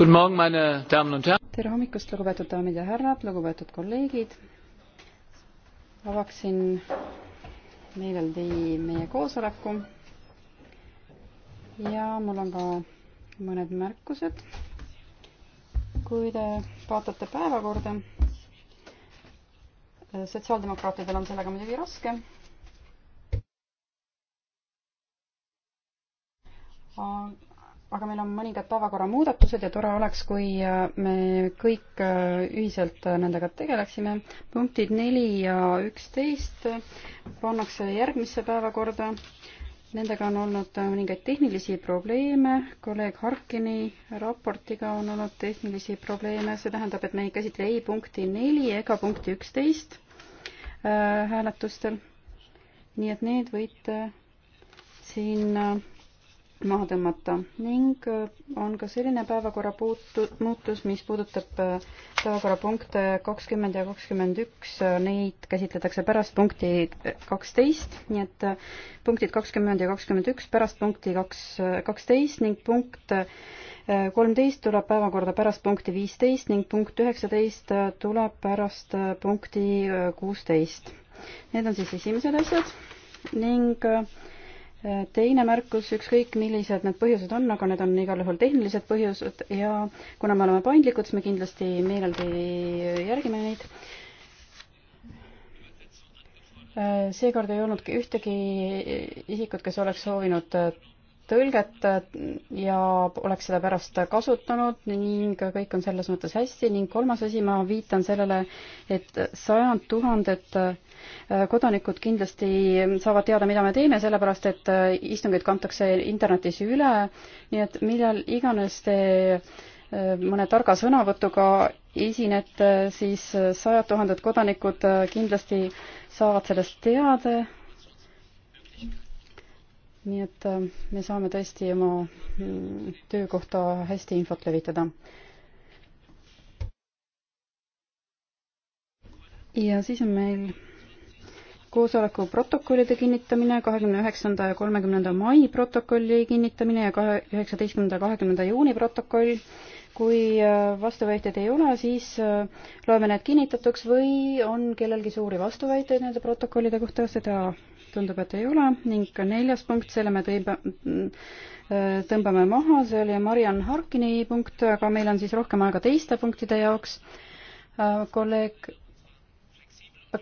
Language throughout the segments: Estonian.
tere hommikust, lugupeetud daamid ja härrad, lugupeetud kolleegid. avaksin meeleldi meie koosoleku. ja mul on ka mõned märkused. kui te vaatate päevakorda, eh, sotsiaaldemokraatidel on sellega muidugi raske. aga aga meil on mõningad päevakorra muudatused ja tore oleks, kui äh, me kõik äh, ühiselt äh, nendega tegeleksime. punktid neli ja üksteist pannakse järgmisse päevakorda. Nendega on olnud mõningaid tehnilisi probleeme, kolleeg Harkini raportiga on olnud tehnilisi probleeme, see tähendab, et me ei käsitle ei punkti neli ega punkti üksteist hääletustel. nii et need võite siin maha tõmmata ning äh, on ka selline päevakorra puutu-, muutus, mis puudutab äh, päevakorrapunkte kakskümmend ja kakskümmend üks, äh, neid käsitletakse pärast punkti kaksteist, nii et punktid kakskümmend ja kakskümmend üks pärast punkti kaks, kaksteist ning punkt kolmteist tuleb päevakorda pärast punkti viisteist ning punkt üheksateist tuleb pärast punkti kuusteist. Need on siis esimesed asjad ning äh, teine märkus, ükskõik millised need põhjused on, aga need on igal juhul tehnilised põhjused ja kuna me oleme paindlikud, siis me kindlasti meeleldi järgime neid. seekord ei olnudki ühtegi isikut, kes oleks soovinud tõlget äh, ja oleks seda pärast kasutanud ning kõik on selles mõttes hästi ning kolmas asi, ma viitan sellele, et sajad tuhanded äh, kodanikud kindlasti saavad teada, mida me teeme, sellepärast et äh, istungeid kantakse internetis üle, nii et millal iganes te mõne targa sõnavõtuga esinete, siis sajad tuhanded kodanikud kindlasti saavad sellest teada nii et äh, me saame tõesti oma mm, töö kohta hästi infot levitada. ja siis on meil koosoleku protokollide kinnitamine, kahekümne üheksanda ja kolmekümnenda mai protokolli kinnitamine ja kahe, üheksateistkümnenda ja kahekümnenda juuni protokoll. kui äh, vastuväiteid ei ole, siis äh, loeme need kinnitatuks või on kellelgi suuri vastuväiteid nende protokollide kohta, seda tundub, et ei ole ning ka neljas punkt, selle me tõime, äh, tõmbame maha, see oli Mariann Harkini punkt, aga meil on siis rohkem aega teiste punktide jaoks. Äh, kolleeg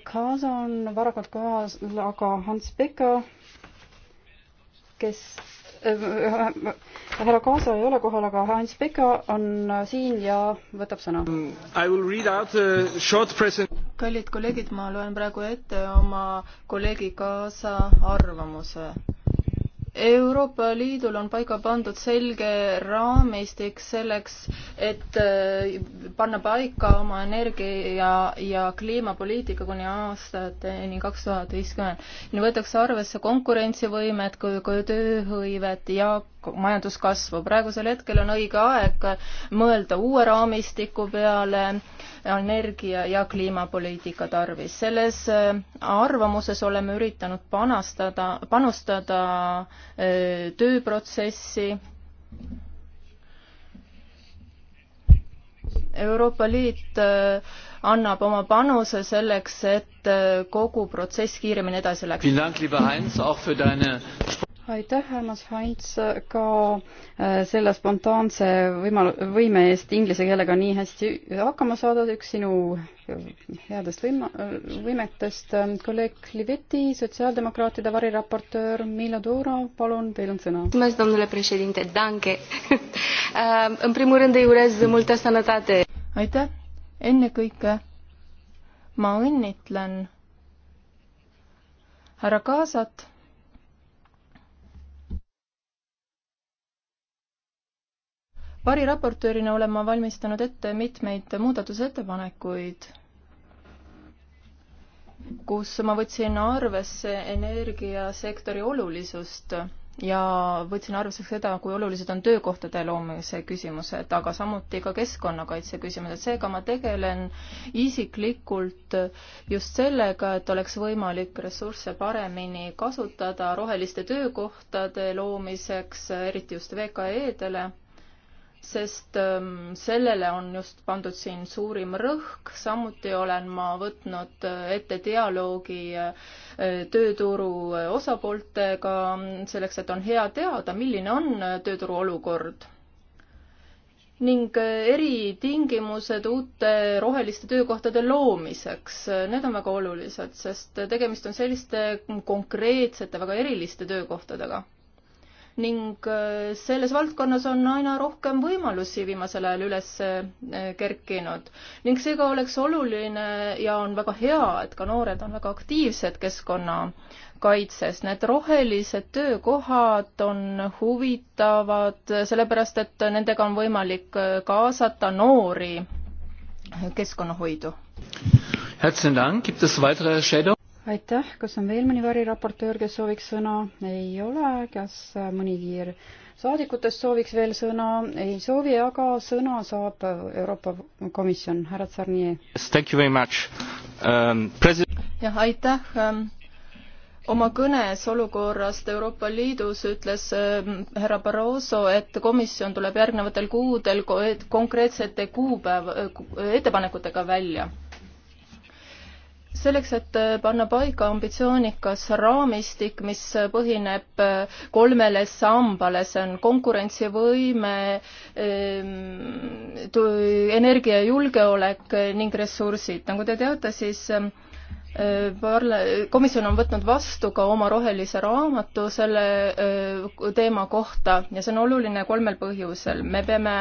Kaasa on varakult kohal, aga Hans Pekka, kes Äh, äh, härra Kaasa ei ole kohal, aga Hans Pekka on äh, siin ja võtab sõna. Um, kallid kolleegid, ma loen praegu ette oma kolleegi Kaasa arvamuse Euroopa Liidul on paika pandud selge raamistik selleks, et äh, panna paika oma energia ja, ja kliimapoliitika kuni aastateni kaks tuhat viiskümmend. nii võetakse arvesse konkurentsivõimet kui, kui tööhõivet ja majanduskasvu. praegusel hetkel on õige aeg mõelda uue raamistiku peale energia- ja kliimapoliitika tarvis. selles äh, arvamuses oleme üritanud panastada, panustada äh, tööprotsessi, Euroopa Liit äh, annab oma panuse selleks, et kogu protsess kiiremini edasi läheks aitäh, Hannes Heinz, ka äh, selle spontaanse võimal-, võime eest inglise keelega nii hästi hakkama saada, üks sinu äh, headest võima-, äh, võimetest. Ähm, kolleeg Kliveti, sotsiaaldemokraatide variraportöör Milo Duro, palun, teil on sõna. Ähm, aitäh, ennekõike ma õnnitlen härra Kaasat variraportöörina olen ma valmistanud ette mitmeid muudatusettepanekuid, kus ma võtsin arvesse energiasektori olulisust ja võtsin arvesse seda, kui olulised on töökohtade loomise küsimused, aga samuti ka keskkonnakaitse küsimused, seega ma tegelen isiklikult just sellega, et oleks võimalik ressursse paremini kasutada roheliste töökohtade loomiseks, eriti just VKE-dele sest ähm, sellele on just pandud siin suurim rõhk, samuti olen ma võtnud äh, ette dialoogi äh, tööturu äh, osapooltega selleks, et on hea teada, milline on tööturu olukord. ning eritingimused uute roheliste töökohtade loomiseks, need on väga olulised, sest tegemist on selliste konkreetsete, väga eriliste töökohtadega ning äh, selles valdkonnas on aina rohkem võimalusi viimasel ajal üles äh, kerkinud. ning seega oleks oluline ja on väga hea, et ka noored on väga aktiivsed keskkonnakaitses. Need rohelised töökohad on huvitavad, sellepärast et nendega on võimalik äh, kaasata noori keskkonnahoidu. Herzlichen Dank. Gibt es weitere Shadow? aitäh, kas on veel mõni variraportöör, kes sooviks sõna? ei ole, kas mõni kiir saadikutest sooviks veel sõna? ei soovi, aga sõna saab Euroopa Komisjon, härra Tsarnier yes,. Um, president... jah, aitäh um oma kõnes olukorrast Euroopa Liidus ütles um, härra Barroso, et komisjon tuleb järgnevatel kuudel konkreetsete kuupäev, ettepanekutega välja selleks, et äh, panna paika ambitsioonikas raamistik, mis põhineb äh, kolmele sambale, see on konkurentsivõime, ähm, energiajulgeolek ning ressursid. nagu te teate, siis ähm, Äh, Parle-, komisjon on võtnud vastu ka oma rohelise raamatu selle äh, teema kohta ja see on oluline kolmel põhjusel. me peame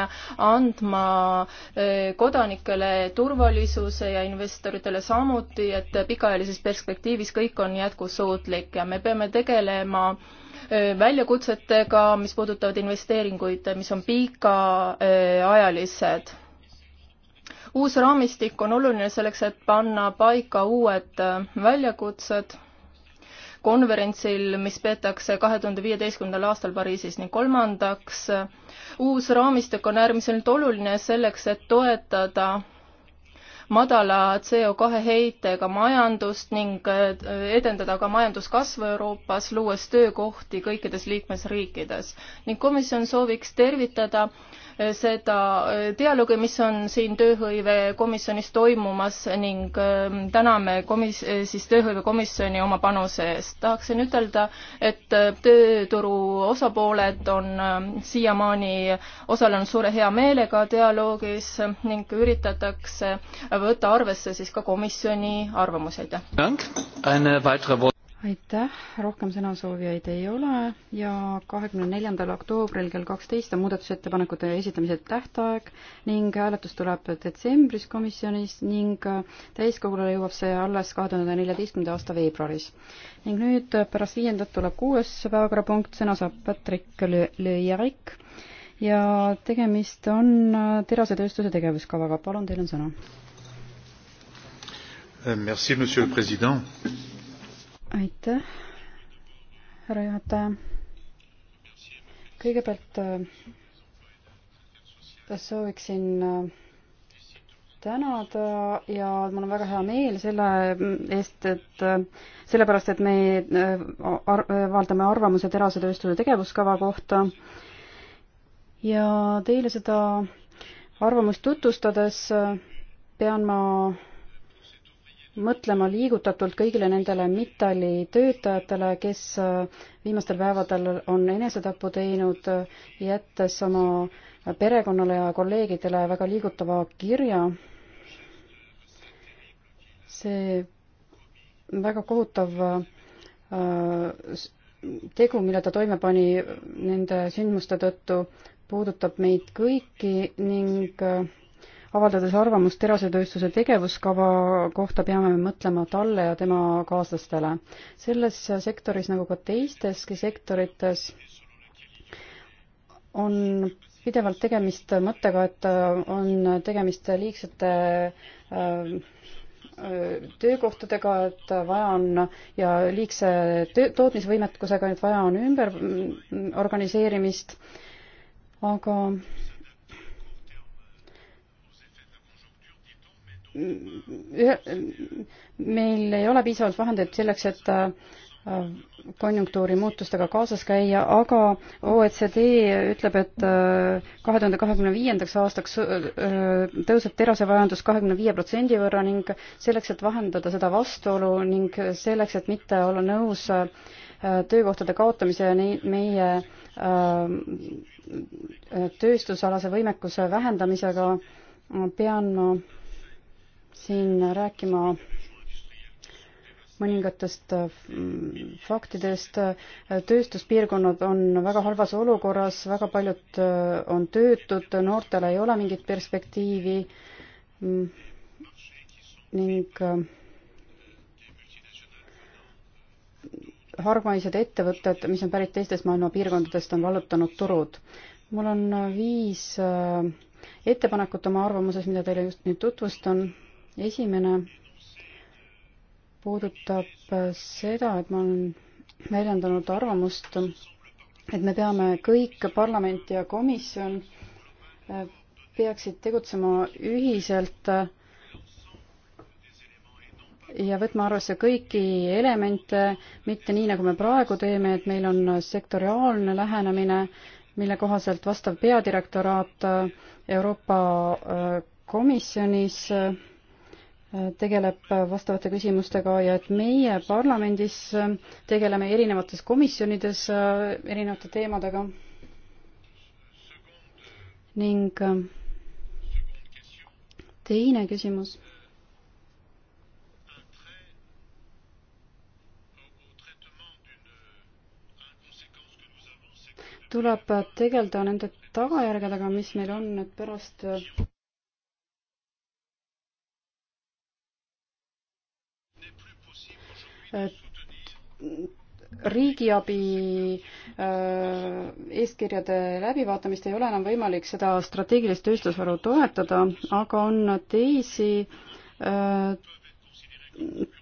andma äh, kodanikele turvalisuse ja investoritele samuti, et pikaajalises perspektiivis kõik on jätkusuutlik ja me peame tegelema väljakutsetega, mis puudutavad investeeringuid, mis on pikaajalised uus raamistik on oluline selleks, et panna paika uued äh, väljakutsed konverentsil, mis peetakse kahe tuhande viieteistkümnendal aastal Pariisis ning kolmandaks, äh, uus raamistik on äärmiselt oluline selleks, et toetada madala CO2 heitega majandust ning äh, edendada ka majanduskasvu Euroopas, luues töökohti kõikides liikmesriikides. ning komisjon sooviks tervitada seda äh, dialoogi, mis on siin tööhõivekomisjonis toimumas ning ähm, täname komis-, äh, siis tööhõivekomisjoni oma panuse eest. tahaksin ütelda, et äh, tööturu osapooled on ähm, siiamaani osalenud suure hea meelega dialoogis ning üritatakse võtta arvesse siis ka komisjoni arvamusi, aitäh! aitäh, rohkem sõnasoovijaid ei ole ja kahekümne neljandal oktoobril kell kaksteist on muudatusettepanekute esitamise tähtaeg ning hääletus tuleb detsembris komisjonis ning täiskogule jõuab see alles kahe tuhande neljateistkümnenda aasta veebruaris. ning nüüd pärast viiendat tuleb kuues päevakorrapunkt, sõna saab Patrick Le-, Le Jarik ja tegemist on terasetööstuse tegevuskavaga, palun, teil on sõna. Merci, monsieur le president aitäh, härra juhataja. kõigepealt äh, sooviksin äh, tänada ja mul on väga hea meel selle eest, et äh, sellepärast, et me avaldame ar arvamuse terasetööstuse tegevuskava kohta ja teile seda arvamust tutvustades pean ma mõtlema liigutatult kõigile nendele Mittali töötajatele, kes äh, viimastel päevadel on enesetapu teinud, jättes oma perekonnale ja kolleegidele väga liigutava kirja. see väga kohutav äh, tegu, mille ta toime pani nende sündmuste tõttu, puudutab meid kõiki ning äh, avaldades arvamust terasetööstuse tegevuskava kohta, peame mõtlema talle ja tema kaaslastele. selles sektoris nagu ka teisteski sektorites on pidevalt tegemist mõttega, et on tegemist liigsete äh, töökohtadega, et vaja on ja liigse töö, tootmisvõimekusega, et vaja on ümber mm, organiseerimist, aga meil ei ole piisavalt vahendeid selleks, et äh, konjunktuuri muutustega kaasas käia, aga OECD ütleb, et äh, kahe tuhande kahekümne viiendaks aastaks äh, tõuseb terasevajandus kahekümne viie protsendi võrra ning selleks, et vahendada seda vastuolu ning selleks, et mitte olla nõus töökohtade kaotamise ja meie tööstusalase võimekuse vähendamisega, pean ma siin rääkima mõningatest äh, faktidest. tööstuspiirkonnad on väga halvas olukorras, väga paljud äh, on töötud, noortel ei ole mingit perspektiivi ning äh, hargmaised ettevõtted, mis on pärit teistest maailma piirkondadest, on vallutanud turud. mul on viis ettepanekut oma arvamuses, mida teile just nüüd tutvustan esimene puudutab seda, et ma olen väljendanud arvamust, et me peame kõik, parlament ja komisjon äh, peaksid tegutsema ühiselt äh, ja võtma arvesse kõiki elemente, mitte nii, nagu me praegu teeme, et meil on sektoriaalne lähenemine, mille kohaselt vastav peadirektoraat äh, Euroopa Komisjonis tegeleb vastavate küsimustega ja et meie parlamendis tegeleme erinevates komisjonides äh, erinevate teemadega. ning äh, teine küsimus. tuleb tegeleda nende tagajärgedega, mis meil on nüüd pärast äh, riigiabi äh, eeskirjade läbivaatamist ei ole enam võimalik seda strateegilist tööstusvaru toetada, aga on teisi äh,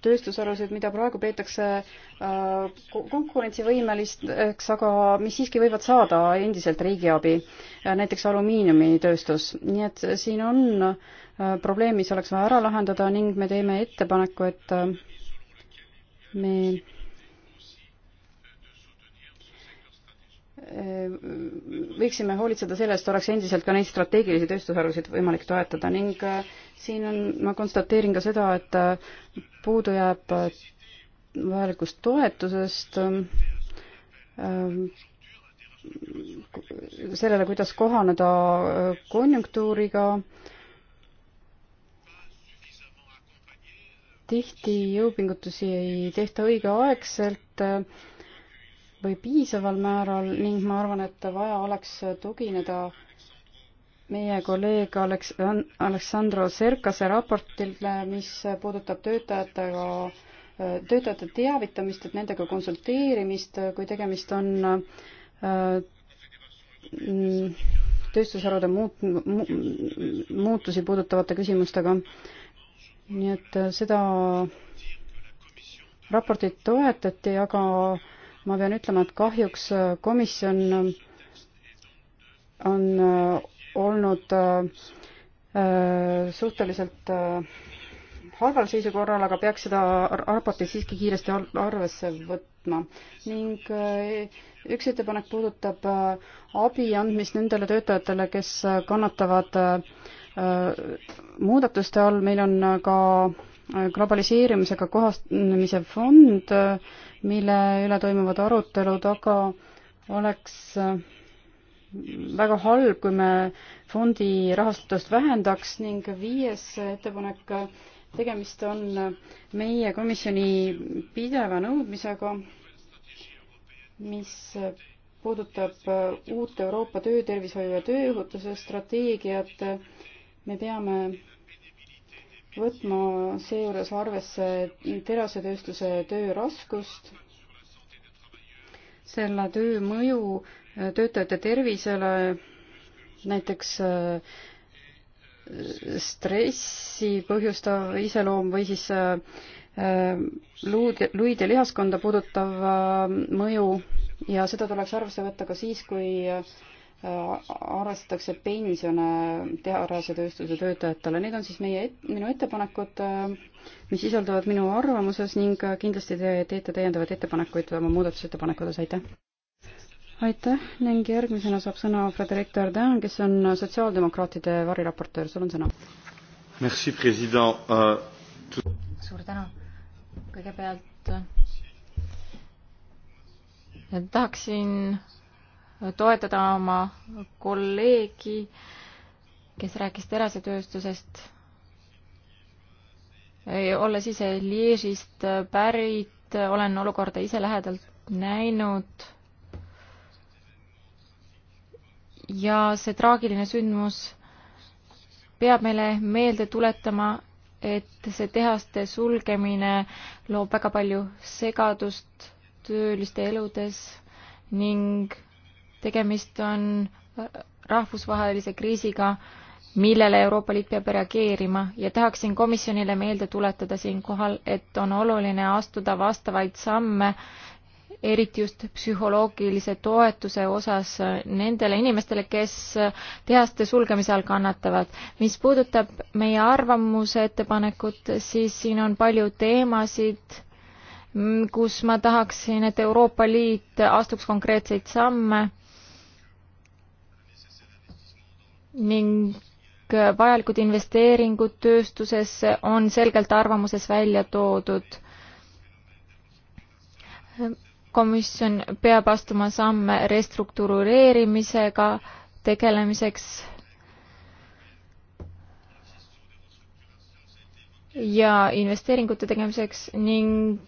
tööstusharusid, mida praegu peetakse äh, konkurentsivõimelisteks, aga mis siiski võivad saada endiselt riigiabi, näiteks alumiiniumitööstus. nii et siin on probleem, mis oleks vaja ära lahendada ning me teeme ettepaneku, et me võiksime hoolitseda selle eest, oleks endiselt ka neid strateegilisi tööstusharusid võimalik toetada ning äh, siin on, ma konstateerin ka seda, et äh, puudu jääb äh, vajalikust toetusest sellele, kuidas kohaneda konjunktuuriga äh, tihti jõupingutusi ei tehta õigeaegselt äh, või piisaval määral ning ma arvan, et vaja oleks tugineda meie kolleeg Aleks-, Aleksandro Serkase raportile, mis puudutab töötajatega, äh, töötajate teavitamist, et nendega konsulteerimist, äh, kui tegemist on mm, tööstusharude muut-, muutusi puudutavate küsimustega nii et äh, seda raportit toetati, aga ma pean ütlema, et kahjuks äh, komisjon äh, on olnud suhteliselt halval seisukorral, aga peaks seda raportit siiski kiiresti arvesse võtma. ning üks ettepanek puudutab abi andmist nendele töötajatele, kes kannatavad äh, Äh, muudatuste all, meil on ka äh, globaliseerimisega kohanemise fond, äh, mille üle toimuvad arutelud, aga oleks väga halb, kui me fondi rahastust vähendaks ning viies ettepanek, tegemist on meie komisjoni pideva nõudmisega, mis puudutab uut Euroopa töötervishoiu ja tööohutuse strateegiat me peame võtma seejuures arvesse terasetööstuse töö raskust, selle töö mõju äh, töötajate tervisele, näiteks äh, stressi põhjustav iseloom või siis äh, luud, luid ja lihaskonda puudutav mõju ja seda tuleks arvesse võtta ka siis, kui arvestatakse pensione tehase tööstuse töötajatele. Need on siis meie et,, minu ettepanekud, mis sisalduvad minu arvamuses ning kindlasti te teete täiendavaid ettepanekuid oma muudatusettepanekutes, aitäh! aitäh ning järgmisena saab sõna Frederic Tardin, kes on sotsiaaldemokraatide variraportöör, sul on sõna. Merci, president uh,. suur tänu. kõigepealt tahaksin toetada oma kolleegi, kes rääkis terasetööstusest. olles ise Liežist pärit, olen olukorda ise lähedalt näinud. ja see traagiline sündmus peab meile meelde tuletama, et see tehaste sulgemine loob väga palju segadust tööliste eludes ning tegemist on äh, rahvusvahelise kriisiga, millele Euroopa Liit peab reageerima ja tahaksin komisjonile meelde tuletada siinkohal, et on oluline astuda vastavaid samme, eriti just psühholoogilise toetuse osas nendele inimestele, kes tehaste sulgemise all kannatavad. mis puudutab meie arvamuse ettepanekut, siis siin on palju teemasid, mm, kus ma tahaksin, et Euroopa Liit astuks konkreetseid samme ning vajalikud investeeringud tööstusesse on selgelt arvamuses välja toodud. komisjon peab astuma samme restruktureerimisega tegelemiseks ja investeeringute tegemiseks ning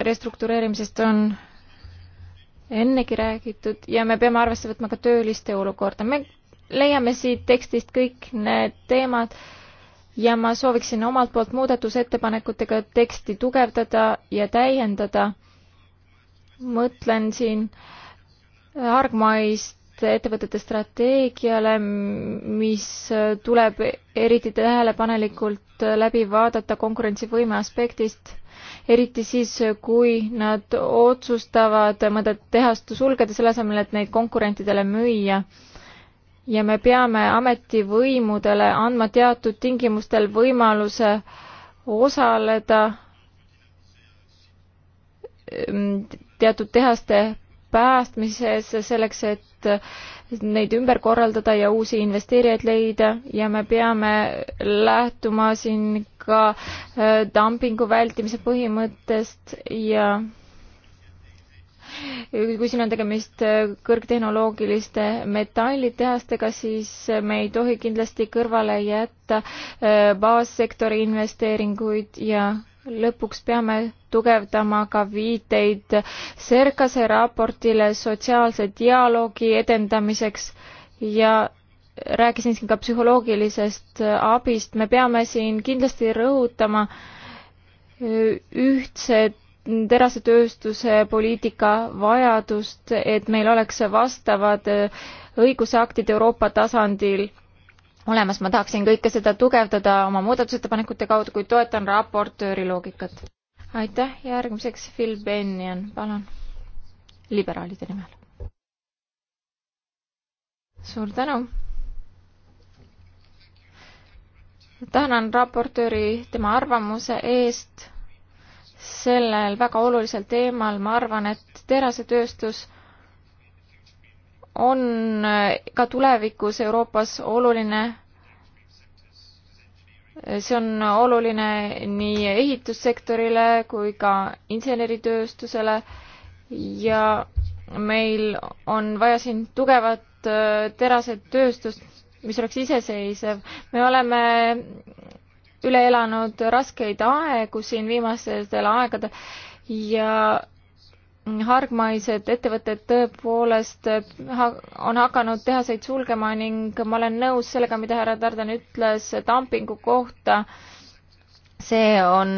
restruktureerimisest on ennegi räägitud ja me peame arvesse võtma ka tööliste olukorda. me leiame siit tekstist kõik need teemad ja ma sooviksin omalt poolt muudatusettepanekutega teksti tugevdada ja täiendada. mõtlen siin hargmaist ettevõtete strateegiale, mis tuleb eriti tähelepanelikult läbi vaadata konkurentsivõime aspektist, eriti siis, kui nad otsustavad mõnda tehast sulgeda, selle asemel, et neid konkurentidele müüa ja me peame ametivõimudele andma teatud tingimustel võimaluse osaleda mm, teatud tehaste päästmises selleks, et neid ümber korraldada ja uusi investeerijaid leida ja me peame lähtuma siin ka äh, dumpingu vältimise põhimõttest ja kui siin on tegemist äh, kõrgtehnoloogiliste metallitehastega, siis äh, me ei tohi kindlasti kõrvale jätta äh, baassektori investeeringuid ja lõpuks peame tugevdama ka viiteid Serkase raportile sotsiaalse dialoogi edendamiseks ja rääkisin siin ka psühholoogilisest abist, me peame siin kindlasti rõhutama ühtset terasetööstuse poliitika vajadust, et meil oleks vastavad äh, õigusaktid Euroopa tasandil olemas, ma tahaksin kõike seda tugevdada oma muudatusettepanekute kaudu, kuid toetan raportööri loogikat. aitäh, järgmiseks Phil Bennion, palun, liberaalide nimel. suur tänu. tänan raportööri tema arvamuse eest sellel väga olulisel teemal, ma arvan, et terasetööstus on ka tulevikus Euroopas oluline. see on oluline nii ehitussektorile kui ka inseneritööstusele ja meil on vaja siin tugevat äh, terasetööstust, mis oleks iseseisev. me oleme üle elanud raskeid aegu siin viimastel aegadel ja hargmaised ettevõtted tõepoolest on hakanud tehaseid sulgema ning ma olen nõus sellega, mida härra Tardan ütles dumpingu kohta. see on,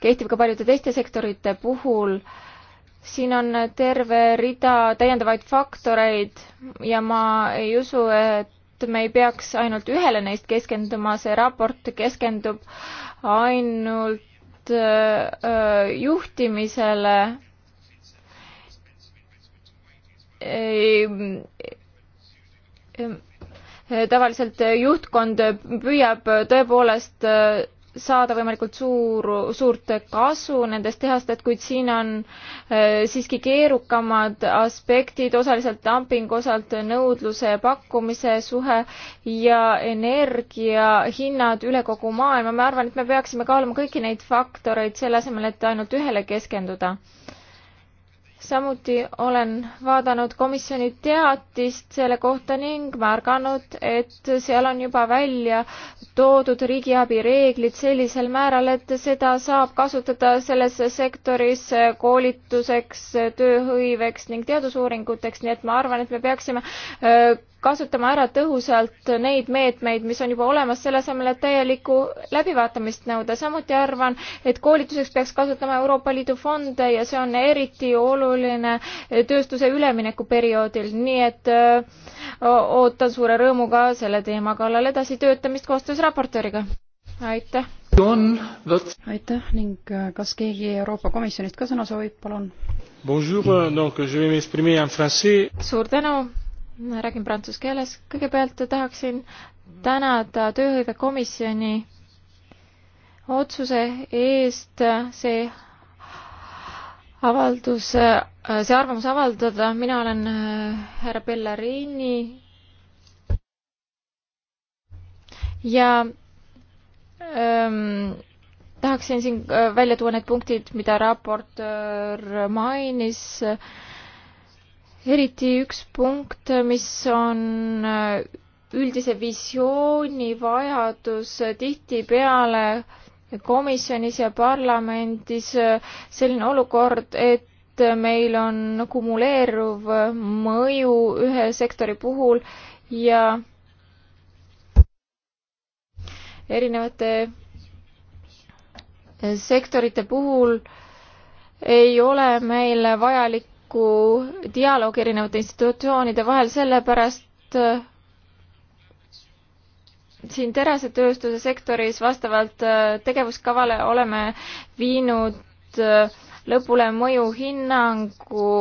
kehtib ka paljude teiste sektorite puhul. siin on terve rida täiendavaid faktoreid ja ma ei usu, et et me ei peaks ainult ühele neist keskenduma, see raport keskendub ainult äh, juhtimisele tavaliselt juhtkond püüab tõepoolest saada võimalikult suur, suurt kasu nendest tehastest, kuid siin on äh, siiski keerukamad aspektid, osaliselt dumping, osalt nõudluse ja pakkumise suhe ja energiahinnad üle kogu maailma. ma arvan, et me peaksime kaaluma kõiki neid faktoreid selle asemel, et ainult ühele keskenduda samuti olen vaadanud komisjoni teatist selle kohta ning märganud, et seal on juba välja toodud riigiabi reeglid sellisel määral, et seda saab kasutada selles sektoris koolituseks, tööhõiveks ning teadusuuringuteks, nii et ma arvan, et me peaksime äh, kasutama ära tõhusalt neid meetmeid, mis on juba olemas, selle asemel, et täielikku läbivaatamist nõuda. samuti arvan, et koolituseks peaks kasutama Euroopa Liidu fonde ja see on eriti oluline tööstuse üleminekuperioodil, nii et öö, ootan suure rõõmuga selle teema kallal edasitöötamist koostöös raportööriga. aitäh! aitäh ning kas keegi Euroopa Komisjonist ka sõna soovib, palun? Bonjour, euh, donc je vais m'exprimer en français. Suur tänu, räägin prantsuse keeles. kõigepealt tahaksin tänada tööhõivekomisjoni otsuse eest see avaldus, see arvamus avaldada. mina olen äh, härra Bellarini ja ähm, tahaksin siin äh, välja tuua need punktid, mida raportöör mainis äh, eriti üks punkt, mis on äh, üldise visiooni vajadus tihtipeale komisjonis ja parlamendis äh, selline olukord, et meil on kumuleeruv mõju ühe sektori puhul ja erinevate äh, sektorite puhul ei ole meil vajalik vajaliku dialoogi erinevate institutsioonide vahel, sellepärast äh, siin terasetööstuse sektoris vastavalt äh, tegevuskavale oleme viinud äh, lõpule mõjuhinnangu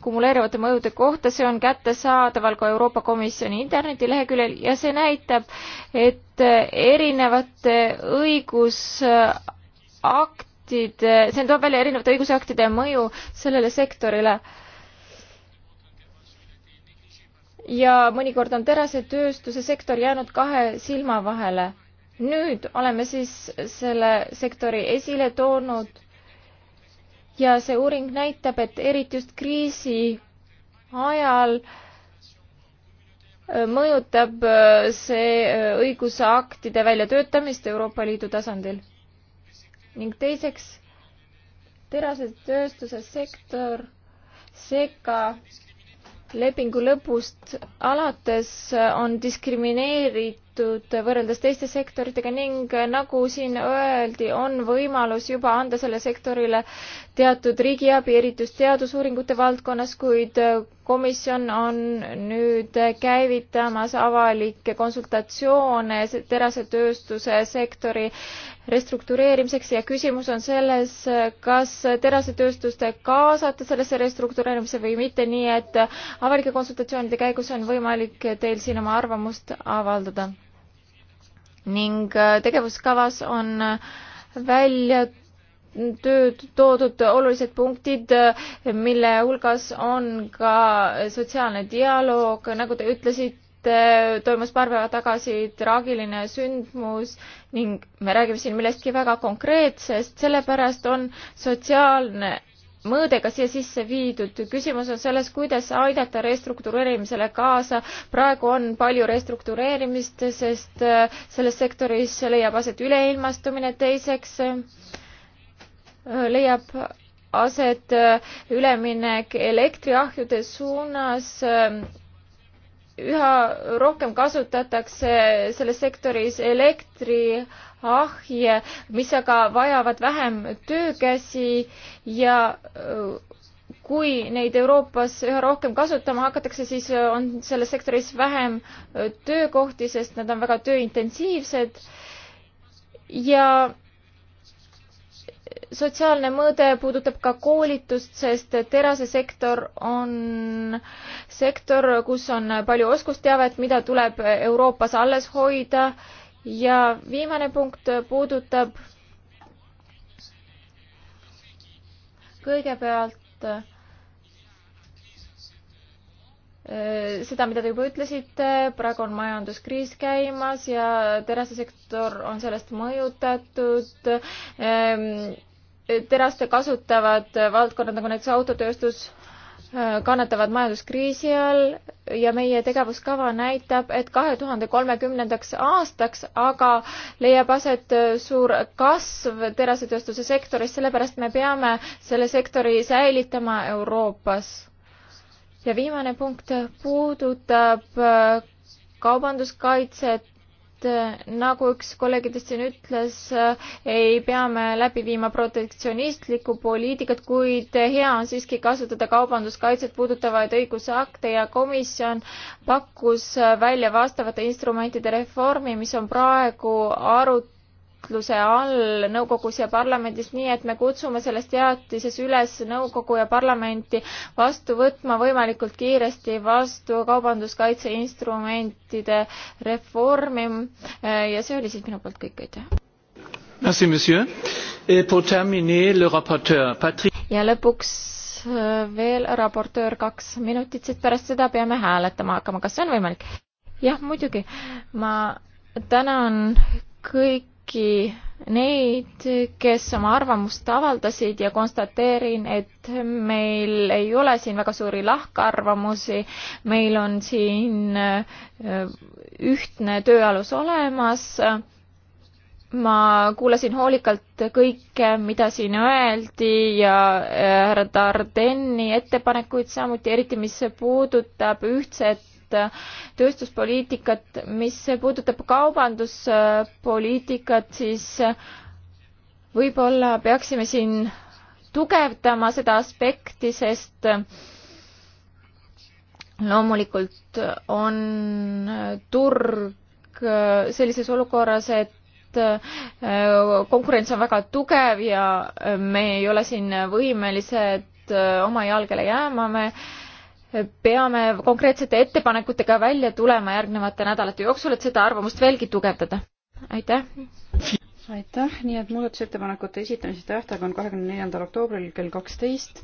kumuleerivate mõjude kohta, see on kättesaadaval ka Euroopa Komisjoni internetileheküljel ja see näitab, et erinevate õigusaktide õigusaktide, eh, see toob välja erinevate õigusaktide mõju sellele sektorile. ja mõnikord on terasetööstuse sektor jäänud kahe silma vahele. nüüd oleme siis selle sektori esile toonud ja see uuring näitab, et eriti just kriisi ajal eh, mõjutab eh, see õigusaktide väljatöötamist Euroopa Liidu tasandil ning teiseks terasetööstuse sektor seega lepingu lõpust alates on diskrimineeritud kaitstud võrreldes teiste sektoritega ning nagu siin öeldi, on võimalus juba anda sellele sektorile teatud riigiabi, eriti just teadusuuringute valdkonnas, kuid komisjon on nüüd käivitamas avalikke konsultatsioone terasetööstuse sektori restruktureerimiseks ja küsimus on selles, kas terasetööstuste kaasata sellesse restruktureerimisse või mitte, nii et avalike konsultatsioonide käigus on võimalik teil siin oma arvamust avaldada ning äh, tegevuskavas on äh, välja tööd, toodud olulised punktid, äh, mille hulgas on ka sotsiaalne dialoog, nagu te ütlesite, toimus paar päeva tagasi traagiline sündmus ning me räägime siin millestki väga konkreetsest, sellepärast on sotsiaalne mõõde ka siia sisse viidud. küsimus on selles, kuidas aidata restruktureerimisele kaasa. praegu on palju restruktureerimist, sest äh, selles sektoris leiab aset üleilmastumine, teiseks äh, leiab aset äh, üleminek elektriahjude suunas üha rohkem kasutatakse selles sektoris elektri ahje, mis aga vajavad vähem töökäsi ja äh, kui neid Euroopas üha rohkem kasutama hakatakse, siis äh, on selles sektoris vähem äh, töökohti, sest nad on väga tööintensiivsed ja sotsiaalne mõõde puudutab ka koolitust, sest terasesektor on sektor, kus on palju oskusteavet, mida tuleb Euroopas alles hoida ja viimane punkt puudutab kõigepealt äh, seda, mida te juba ütlesite, praegu on majanduskriis käimas ja terasesektor on sellest mõjutatud. Äh, terast kasutavad valdkonnad nagu näiteks autotööstus, Äh, kannatavad majanduskriisi all ja meie tegevuskava näitab, et kahe tuhande kolmekümnendaks aastaks aga leiab aset äh, suur kasv terasetööstuse sektoris, sellepärast me peame selle sektori säilitama Euroopas. ja viimane punkt puudutab äh, kaubanduskaitset et äh, nagu üks kolleegidest siin ütles, äh, ei pea me läbi viima protektsionistlikku poliitikat, kuid hea on siiski kasutada kaubanduskaitset puudutavaid õigusakte ja komisjon pakkus äh, välja vastavate instrumentide reformi, mis on praegu arut-, arutluse all nõukogus ja parlamendis, nii et me kutsume selles teatises üles nõukogu ja parlamenti vastu võtma võimalikult kiiresti vastu kaubanduskaitse instrumentide reformi ja see oli siis minu poolt kõik, aitäh. Merci, monsieur. Pour terminer, le rapporteur Patrick. ja lõpuks äh, veel raportöör kaks minutit, sest pärast seda peame hääletama hakkama, kas see on võimalik? jah, muidugi. ma tänan kõik kõiki neid, kes oma arvamust avaldasid ja konstateerin, et meil ei ole siin väga suuri lahkarvamusi, meil on siin äh, ühtne tööalus olemas. ma kuulasin hoolikalt kõike, mida siin öeldi ja äh, härra Dardenni ettepanekuid samuti, eriti mis puudutab ühtset ühtset äh, tööstuspoliitikat. mis puudutab kaubanduspoliitikat, siis äh, võib-olla peaksime siin tugevdama seda aspekti, sest äh, loomulikult on turg sellises olukorras, et konkurents on väga tugev ja me ei ole siin võimelised oma jalgele jääma, me peame konkreetsete ettepanekutega välja tulema järgnevate nädalate jooksul, et seda arvamust veelgi tugevdada. aitäh! aitäh, nii et muudatusettepanekute esitamise tähtaeg on kahekümne neljandal oktoobril kell kaksteist.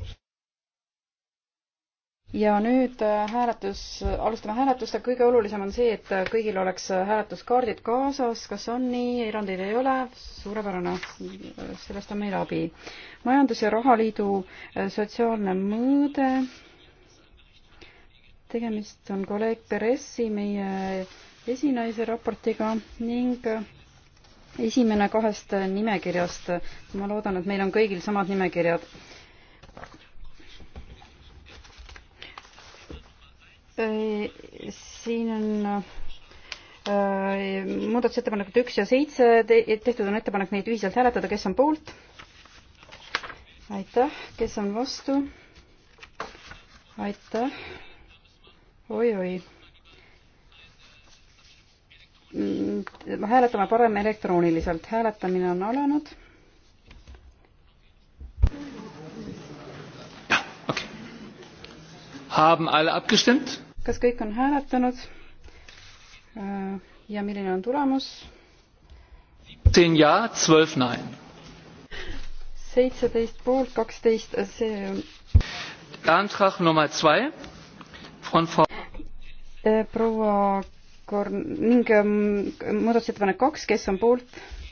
ja nüüd äh, hääletus, alustame hääletust, aga kõige olulisem on see, et kõigil oleks äh, hääletuskaardid kaasas, kas on nii, erandeid ei ole, suurepärane, sellest on meil abi. majandus- ja rahaliidu äh, sotsiaalne mõõde tegemist on kolleeg Peressi, meie esinaise raportiga ning esimene kahest nimekirjast. ma loodan, et meil on kõigil samad nimekirjad. Äh, siin on äh, muudatusettepanekud üks ja seitse, tehtud on ettepanek neid ühiselt hääletada, kes on poolt? aitäh, kes on vastu? aitäh oi-oi. Mm, hääletame parem elektrooniliselt, hääletamine on alanud Haben alle abgestimmt? Kas kõik on hääletanud? Äh, ja milline on tulemus? 10 ja, 12 nein. 17 poolt, 12 see on. Antrag nummer 2 von Frau proua Korn- ning ähm, muudatusettepanek kaks, kes on poolt,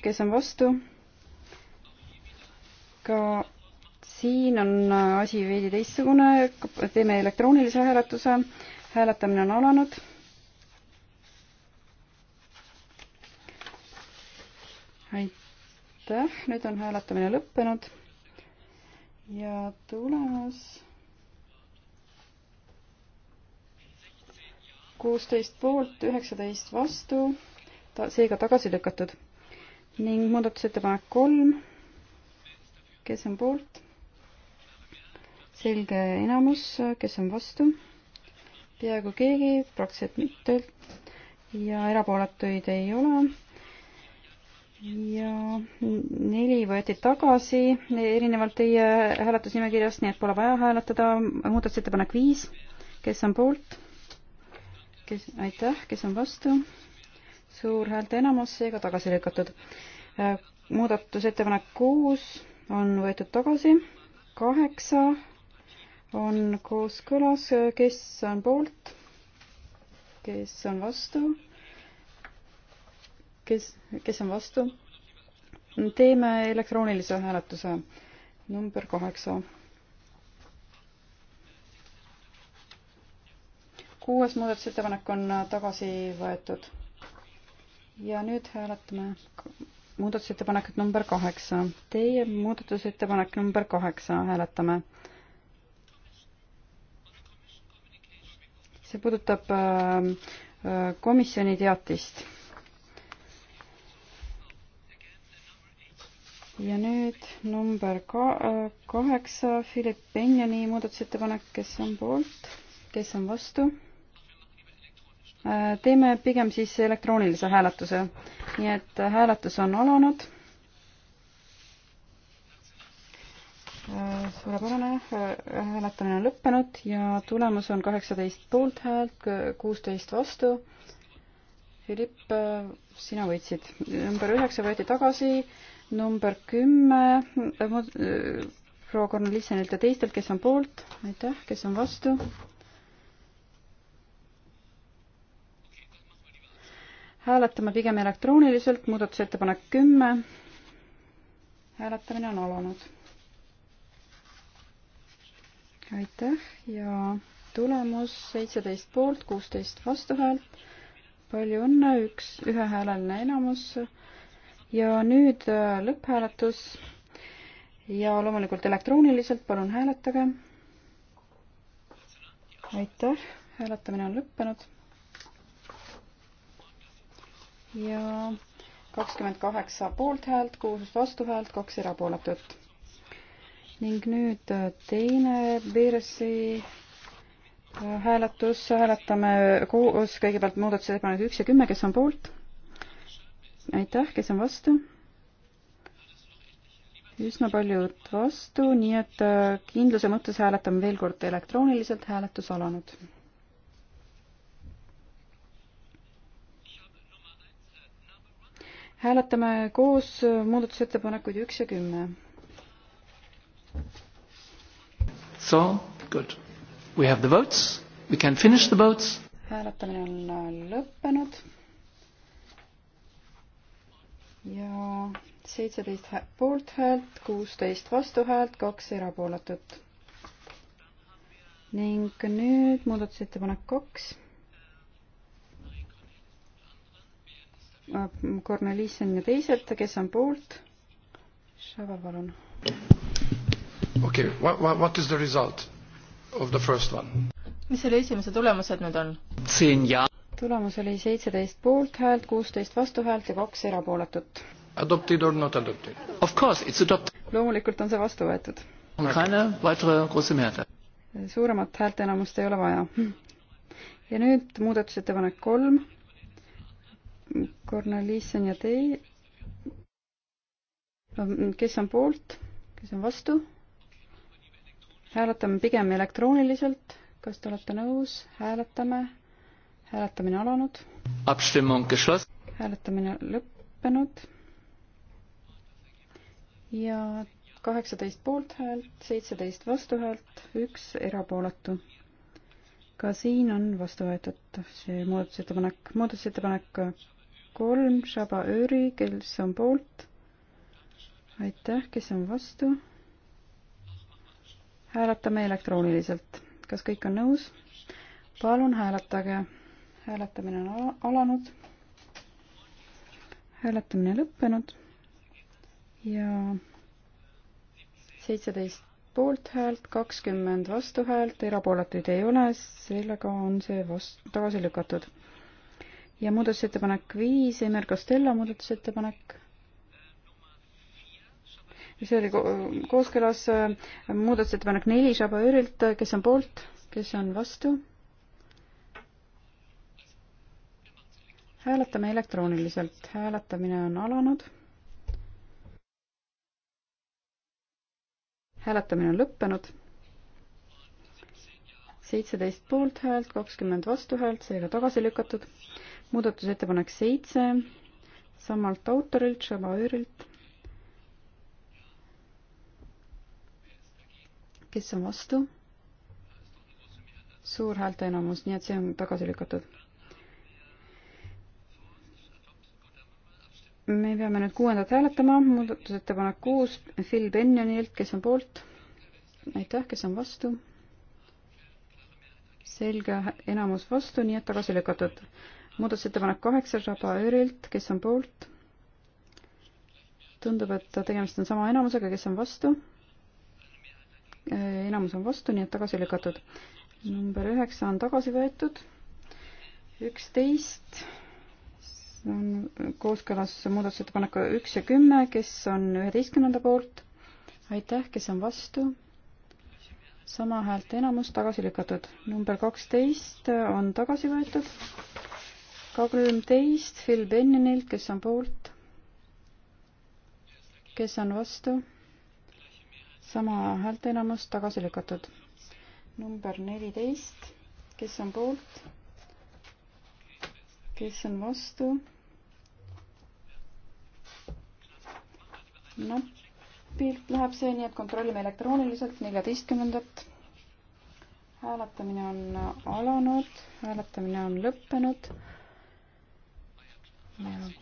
kes on vastu. ka siin on äh, asi veidi teistsugune, teeme elektroonilise hääletuse, hääletamine on alanud. aitäh, nüüd on hääletamine lõppenud ja tulemus kuusteist poolt, üheksateist vastu, ta seega tagasi lükatud. ning muudatusettepanek kolm, kes on poolt? selge enamus, kes on vastu? peaaegu keegi, praktiliselt mitte. ja erapooletuid ei ole. ja neli võeti tagasi, erinevalt teie hääletusnimekirjast, nii et pole vaja hääletada. muudatusettepanek viis, kes on poolt? kes, aitäh, kes on vastu? suur häälte enamus, seega tagasi lükatud. Äh, muudatusettepanek kuus on võetud tagasi, kaheksa on kooskõlas, kes on poolt, kes on vastu, kes, kes on vastu. teeme elektroonilise hääletuse number kaheksa kuues muudatusettepanek on tagasi võetud. ja nüüd hääletame muudatusettepanekut number kaheksa. Teie muudatusettepanek number kaheksa, hääletame. see puudutab äh, äh, komisjoni teatist. ja nüüd number ka-, äh, kaheksa, Philip Benjani muudatusettepanek, kes on poolt, kes on vastu? teeme pigem siis elektroonilise hääletuse. nii et hääletus on alanud. Äh, suurepärane, äh, hääletamine on lõppenud ja tulemus on kaheksateist poolthäält, kuusteist vastu. Philipp, äh, sina võitsid. number üheksa võeti tagasi, number kümme proua Kornelissenilt ja teistelt, kes on poolt, aitäh, kes on vastu hääletame pigem elektrooniliselt, muudatusettepanek kümme. hääletamine on alanud. aitäh ja tulemus seitseteist poolt, kuusteist vastuhäält. palju õnne, üks ühehääleline enamus. ja nüüd äh, lõpphääletus ja loomulikult elektrooniliselt, palun hääletage. aitäh, hääletamine on lõppenud ja kakskümmend kaheksa poolthäält, kuus vastuhäält, kaks erapooletut. ning nüüd äh, teine Beersi äh, hääletus, hääletame koos kõigepealt muudatusettepanekud üks ja kümme, kes on poolt? aitäh, kes on vastu? üsna paljud vastu, nii et äh, kindluse mõttes hääletame veel kord elektrooniliselt, hääletus alanud hääletame koos muudatusettepanekuid üks ja kümme. So good. We have the votes. We can finish the votes. hääletamine on lõppenud. ja seitseteist poolthäält, kuusteist vastuhäält, kaks erapooletut. ning nüüd muudatusettepanek kaks Korneliisson ja teised, kes on poolt? Šaval, palun. okei okay,, what, what is the result of the first one? mis selle esimese tulemused nüüd on? siin ja. tulemus oli seitseteist poolthäält, kuusteist vastuhäält ja kaks erapooletut. Adopted or not adopted? Of course, it's adopted. loomulikult on see vastu võetud. suuremat häälteenamust ei ole vaja. ja nüüd muudatusettepanek kolm Korneliisson ja teie. kes on poolt, kes on vastu? hääletame pigem elektrooniliselt. kas te olete nõus? hääletame. hääletamine alanud. hääletamine lõppenud. ja kaheksateist poolthäält, seitseteist vastuhäält, üks erapooletu. ka siin on vastu võetud see muudatusettepanek, muudatusettepanek kolm Shabaööri, kes on poolt. aitäh, kes on vastu? hääletame elektrooniliselt. kas kõik on nõus? palun hääletage. hääletamine on alanud. hääletamine lõppenud ja seitseteist poolthäält, kakskümmend vastuhäält, erapooletuid ei ole, sellega on see vast-, tagasi lükatud ja muudatusettepanek viis, Emmer Costello muudatusettepanek. see oli kooskõlas äh, muudatusettepanek neli Žabaöörilt, kes on poolt, kes on vastu? hääletame elektrooniliselt, hääletamine on alanud. hääletamine on lõppenud seitseteist poolthäält, kakskümmend vastuhäält, seega tagasi lükatud muudatusettepanek seitse, samalt autorilt, Šabaöörilt. kes on vastu? suur häälteenamus, nii et see on tagasi lükatud. me peame nüüd kuuendat hääletama, muudatusettepanek kuus, Phil Benjonilt, kes on poolt? aitäh, kes on vastu? selge enamus vastu, nii et tagasi lükatud muudatusettepanek kaheksa Rabaöörilt, kes on poolt? tundub, et tegemist on sama enamusega, kes on vastu? Äh, enamus on vastu, nii et tagasi lükatud. number üheksa on tagasi võetud. üksteist on kooskõlas muudatusettepaneku üks ja kümme, kes on üheteistkümnenda poolt. aitäh, kes on vastu? sama häälte enamus tagasi lükatud. number kaksteist on tagasi võetud kolmteist Phil Bennonilt, kes on poolt, kes on vastu, sama häälteenamus tagasi lükatud. number neliteist, kes on poolt, kes on vastu, napilt läheb see, nii et kontrollime elektrooniliselt neljateistkümnendat. hääletamine on alanud, hääletamine on lõppenud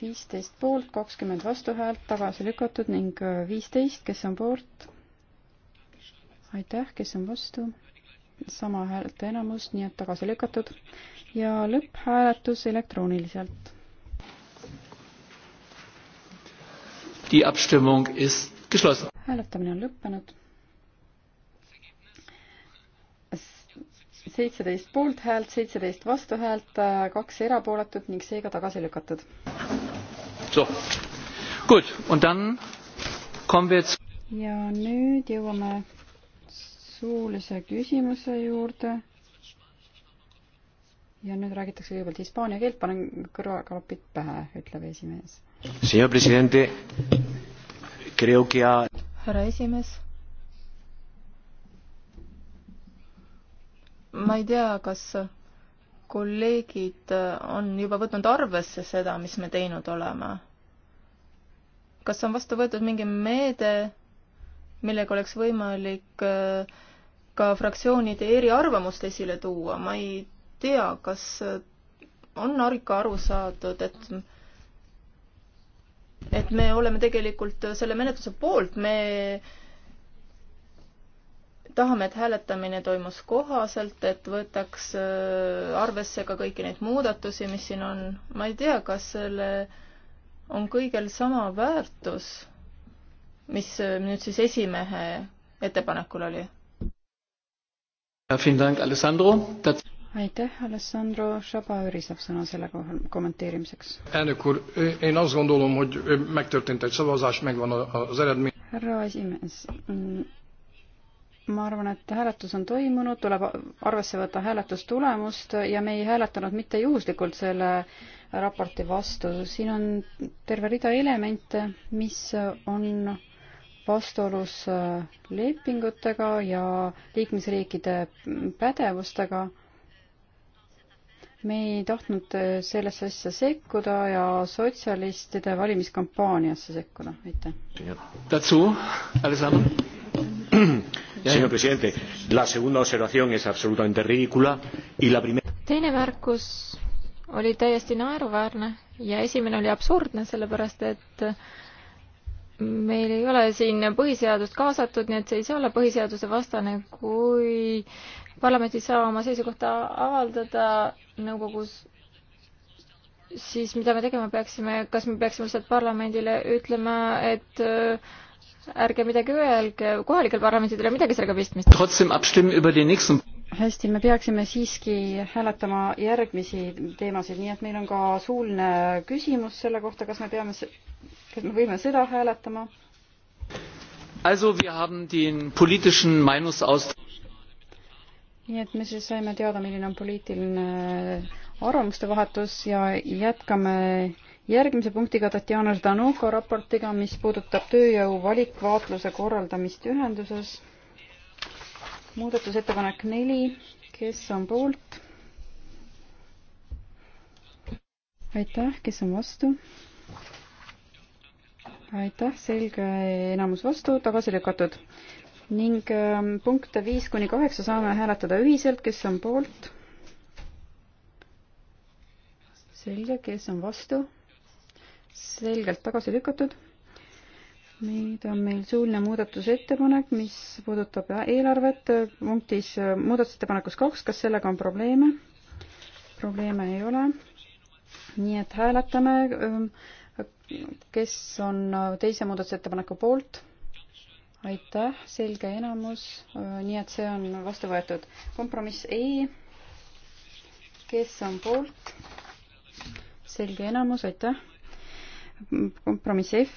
viisteist poolt, kakskümmend vastuhäält, tagasi lükatud ning äh, viisteist, kes on poolt? aitäh, kes on vastu? sama häälte enamus, nii et tagasi lükatud ja lõpphääletus elektrooniliselt. hääletamine on lõppenud seitseteist poolthäält, seitseteist vastuhäält, kaks erapooletut ning seega tagasi lükatud. ja nüüd jõuame suulise küsimuse juurde. ja nüüd räägitakse kõigepealt hispaania keelt, panen kõrvaklapid pähe, ütleb esimees. härra esimees ma ei tea, kas kolleegid on juba võtnud arvesse seda, mis me teinud oleme. kas on vastu võetud mingi meede, millega oleks võimalik äh, ka fraktsioonide eriarvamust esile tuua, ma ei tea, kas on ikka aru saadud, et et me oleme tegelikult selle menetluse poolt, me tahame, et hääletamine toimus kohaselt, et võetaks äh, arvesse ka kõiki neid muudatusi, mis siin on. ma ei tea, kas selle on kõigel sama väärtus, mis äh, nüüd siis esimehe ettepanekul oli. aitäh, Alessandro Šabaõri saab sõna selle kommenteerimiseks. härra esimees mm, ma arvan, et hääletus on toimunud, tuleb arvesse võtta hääletustulemust ja me ei hääletanud mitte juhuslikult selle raporti vastu. siin on terve rida elemente, mis on vastuolus äh, lepingutega ja liikmesriikide pädevustega. me ei tahtnud äh, sellesse asja sekkuda ja sotsialistide valimiskampaaniasse sekkuda, aitäh señor presidente la segunda observación es absolutamente ridícula y la primera teine märkus oli täiesti naeruväärne ja esimene oli absurdne sellepärast et meil ei ole siin põhiseadust kaasatud nii et see ei saa olla põhiseaduse vastane kui parlament ei saa oma seisukohta avaldada nõukogus siis mida me tegema peaksime kas me peaksime lihtsalt parlamendile ütlema et äh, ärge midagi öelge, kohalikel parlamendidel ei ole midagi sellega pistmist. hästi, me peaksime siiski hääletama järgmisi teemasid, nii et meil on ka suuline küsimus selle kohta, kas me peame, kas me võime seda hääletama? Also wir haben den politischen Meinungsaust- nii et me siis saime teada, milline on poliitiline arvamuste vahetus ja jätkame järgmise punktiga Tatjana Ždanuka raportiga, mis puudutab tööjõu valikvaatluse korraldamist ühenduses. muudatusettepanek neli, kes on poolt? aitäh, kes on vastu? aitäh, selge enamus vastu, tagasi lükatud. ning ähm, punkte viis kuni kaheksa saame hääletada ühiselt, kes on poolt? selge, kes on vastu? selgelt tagasi lükatud. nüüd on meil suuline muudatusettepanek, mis puudutab eelarvet punktis äh, muudatusettepanekus kaks, kas sellega on probleeme? probleeme ei ole. nii et hääletame, ähm, kes on äh, teise muudatusettepaneku poolt aitäh, selge enamus, äh, nii et see on vastu võetud. kompromiss ei. kes on poolt? selge enamus, aitäh kompromiss F,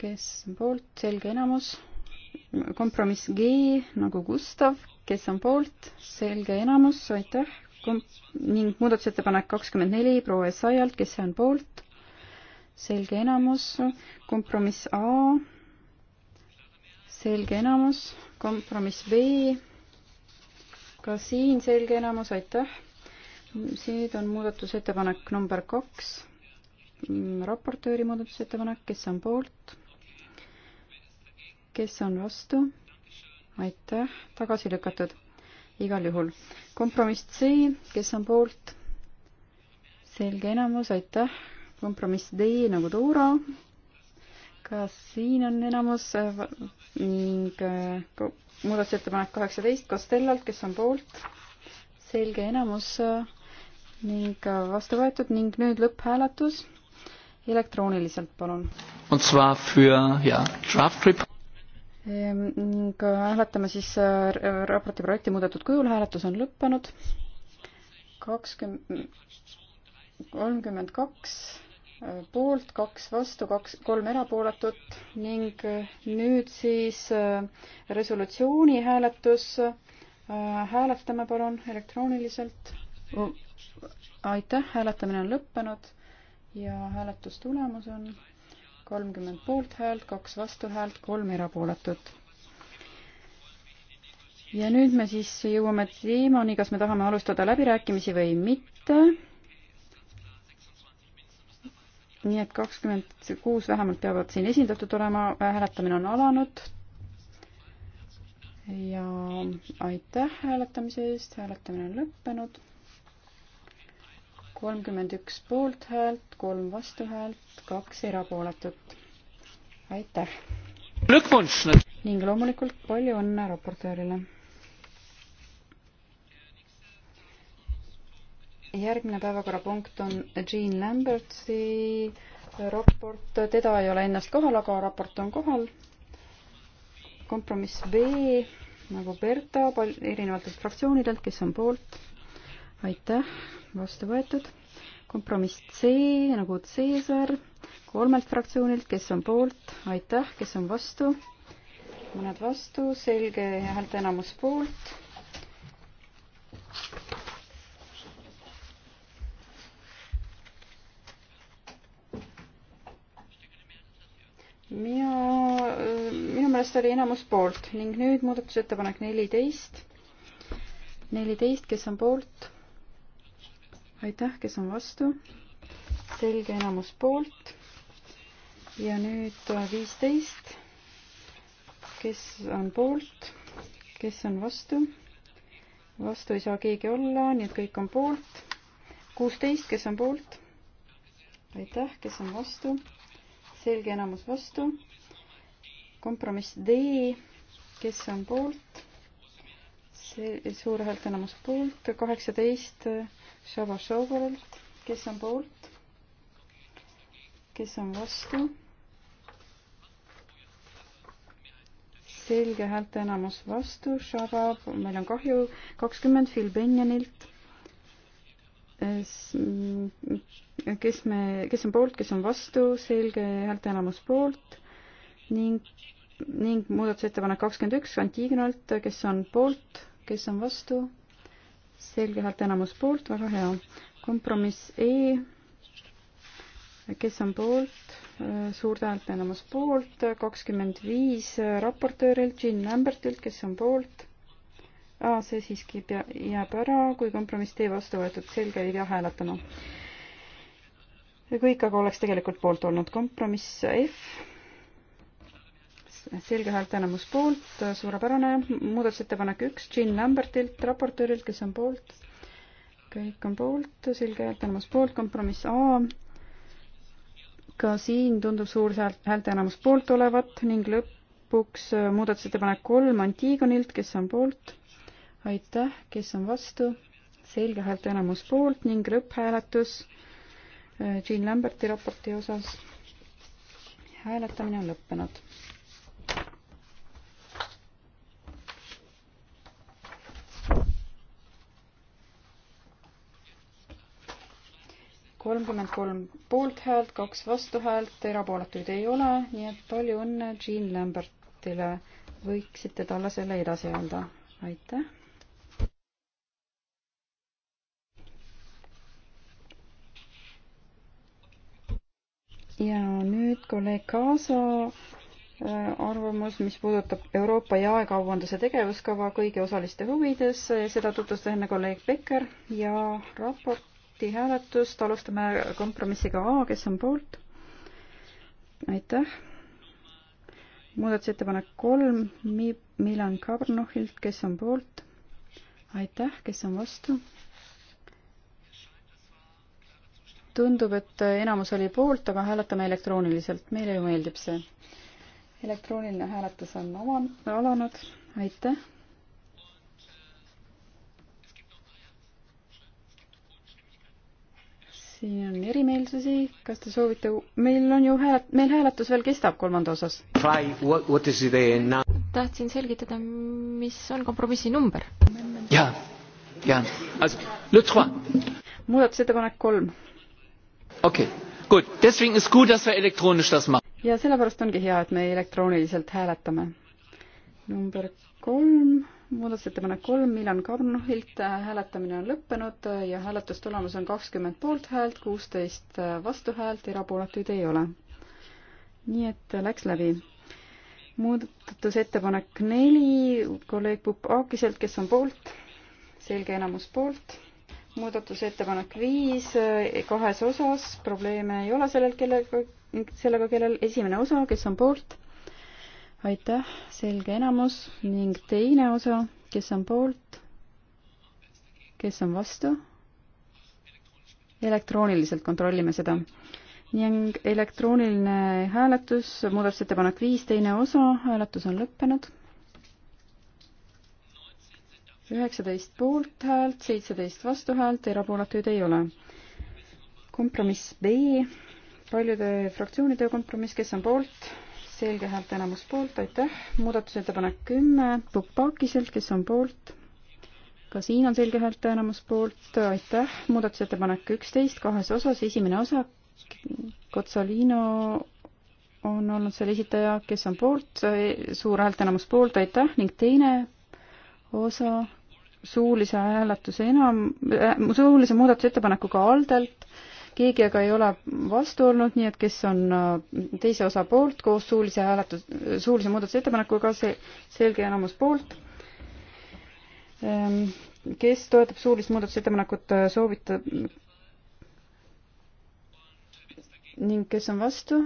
kes on poolt, selge enamus. kompromiss G nagu Gustav, kes on poolt, selge enamus, aitäh. ning muudatusettepanek kakskümmend neli proua Essayalt, kes on poolt, selge enamus. kompromiss A, selge enamus. kompromiss B, ka siin selge enamus, aitäh see on muudatusettepanek number kaks, mm, raportööri muudatusettepanek, kes on poolt, kes on vastu, aitäh, tagasi lükatud igal juhul. kompromiss C, kes on poolt? selge enamus, aitäh. kompromiss D nagu Dora. ka siin on enamus äh, ning äh, muudatusettepanek kaheksateist Costellalt, kes on poolt? selge enamus, äh, ning vastu võetud ning nüüd lõpphääletus elektrooniliselt, palun. Ehm, ning äh, hääletame siis äh, äh, raporti projekti muudetud kujul, hääletus on lõppenud. kakskümmend, kolmkümmend kaks poolt, kaks vastu, kaks, kolm erapooletut ning nüüd siis resolutsiooni hääletus. hääletame palun elektrooniliselt oh, aitäh, hääletamine on lõppenud ja hääletustulemus on kolmkümmend poolthäält, kaks vastuhäält, kolm erapooletut. ja nüüd me siis jõuame teemani, kas me tahame alustada läbirääkimisi või mitte. nii et kakskümmend kuus vähemalt peavad siin esindatud olema, hääletamine on alanud. ja aitäh hääletamise eest, hääletamine on lõppenud kolmkümmend üks poolthäält, kolm vastuhäält, kaks erapooletut. aitäh! ning loomulikult palju õnne raportöörile! järgmine päevakorrapunkt on Jean Lambertsi raport, teda ei ole ennast kohal, aga raport on kohal. kompromiss B nagu Berta, erinevalt fraktsioonidelt, kes on poolt. aitäh, vastu võetud. kompromiss C nagu Caesar kolmelt fraktsioonilt, kes on poolt, aitäh, kes on vastu, mõned vastu, selge häälteenamus poolt. mina, minu meelest oli enamus poolt ning nüüd muudatusettepanek neliteist. neliteist, kes on poolt aitäh, kes on vastu? selge enamus poolt. ja nüüd äh, viisteist. kes on poolt, kes on vastu? vastu ei saa keegi olla, nii et kõik on poolt. kuusteist, kes on poolt? aitäh, kes on vastu? selge enamus vastu. kompromiss D, kes on poolt? see suur häälteenamus poolt, kaheksateist 18 Shava Šogoril, kes on poolt, kes on vastu. selge häälte enamus vastu, Shava, meil on kahju, kakskümmend Phil Benjonilt. Mm, kes me, kes on poolt, kes on vastu, selge häälte enamus poolt ning, ning muudatusettepanek kakskümmend üks Antignalt, kes on poolt, kes on vastu selge häälteenamus poolt, väga hea. kompromiss E, kes on poolt, suurte häälteenamus poolt, kakskümmend viis raportöörilt, Jean Lambertilt, kes on poolt. Ah, see siiski pea, jääb ära, kui kompromiss teie vastu võetud, selge, ei pea hääletama. kõik aga oleks tegelikult poolt olnud. kompromiss F selge häälteenamus poolt, suurepärane, muudatusettepanek üks Jean Lambertilt, raportöörilt, kes on poolt, kõik on poolt, selge häälteenamus poolt, kompromiss A, ka siin tundub suur häälteenamus poolt olevat ning lõpuks muudatusettepanek kolm Antigonilt, kes on poolt, aitäh, kes on vastu, selge häälteenamus poolt ning lõpphääletus eh, Jean Lamberti raporti osas. hääletamine on lõppenud kolmkümmend kolm poolthäält, kaks vastuhäält, erapooletuid ei ole, nii et palju õnne Jean Lambertile. võiksite talle selle edasi anda. aitäh. ja nüüd kolleeg Kaasa äh, arvamus, mis puudutab Euroopa jaekaubanduse tegevuskava kõigi osaliste huvides, seda tutvustas enne kolleeg Becker ja raport projekti hääletust, alustame kompromissiga A, kes on poolt? aitäh. muudatusettepanek kolm, Mi-, Milan Kabrnohilt, kes on poolt? aitäh, kes on vastu? tundub, et enamus oli poolt, aga hääletame elektrooniliselt, meile ju meeldib see. elektrooniline hääletus on avan-, alanud, aitäh siin on erimeelsusi, kas te soovite, meil on ju hääl, meil hääletus veel kestab kolmanda osas. tahtsin selgitada, mis on kompromissi number. jaa, jaa, muudatusettepanek kolm. okei okay., good, deswegen ist gut, dass wir elektronisch das machen. ja sellepärast ongi hea, et me elektrooniliselt hääletame. number kolm muudatusettepanek kolm Milan Karnohilt, hääletamine on lõppenud ja hääletustulemus on kakskümmend poolthäält, kuusteist vastuhäält, erapooletuid ei ole. nii et läks läbi. muudatusettepanek neli kolleeg Pupaakiselt, kes on poolt, selge enamus poolt. muudatusettepanek viis kahes osas, probleeme ei ole sellel, kellega, sellega, kellel esimene osa, kes on poolt aitäh, selge enamus ning teine osa, kes on poolt, kes on vastu. elektrooniliselt kontrollime seda ning elektrooniline hääletus, muudatusettepanek viis, teine osa, hääletus on lõppenud. üheksateist poolthäält, seitseteist vastuhäält, erapooletuid ei ole. kompromiss B, paljude fraktsioonide kompromiss, kes on poolt, selge häälteenamus poolt, aitäh. muudatusettepanek kümme Tupakiselt, kes on poolt? ka siin on selge häälteenamus poolt, aitäh. muudatusettepanek üksteist kahes osas, esimene osa. Kotsalino on olnud selle esitaja, kes on poolt, suur häälteenamus poolt, aitäh. ning teine osa suulise hääletuse enam äh,, suulise muudatusettepanekuga Aldelt keegi aga ei ole vastu olnud, nii et kes on äh, teise osa poolt koos suulise hääletus, suulise muudatusettepanekuga, see selge enamus poolt. Ähm, kes toetab suulist muudatusettepanekut, äh, soovitab ning kes on vastu?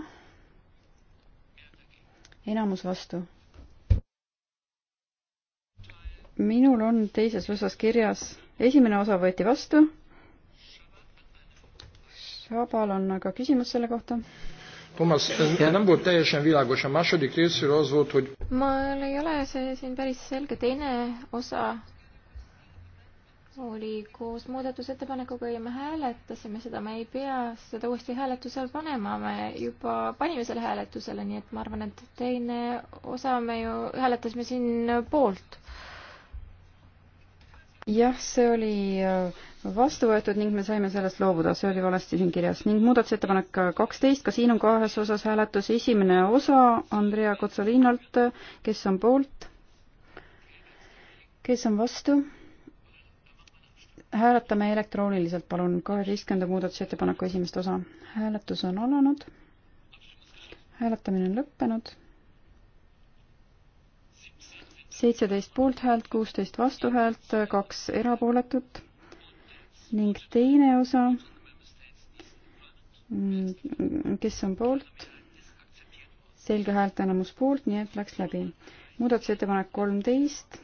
enamus vastu. minul on teises osas kirjas, esimene osa võeti vastu Szabal on aga küsimus selle kohta. Tomas, nem volt teljesen világos. A második részről az volt, hogy... Mul ei ole see siin päris selge. Teine osa oli koos muudatusettepanekuga ja me hääletasime seda. Me ei pea seda uuesti hääletusel panema. Me juba panime selle hääletusele, nii et ma arvan, et teine osa me ju hääletasime siin poolt jah, see oli äh, vastu võetud ning me saime sellest loobuda, see oli valesti siin kirjas. ning muudatusettepanek kaksteist, ka siin on kahes osas hääletus, esimene osa Andrea Kotsolinalt, kes on poolt, kes on vastu? hääletame elektrooniliselt, palun, kaheteistkümnenda muudatusettepaneku esimest osa. hääletus on alanud. hääletamine on lõppenud seitseteist poolthäält, kuusteist vastuhäält, kaks erapooletut ning teine osa, mm, kes on poolt, selge häälteenamus poolt, nii et läks läbi. muudatusettepanek kolmteist,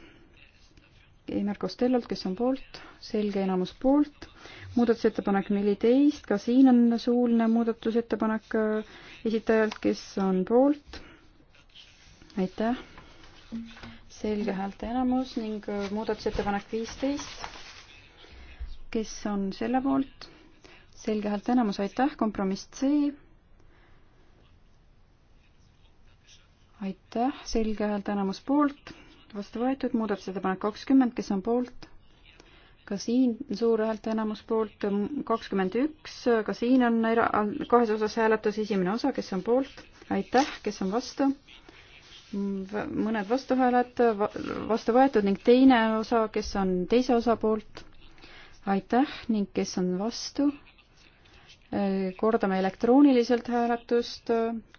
Einar Costellolt, kes on poolt, selge enamus poolt. muudatusettepanek neliteist, ka siin on suuline muudatusettepanek äh, esitajalt, kes on poolt. aitäh selge häälte enamus ning äh, muudatusettepanek viisteist, kes on selle poolt, selge häälte enamus, aitäh, kompromiss C. aitäh, selge häälte enamus poolt, vastu võetud, muudatusettepanek kakskümmend, kes on poolt? ka siin suur häälte enamus poolt, kakskümmend üks, ka siin on era-, kahes osas hääletus, esimene osa, kes on poolt, aitäh, kes on vastu mõned vastuhääled vastu võetud ning teine osa, kes on teise osa poolt, aitäh ning kes on vastu. kordame elektrooniliselt hääletust,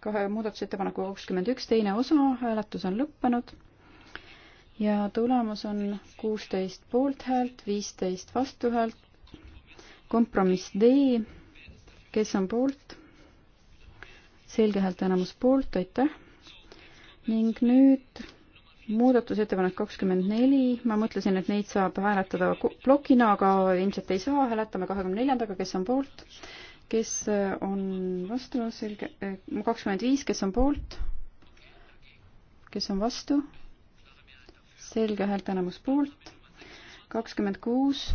kahe muudatusettepaneku kakskümmend üks, teine osa, hääletus on lõppenud ja tulemus on kuusteist poolthäält, viisteist vastuhäält. kompromiss D, kes on poolt? selge häälteenamus poolt, aitäh ning nüüd muudatusettepanek kakskümmend neli, ma mõtlesin, et neid saab hääletada plokina, aga ilmselt ei saa, hääletame kahekümne neljandaga, kes on poolt, kes äh, on vastu, selge, äh, kakskümmend viis, kes on poolt, kes on vastu, selge häälteenamus poolt, kakskümmend kuus,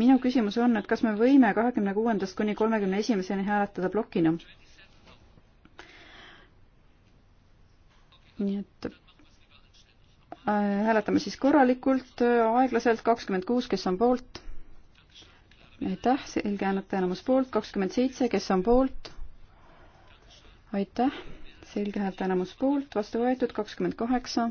minu küsimus on, et kas me võime kahekümne kuuendast kuni kolmekümne esimeseni hääletada plokina? nii et äh, hääletame siis korralikult, äh, aeglaselt, kakskümmend kuus, kes on poolt? aitäh, selge hääletajate enamus poolt, kakskümmend seitse, kes on poolt? aitäh, selge häälte enamus poolt, vastu võetud kakskümmend kaheksa.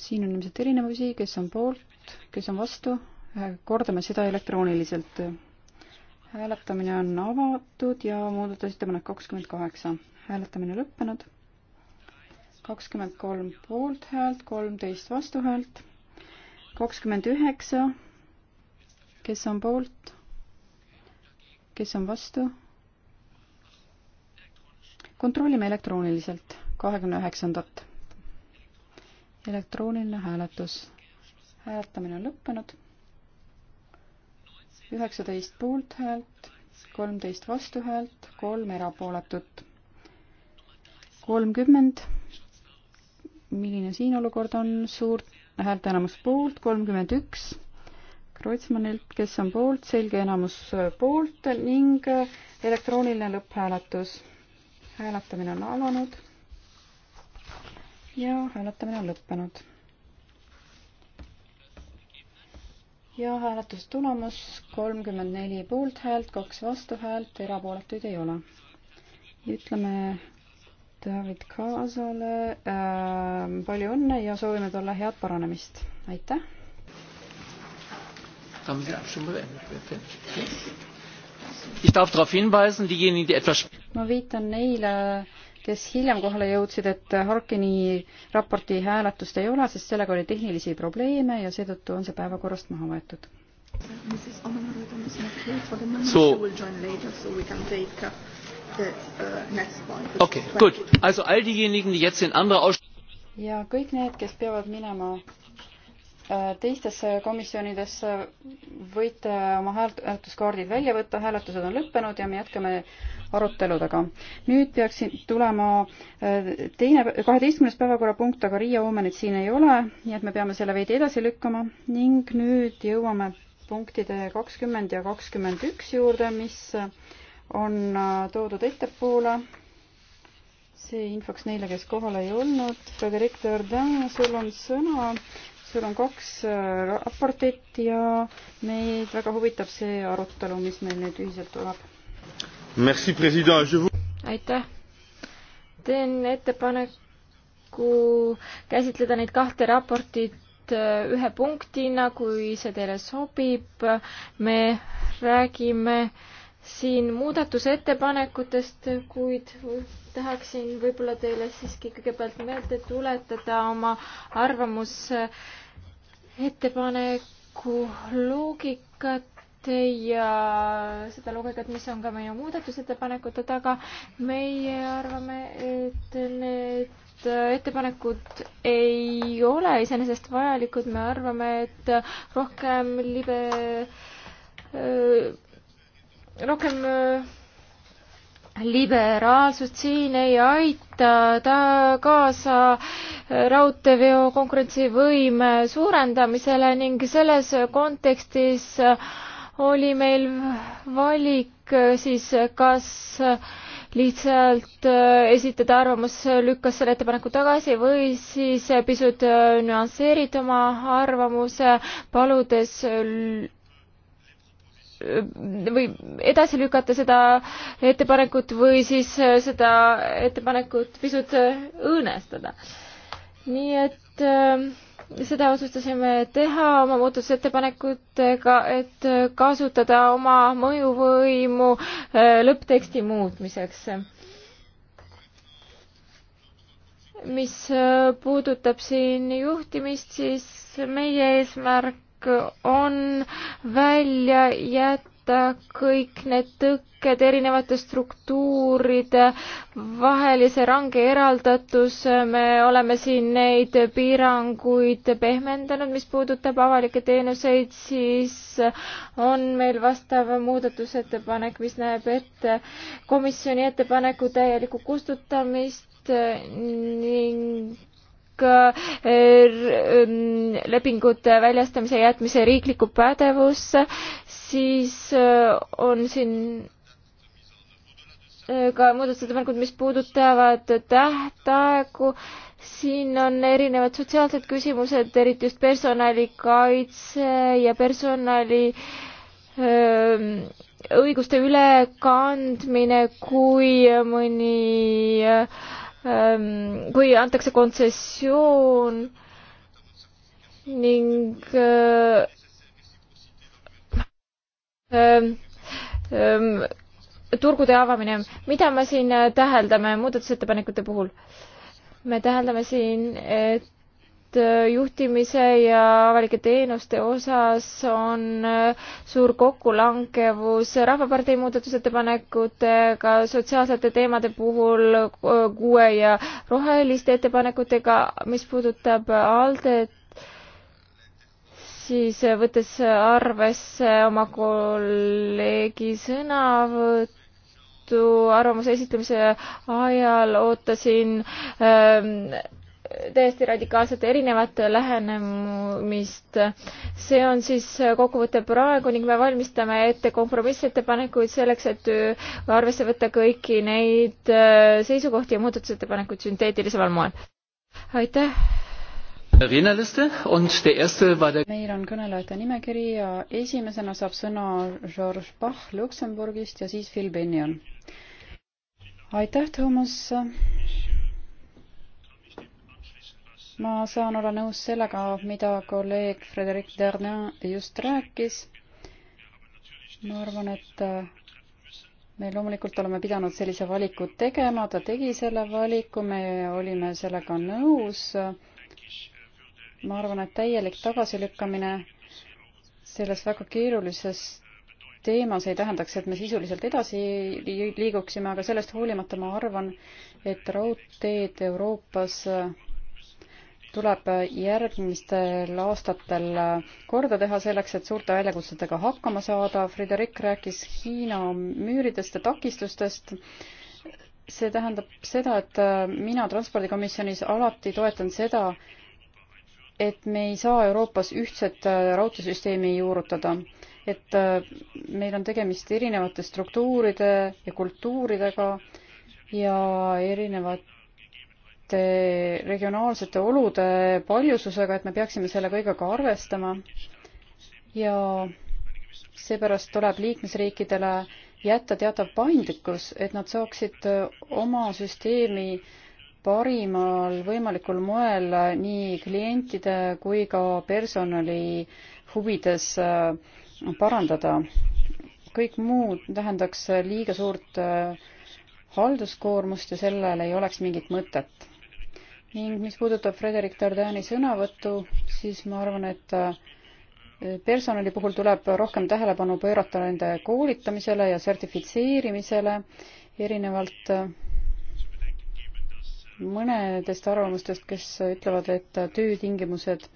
siin on ilmselt erinevusi, kes on poolt, kes on vastu, äh, kordame seda elektrooniliselt hääletamine on avatud ja muudatusettepanek kakskümmend kaheksa. hääletamine lõppenud. kakskümmend kolm poolthäält, kolmteist vastuhäält, kakskümmend üheksa. kes on poolt? kes on vastu? kontrollime elektrooniliselt kahekümne üheksandat. elektrooniline hääletus. hääletamine on lõppenud üheksateist poolthäält, kolmteist vastuhäält, kolm erapooletut. kolmkümmend, milline siin olukord on, suurt häälte enamus poolt, kolmkümmend üks Kreutzmannilt, kes on poolt, selge enamus poolt ning elektrooniline lõpphääletus. hääletamine on alanud ja hääletamine on lõppenud ja hääletustulemus kolmkümmend neli poolthäält, kaks vastuhäält, erapooletuid ei ole. ütleme David Kaasale äh, palju õnne ja soovime talle head paranemist, aitäh. ma viitan neile kes hiljem kohale jõudsid, et Harkini raporti hääletust ei ole, sest sellega oli tehnilisi probleeme ja seetõttu on see päevakorrast maha võetud. So, uh, uh, okay, good. Also all diejenigen, die jetzt in andere Aus- ja kõik need, kes peavad minema äh, teistesse komisjonidesse, võite oma hääletuskaardid välja võtta, hääletused on lõppenud ja me jätkame aruteludega. nüüd peaks tulema äh, teine, kaheteistkümnes päevakorrapunkt, aga Riia Oomenit siin ei ole, nii et me peame selle veidi edasi lükkama ning nüüd jõuame punktide kakskümmend ja kakskümmend üks juurde, mis äh, on äh, toodud ettepoole. see infoks neile, kes kohal ei olnud. Frederic Dardin, sul on sõna, sul on kaks raportit ja meid väga huvitab see arutelu, mis meil nüüd ühiselt tuleb aitäh. teen ettepaneku käsitleda neid kahte raportit äh, ühe punktina, kui see teile sobib. me räägime siin muudatusettepanekutest, kuid tahaksin võib-olla teile siiski kõigepealt meelde tuletada oma arvamusettepaneku äh, loogikat ja äh, seda loogikat, mis on ka meie muudatusettepanekute taga. meie arvame, et need äh, ettepanekud ei ole iseenesest vajalikud, me arvame, et rohkem libe, äh, rohkem liberaalsust siin ei aita, ta kaasa raudteeveo konkurentsivõime suurendamisele ning selles kontekstis äh, oli meil valik siis kas lihtsalt äh, esitada arvamus, lükkas selle ettepaneku tagasi või siis äh, pisut äh, nüansseerida oma arvamuse, paludes või edasi lükata seda ettepanekut või siis seda ettepanekut pisut õõnestada. nii et äh, seda otsustasime teha oma muudatusettepanekutega, et kasutada oma mõjuvõimu äh, lõppteksti muutmiseks. mis äh, puudutab siin juhtimist, siis meie eesmärk on välja jätta vaadata kõik need tõkked erinevate struktuuride vahelise range eraldatuse, me oleme siin neid piiranguid pehmendanud, mis puudutab avalikke teenuseid, siis on meil vastav muudatusettepanek, mis näeb ette komisjoni ettepaneku täielikku kustutamist ning Äh, lepingute väljastamise jätmise riiklikku pädevusse, siis äh, on siin äh, ka muudatusettepanekud, mis puudutavad tähtaegu, siin on erinevad sotsiaalsed küsimused, eriti just personalikaitse ja personali öö, õiguste ülekandmine, kui mõni öö, Ähm, kui antakse kontsessioon ning äh, ähm, ähm, turgude avamine, mida me siin täheldame muudatusettepanekute puhul? me täheldame siin, et Äh, juhtimise ja avalike teenuste osas on äh, suur kokkulangevus Rahvapartei muudatusettepanekutega, sotsiaalsete teemade puhul äh, kuue ja roheliste ettepanekutega, mis puudutab ALDE-t, siis võttes arvesse oma kolleegi sõnavõttu, arvamuse esitamise ajal ootasin ähm, täiesti radikaalselt erinevat lähenemist. see on siis kokkuvõte praegu ning me valmistame ette kompromissettepanekuid selleks, et arvesse võtta kõiki neid seisukohti ja muudatusettepanekuid sünteetilisemal moel. aitäh! meil on kõnelejate nimekiri ja esimesena saab sõna Georges Bach Luksemburgist ja siis Phil Bennion. aitäh, Toomas! ma saan olla nõus sellega, mida kolleeg Frederic Dernin just rääkis. ma arvan, et äh, me loomulikult oleme pidanud sellise valiku tegema, ta tegi selle valiku, me olime sellega nõus. ma arvan, et täielik tagasilükkamine selles väga keerulises teemas ei tähendaks, et me sisuliselt edasi liiguksime, aga sellest hoolimata ma arvan, et raudteed Euroopas äh, tuleb järgmistel aastatel korda teha selleks, et suurte väljakutsetega hakkama saada. Frederik rääkis Hiina müüridest ja takistustest. see tähendab seda, et mina transpordikomisjonis alati toetan seda, et me ei saa Euroopas ühtset raudteesüsteemi juurutada, et meil on tegemist erinevate struktuuride ja kultuuridega ja erinevad selliste regionaalsete olude paljususega, et me peaksime selle kõigega arvestama ja seepärast tuleb liikmesriikidele jätta teatav paindlikkus, et nad saaksid oma süsteemi parimal võimalikul moel nii klientide kui ka personali huvides äh, parandada. kõik muu tähendaks liiga suurt äh, halduskoormust ja sellel ei oleks mingit mõtet ning mis puudutab Frederik Tardani sõnavõttu, siis ma arvan, et äh, personali puhul tuleb rohkem tähelepanu pöörata nende koolitamisele ja sertifitseerimisele, erinevalt äh, mõnedest arvamustest, kes ütlevad, et töötingimused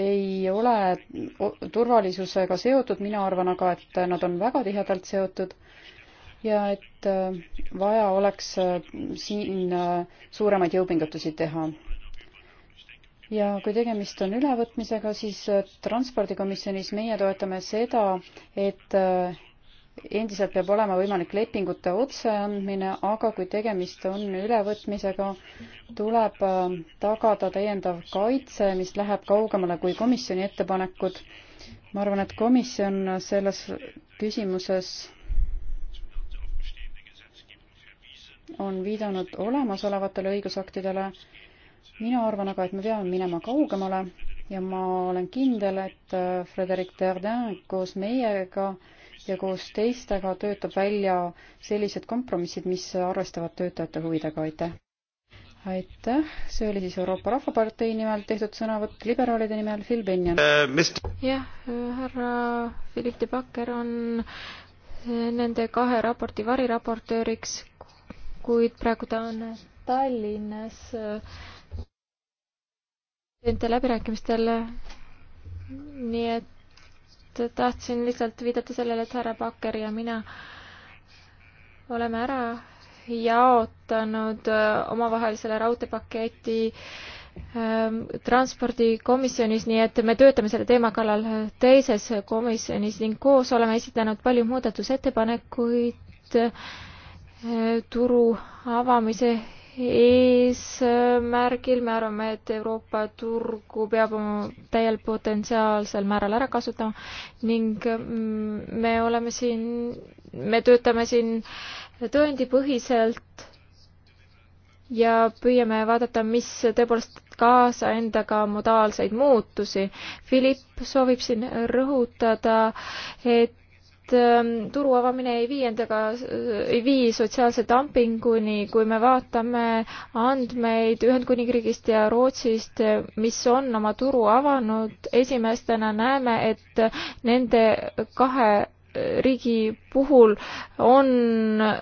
ei ole turvalisusega seotud, mina arvan aga, et nad on väga tihedalt seotud ja et äh, vaja oleks äh, siin äh, suuremaid jõupingutusi teha. ja kui tegemist on ülevõtmisega, siis transpordikomisjonis meie toetame seda, et endiselt peab olema võimalik lepingute otseandmine, aga kui tegemist on ülevõtmisega, tuleb tagada täiendav kaitse, mis läheb kaugemale kui komisjoni ettepanekud. ma arvan, et komisjon selles küsimuses on viidanud olemasolevatele õigusaktidele. mina arvan aga, et me peame minema kaugemale ja ma olen kindel, et äh, Frederic Terdin koos meiega ja koos teistega töötab välja sellised kompromissid, mis arvestavad töötajate huvidega, aitäh! aitäh, see oli siis Euroopa Rahvapartei nimel tehtud sõnavõtt, liberaalide nimel Phil Benjon äh,. jah, äh, härra Philip de Backer on äh, nende kahe raporti variraportööriks, kuid praegu ta on Tallinnas nende läbirääkimistel. nii et tahtsin lihtsalt viidata sellele, et härra Pakker ja mina oleme ära jaotanud omavahel selle raudteepaketi ähm, transpordikomisjonis, nii et me töötame selle teema kallal teises komisjonis ning koos oleme esitanud palju muudatusettepanekuid turu avamise eesmärgil, me arvame, et Euroopa turgu peab oma täiel potentsiaalsel määral ära kasutama ning mm, me oleme siin, me töötame siin tõendipõhiselt ja püüame vaadata, mis tõepoolest kaasa endaga modaalseid muutusi. Philipp soovib siin rõhutada, et et ähm, turu avamine ei vii endaga, ei vii sotsiaalse dumpinguni, kui me vaatame andmeid Ühendkuningriigist ja Rootsist, mis on oma turu avanud, esimestena näeme, et nende kahe riigi puhul on öö,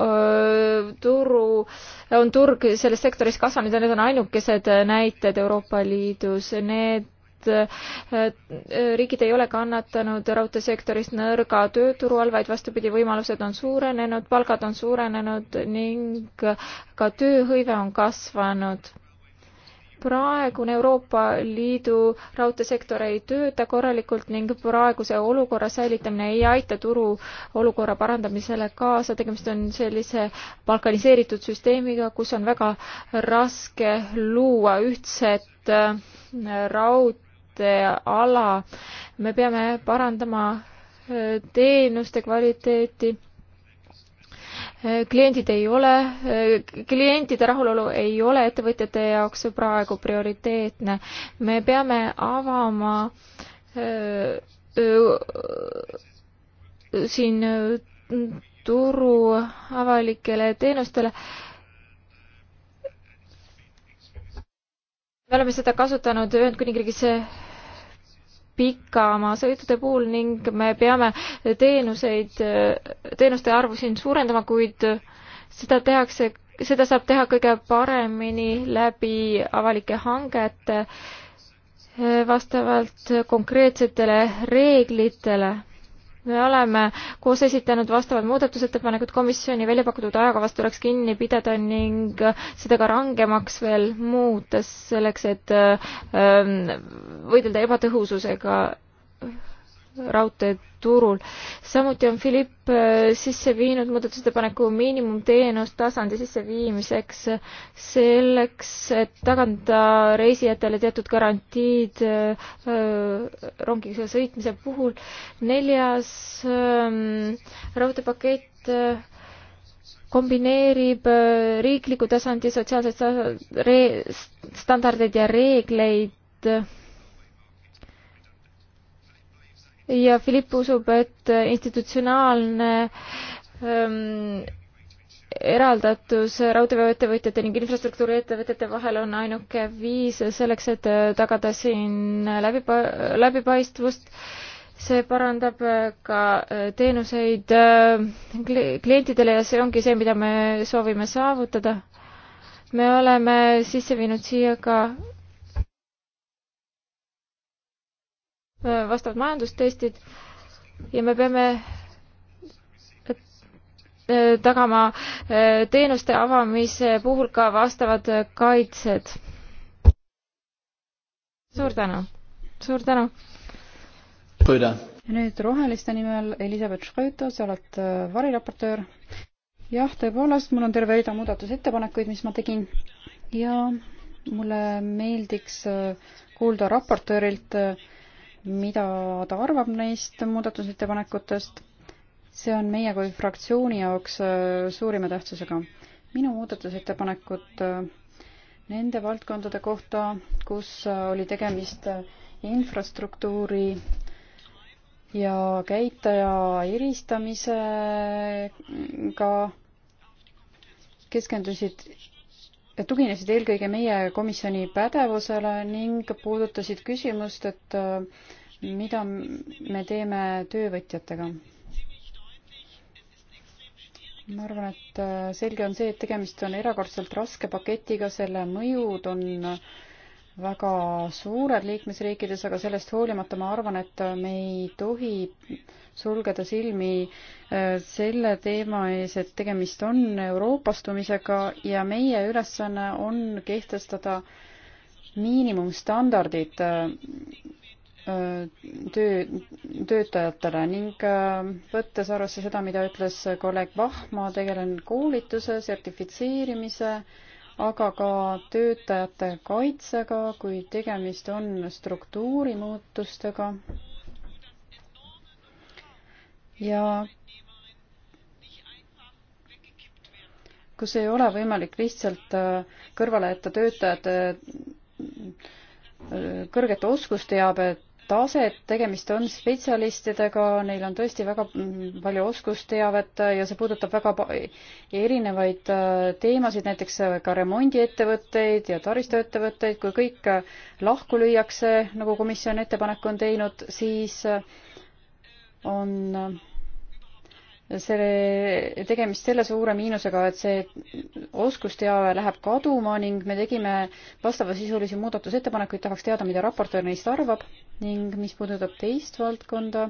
äh, turu, on turg selles sektoris kasvanud ja need on ainukesed näited Euroopa Liidus. Need riigid ei ole kannatanud raudteesektoris nõrga tööturu all, vaid vastupidi, võimalused on suurenenud, palgad on suurenenud ning ka tööhõive on kasvanud praegune Euroopa Liidu raudteesektor ei tööta korralikult ning praeguse olukorra säilitamine ei aita turu olukorra parandamisele kaasa. tegemist on sellise balkaniseeritud süsteemiga, kus on väga raske luua ühtset äh, raud-, teenuste ala. me peame parandama äh, teenuste kvaliteeti äh, kliendid ei ole, äh, klientide rahulolu ei ole ettevõtjate jaoks praegu prioriteetne. me peame avama äh, äh, siin turu avalikele teenustele. me oleme seda kasutanud Ühendkuningriigis pikamaasõitude puhul ning me peame teenuseid, teenuste arvu siin suurendama, kuid seda tehakse, seda saab teha kõige paremini läbi avalike hangete vastavalt konkreetsetele reeglitele me oleme koos esitanud vastavad muudatusettepanekud komisjoni välja pakutud ajakavast tuleks kinni pidada ning seda ka rangemaks veel muuta selleks, et ähm, võidelda ebatõhususega raudteeturul. samuti on Philipp äh, sisse viinud muudatusettepaneku miinimumteenustasandi sisseviimiseks selleks, et tagada reisijatele teatud garantiid äh, rongiga sõitmise puhul. neljas ähm, raudteepakett äh, kombineerib riikliku tasandi sotsiaalseid standardeid ja reegleid ja Philipp usub, et institutsionaalne ähm, eraldatus raudteeveoettevõtjate ning infrastruktuuriettevõtete vahel on ainuke viis selleks, et äh, tagada siin läbipa-, läbipaistvust. see parandab äh, ka äh, teenuseid klientidele ja see ongi see, mida me soovime saavutada. me oleme sisse viinud siia ka Äh, vastavad majandustestid ja me peame äh, äh, tagama teenuste avamise puhul ka vastavad kaitsed. suur tänu, suur tänu. nüüd Roheliste nimel Elizabeth Schröter, sa oled variraportöör. jah, tõepoolest, mul on terve rida muudatusettepanekuid, mis ma tegin ja mulle meeldiks kuulda raportöörilt äh, mida ta arvab neist muudatusettepanekutest. see on meie kui fraktsiooni jaoks äh, suurima tähtsusega. minu muudatusettepanekud äh, nende valdkondade kohta, kus äh, oli tegemist infrastruktuuri ja käitaja eristamisega keskendusid, tuginesid eelkõige meie komisjoni pädevusele ning puudutasid küsimust, et mida me teeme töövõtjatega? ma arvan, et äh, selge on see, et tegemist on erakordselt raske paketiga, selle mõjud on väga suured liikmesriikides, aga sellest hoolimata ma arvan, et me ei tohi sulgeda silmi äh, selle teema ees, et tegemist on euroopastumisega ja meie ülesanne on kehtestada miinimumstandardid äh, Äh, töö, töötajatele ning äh, võttes arvesse seda, mida ütles kolleeg Vah, ma tegelen koolituse, sertifitseerimise, aga ka töötajate kaitsega, kui tegemist on struktuurimuutustega. ja kus ei ole võimalik lihtsalt äh, kõrvale jätta töötajate kõrgete oskusteabet taset, tegemist on spetsialistidega, neil on tõesti väga mm, palju oskusteavet ja see puudutab väga erinevaid äh, teemasid, näiteks äh, ka remondiettevõtteid ja taristuettevõtteid, kui kõik äh, lahku lüüakse, nagu komisjon ettepaneku on teinud, siis on selle, tegemist selle suure miinusega, et see oskusteave läheb kaduma ning me tegime vastavasisulisi muudatusettepanekuid, tahaks teada, mida raportöör neist arvab ning mis puudutab teist valdkonda,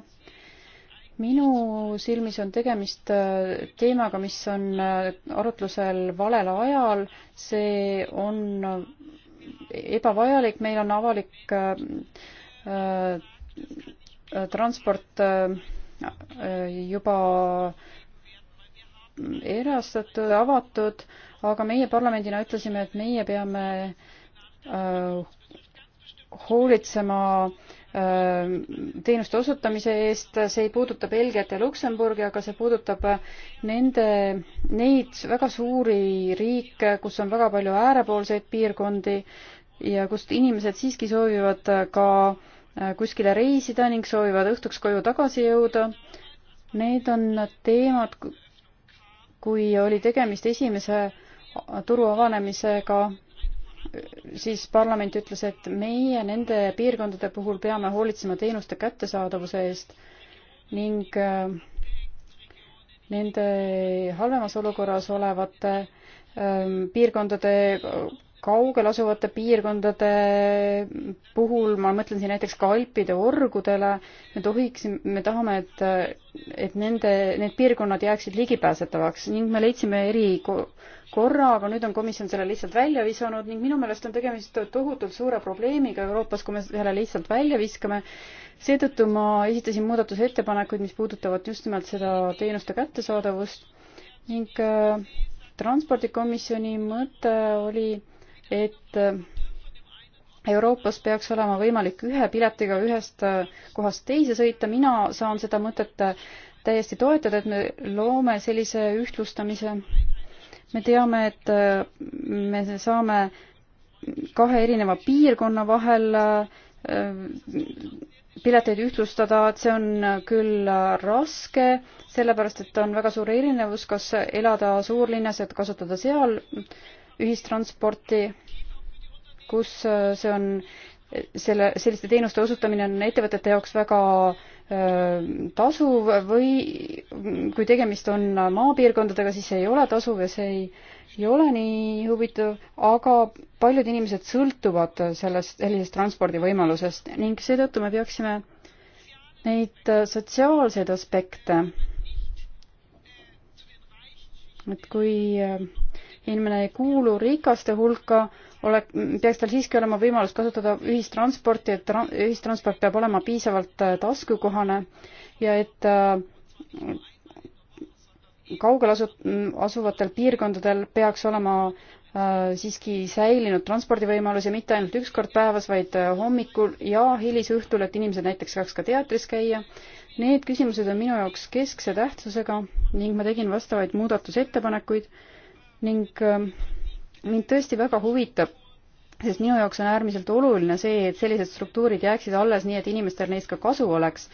minu silmis on tegemist äh, teemaga, mis on äh, arutlusel valel ajal, see on äh, ebavajalik, meil on avalik äh, transport äh, juba erastatud, avatud, aga meie parlamendina ütlesime, et meie peame äh, hoolitsema äh, teenuste osutamise eest, see ei puuduta Belgiat ja Luksemburgi, aga see puudutab nende, neid väga suuri riike, kus on väga palju äärepoolseid piirkondi ja kust inimesed siiski soovivad ka äh, Äh, kuskile reisida ning soovivad õhtuks koju tagasi jõuda. Need on teemad, kui oli tegemist esimese turu avanemisega, siis parlament ütles, et meie nende piirkondade puhul peame hoolitsema teenuste kättesaadavuse eest ning äh, nende halvemas olukorras olevate ähm, piirkondade kaugel asuvate piirkondade puhul, ma mõtlen siin näiteks ka Alpide orgudele, me tohiksime, me tahame, et, et nende, need piirkonnad jääksid ligipääsetavaks ning me leidsime erikorra, aga nüüd on komisjon selle lihtsalt välja visanud ning minu meelest on tegemist tohutult suure probleemiga Euroopas, kui me selle lihtsalt välja viskame. seetõttu ma esitasin muudatusettepanekuid, mis puudutavad just nimelt seda teenuste kättesaadavust ning äh, transpordikomisjoni mõte oli äh, et äh, Euroopas peaks olema võimalik ühe piletiga ühest äh, kohast teise sõita, mina saan seda mõtet äh, täiesti toetada, et me loome sellise ühtlustamise. me teame, et me saame kahe erineva piirkonna vahel pileteid ühtlustada, et see on küll raske, sellepärast et on väga suur erinevus, kas elada suurlinnas, et kasutada seal ühistransporti, kus äh, see on, selle, selliste teenuste osutamine on ettevõtete jaoks väga äh, tasuv või kui tegemist on maapiirkondadega, siis see ei ole tasuv ja see ei, ei ole nii huvitav, aga paljud inimesed sõltuvad sellest, sellisest transpordivõimalusest ning seetõttu me peaksime neid äh, sotsiaalseid aspekte, et kui inimene ei kuulu rikaste hulka, ole, peaks tal siiski olema võimalus kasutada ühistransporti, et tra, ühistransport peab olema piisavalt äh, taskukohane ja et äh, kaugel asu-, asuvatel piirkondadel peaks olema äh, siiski säilinud transpordivõimalus ja mitte ainult üks kord päevas, vaid äh, hommikul ja hilisõhtul, et inimesed näiteks saaks ka teatris käia. Need küsimused on minu jaoks keskse tähtsusega ning ma tegin vastavaid muudatusettepanekuid äh, ning ähm, mind tõesti väga huvitab, sest minu jaoks on äärmiselt oluline see, et sellised struktuurid jääksid alles, nii et inimestel neist ka kasu oleks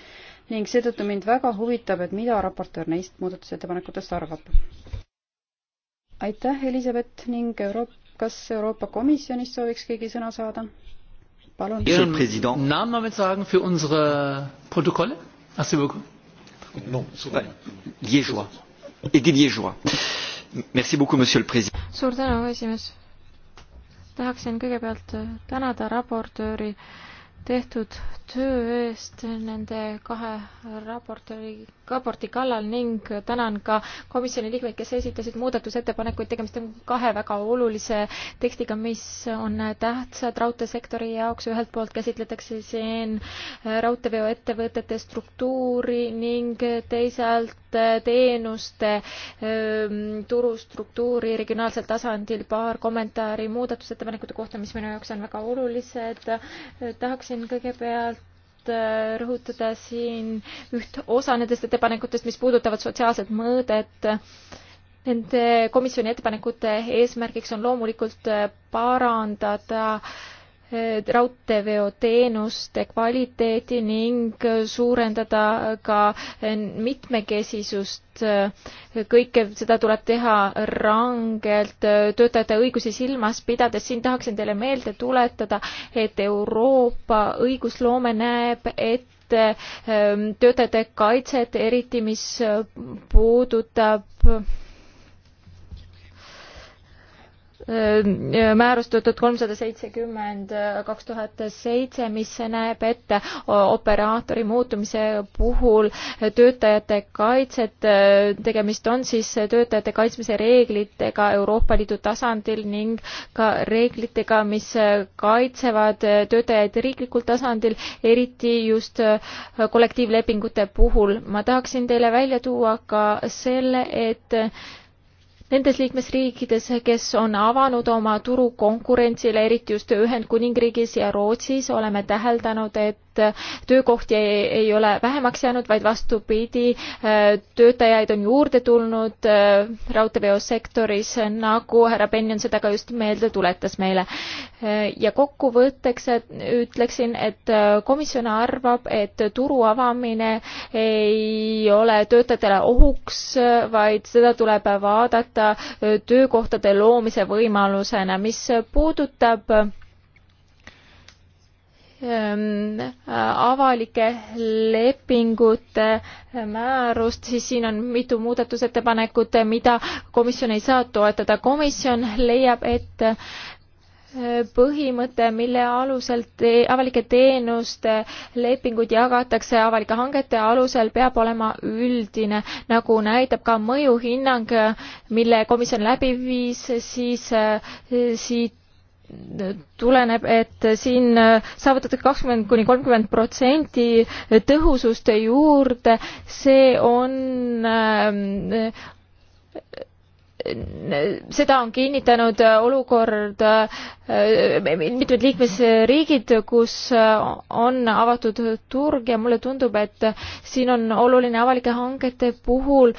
ning seetõttu mind väga huvitab, et mida raportöör neist muudatusettepanekutest arvab. aitäh, Elizabeth ning Euro-, kas Euroopa Komisjonist sooviks keegi sõna saada? palun. Namen damit sagen für unsere Protokolle? Merci beaucoup. Liégeois. Edith Liégeois suur tänu, esimees. tahaksin kõigepealt äh, tänada raportööri tehtud töö eest nende kahe raportööri raporti kallal ning tänan ka komisjoni liikmeid, kes esitasid muudatusettepanekuid, tegemist on kahe väga olulise tekstiga, mis on tähtsad raudteesektori jaoks, ühelt poolt käsitletakse siin äh, raudteeveoettevõtete struktuuri ning teisalt äh, teenuste ähm, turustruktuuri regionaalsel tasandil, paar kommentaari muudatusettepanekute kohta, mis minu jaoks on väga olulised. Äh, tahaksin kõigepealt Äh, rõhutada siin üht osa nendest ettepanekutest, mis puudutavad sotsiaalset mõõdet. Nende komisjoni ettepanekute eesmärgiks on loomulikult äh, parandada äh, raudteeveoteenuste kvaliteeti ning suurendada ka mitmekesisust. kõike seda tuleb teha rangelt töötajate õigusi silmas pidades. siin tahaksin teile meelde tuletada, et Euroopa õigusloome näeb ette ähm, töötajate kaitset, eriti mis puudutab määrus töötud kolmsada seitsekümmend kaks tuhat seitse, mis näeb ette operaatori muutumise puhul töötajate kaitset. tegemist on siis töötajate kaitsmise reeglitega Euroopa Liidu tasandil ning ka reeglitega, mis kaitsevad töötajaid riiklikul tasandil, eriti just kollektiivlepingute puhul. ma tahaksin teile välja tuua ka selle, et nendes liikmesriikides, kes on avanud oma turu konkurentsile, eriti just Ühendkuningriigis ja Rootsis, oleme täheldanud, et et äh, töökohti ei, ei ole vähemaks jäänud, vaid vastupidi, äh, töötajaid on juurde tulnud äh, raudteeveosektoris, nagu härra Benjon seda ka just meelde tuletas meile. ja kokkuvõtteks ütleksin, et komisjon arvab, et turu avamine ei ole töötajatele ohuks, vaid seda tuleb vaadata töökohtade loomise võimalusena, mis puudutab Ehm, avalike lepingute määrust, siis siin on mitu muudatusettepanekut, mida komisjon ei saa toetada. komisjon leiab, et eh, põhimõte, mille alusel te, avalike teenuste lepingud jagatakse avalike hangete alusel, peab olema üldine, nagu näitab ka mõjuhinnang, mille komisjon läbi viis, siis eh, siit tuleneb, et siin saavutatakse kakskümmend kuni kolmkümmend protsenti tõhusust juurde, see on ähm, seda on kinnitanud äh, olukord äh, äh, mitmed liikmesriigid, kus on avatud turg ja mulle tundub, et siin on oluline avalike hangete puhul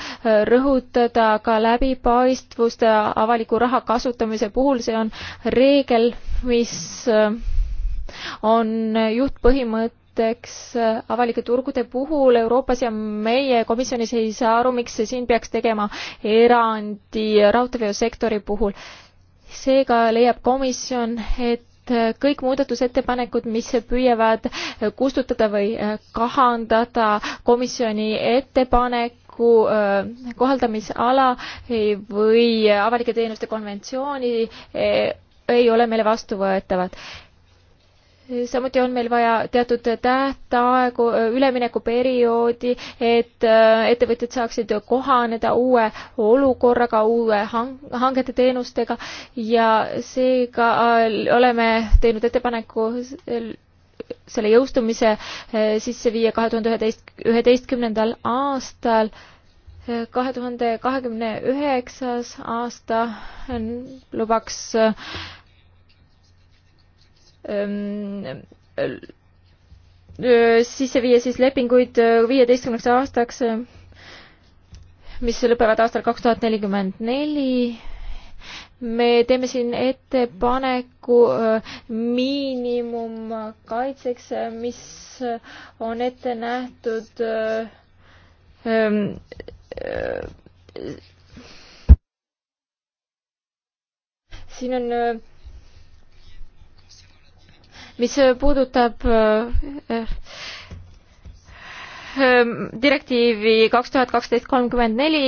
rõhutada ka läbipaistvust avaliku raha kasutamise puhul, see on reegel, mis on juhtpõhimõte näiteks äh, avalike turgude puhul Euroopas ja meie komisjonis ei saa aru, miks siin peaks tegema erandi raudteeveosektori puhul. seega leiab komisjon, et äh, kõik muudatusettepanekud, mis püüavad äh, kustutada või kahandada komisjoni ettepanek, kohaldamisala või avalike teenuste konventsiooni ei ole meile vastuvõetavad samuti on meil vaja teatud tähtaegu, üleminekuperioodi, et ettevõtjad saaksid kohaneda uue olukorraga, uue hang-, hangete teenustega ja seega äh, oleme teinud ettepaneku selle jõustumise äh, sisse viia kahe tuhande üheteist, üheteistkümnendal aastal äh, kahe tuhande kahekümne üheksas aasta lubaks sisse viia siis lepinguid viieteistkümneks aastaks, mis lõpevad aastal kaks tuhat nelikümmend neli me teeme siin ettepaneku miinimumkaitseks, mis on ette nähtud siin on mis puudutab äh, äh, äh, direktiivi kaks tuhat kaksteist kolmkümmend neli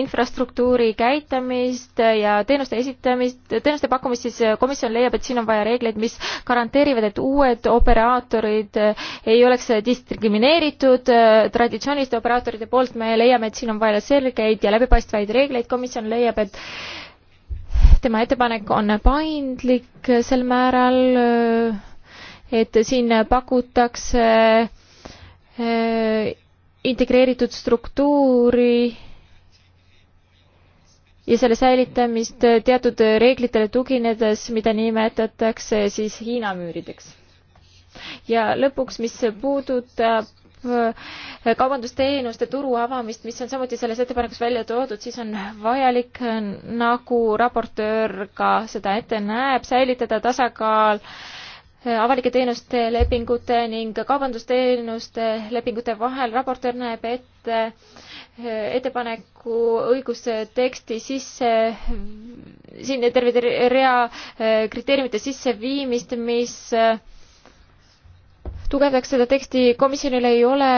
infrastruktuuri käitamist ja teenuste esitamist, teenuste pakkumist, siis komisjon leiab, et siin on vaja reegleid, mis garanteerivad, et uued operaatorid ei oleks diskrimineeritud traditsiooniliste operaatorite poolt. me leiame, et siin on vaja selgeid ja läbipaistvaid reegleid. komisjon leiab, et tema ettepanek on paindlik sel määral et siin pakutakse äh, integreeritud struktuuri ja selle säilitamist teatud reeglitele tuginedes, mida nimetatakse siis Hiina müürideks. ja lõpuks, mis puudutab äh, kaubandusteenuste turu avamist, mis on samuti selles ettepanekus välja toodud, siis on vajalik, äh, nagu raportöör ka seda ette näeb, säilitada tasakaal äh, avalike teenuste lepingute ning kaubandusteenuste lepingute vahel. raportöör näeb ette eh, ettepaneku õigusteksti sisse, siin terve rea eh, kriteeriumite sisseviimist, mis eh, tugevdaks seda teksti. komisjonil ei ole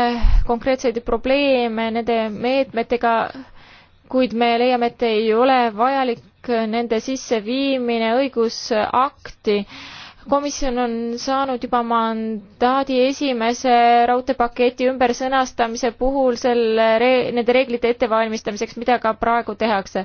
konkreetseid probleeme nende meetmetega, kuid me leiame, et ei ole vajalik nende sisseviimine õigusakti komisjon on saanud juba mandaadi esimese raudteepaketi ümbersõnastamise puhul selle re- nende reeglite ettevalmistamiseks mida ka praegu tehakse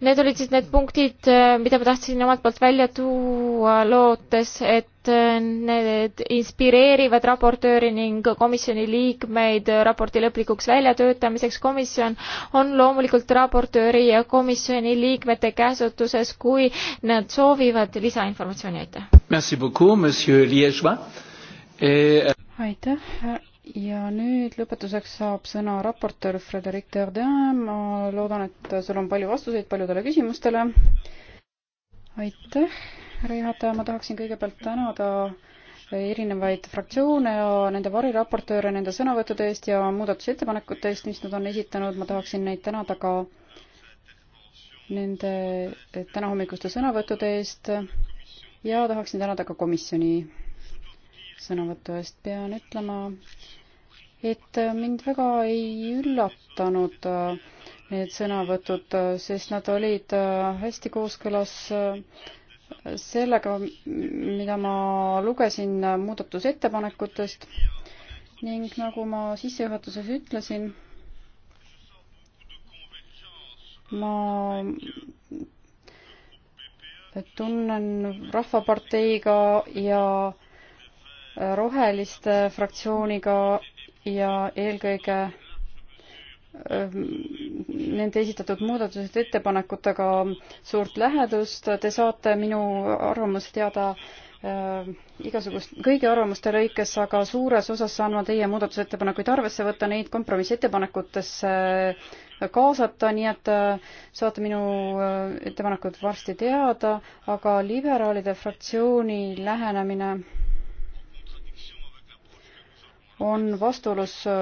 Need olid siis need punktid, äh, mida ma tahtsin omalt poolt välja tuua, lootes, et äh, need inspireerivad raportööri ning komisjoni liikmeid raporti lõplikuks väljatöötamiseks. komisjon on loomulikult raportööri ja komisjoni liikmete käsutuses, kui nad soovivad lisainformatsiooni, aitäh. aitäh, ja nüüd lõpetuseks saab sõna raportöör Frederic Terdin, ma loodan, et sul on palju vastuseid paljudele küsimustele. aitäh, härra juhataja, ma tahaksin kõigepealt tänada erinevaid fraktsioone ja nende variraportööre nende sõnavõttude eest ja muudatusettepanekute eest, mis nad on esitanud, ma tahaksin neid tänada ka nende tänahommikuste sõnavõttude eest ja tahaksin tänada ka komisjoni sõnavõtu eest. pean ütlema, et mind väga ei üllatanud äh, need sõnavõtud, äh, sest nad olid äh, hästi kooskõlas sellega, mida ma lugesin muudatusettepanekutest ning nagu ma sissejuhatuses ütlesin, ma tunnen Rahvaparteiga ja Roheliste fraktsiooniga ja eelkõige ähm, nende esitatud muudatused ettepanekutega suurt lähedust. Te saate minu arvamust teada äh, igasugust, kõigi arvamuste lõikes, aga suures osas saan ma teie muudatusettepanekuid arvesse võtta, neid kompromissettepanekutesse äh, kaasata, nii et äh, saate minu äh, ettepanekud varsti teada, aga liberaalide fraktsiooni lähenemine on vastuolus äh,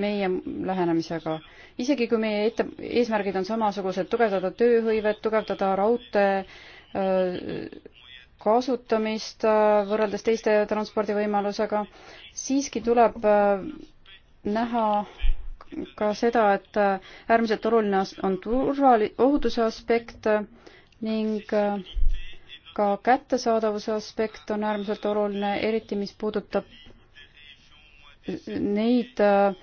meie lähenemisega. isegi kui meie ette, eesmärgid on samasugused, tugevdada tööhõivet, tugevdada raudtee äh, kasutamist äh, võrreldes teiste transpordivõimalusega, siiski tuleb näha ka seda, et äärmiselt oluline on turvali-, ohutuse aspekt ning ka kättesaadavuse aspekt on äärmiselt oluline, eriti mis puudutab neid äh,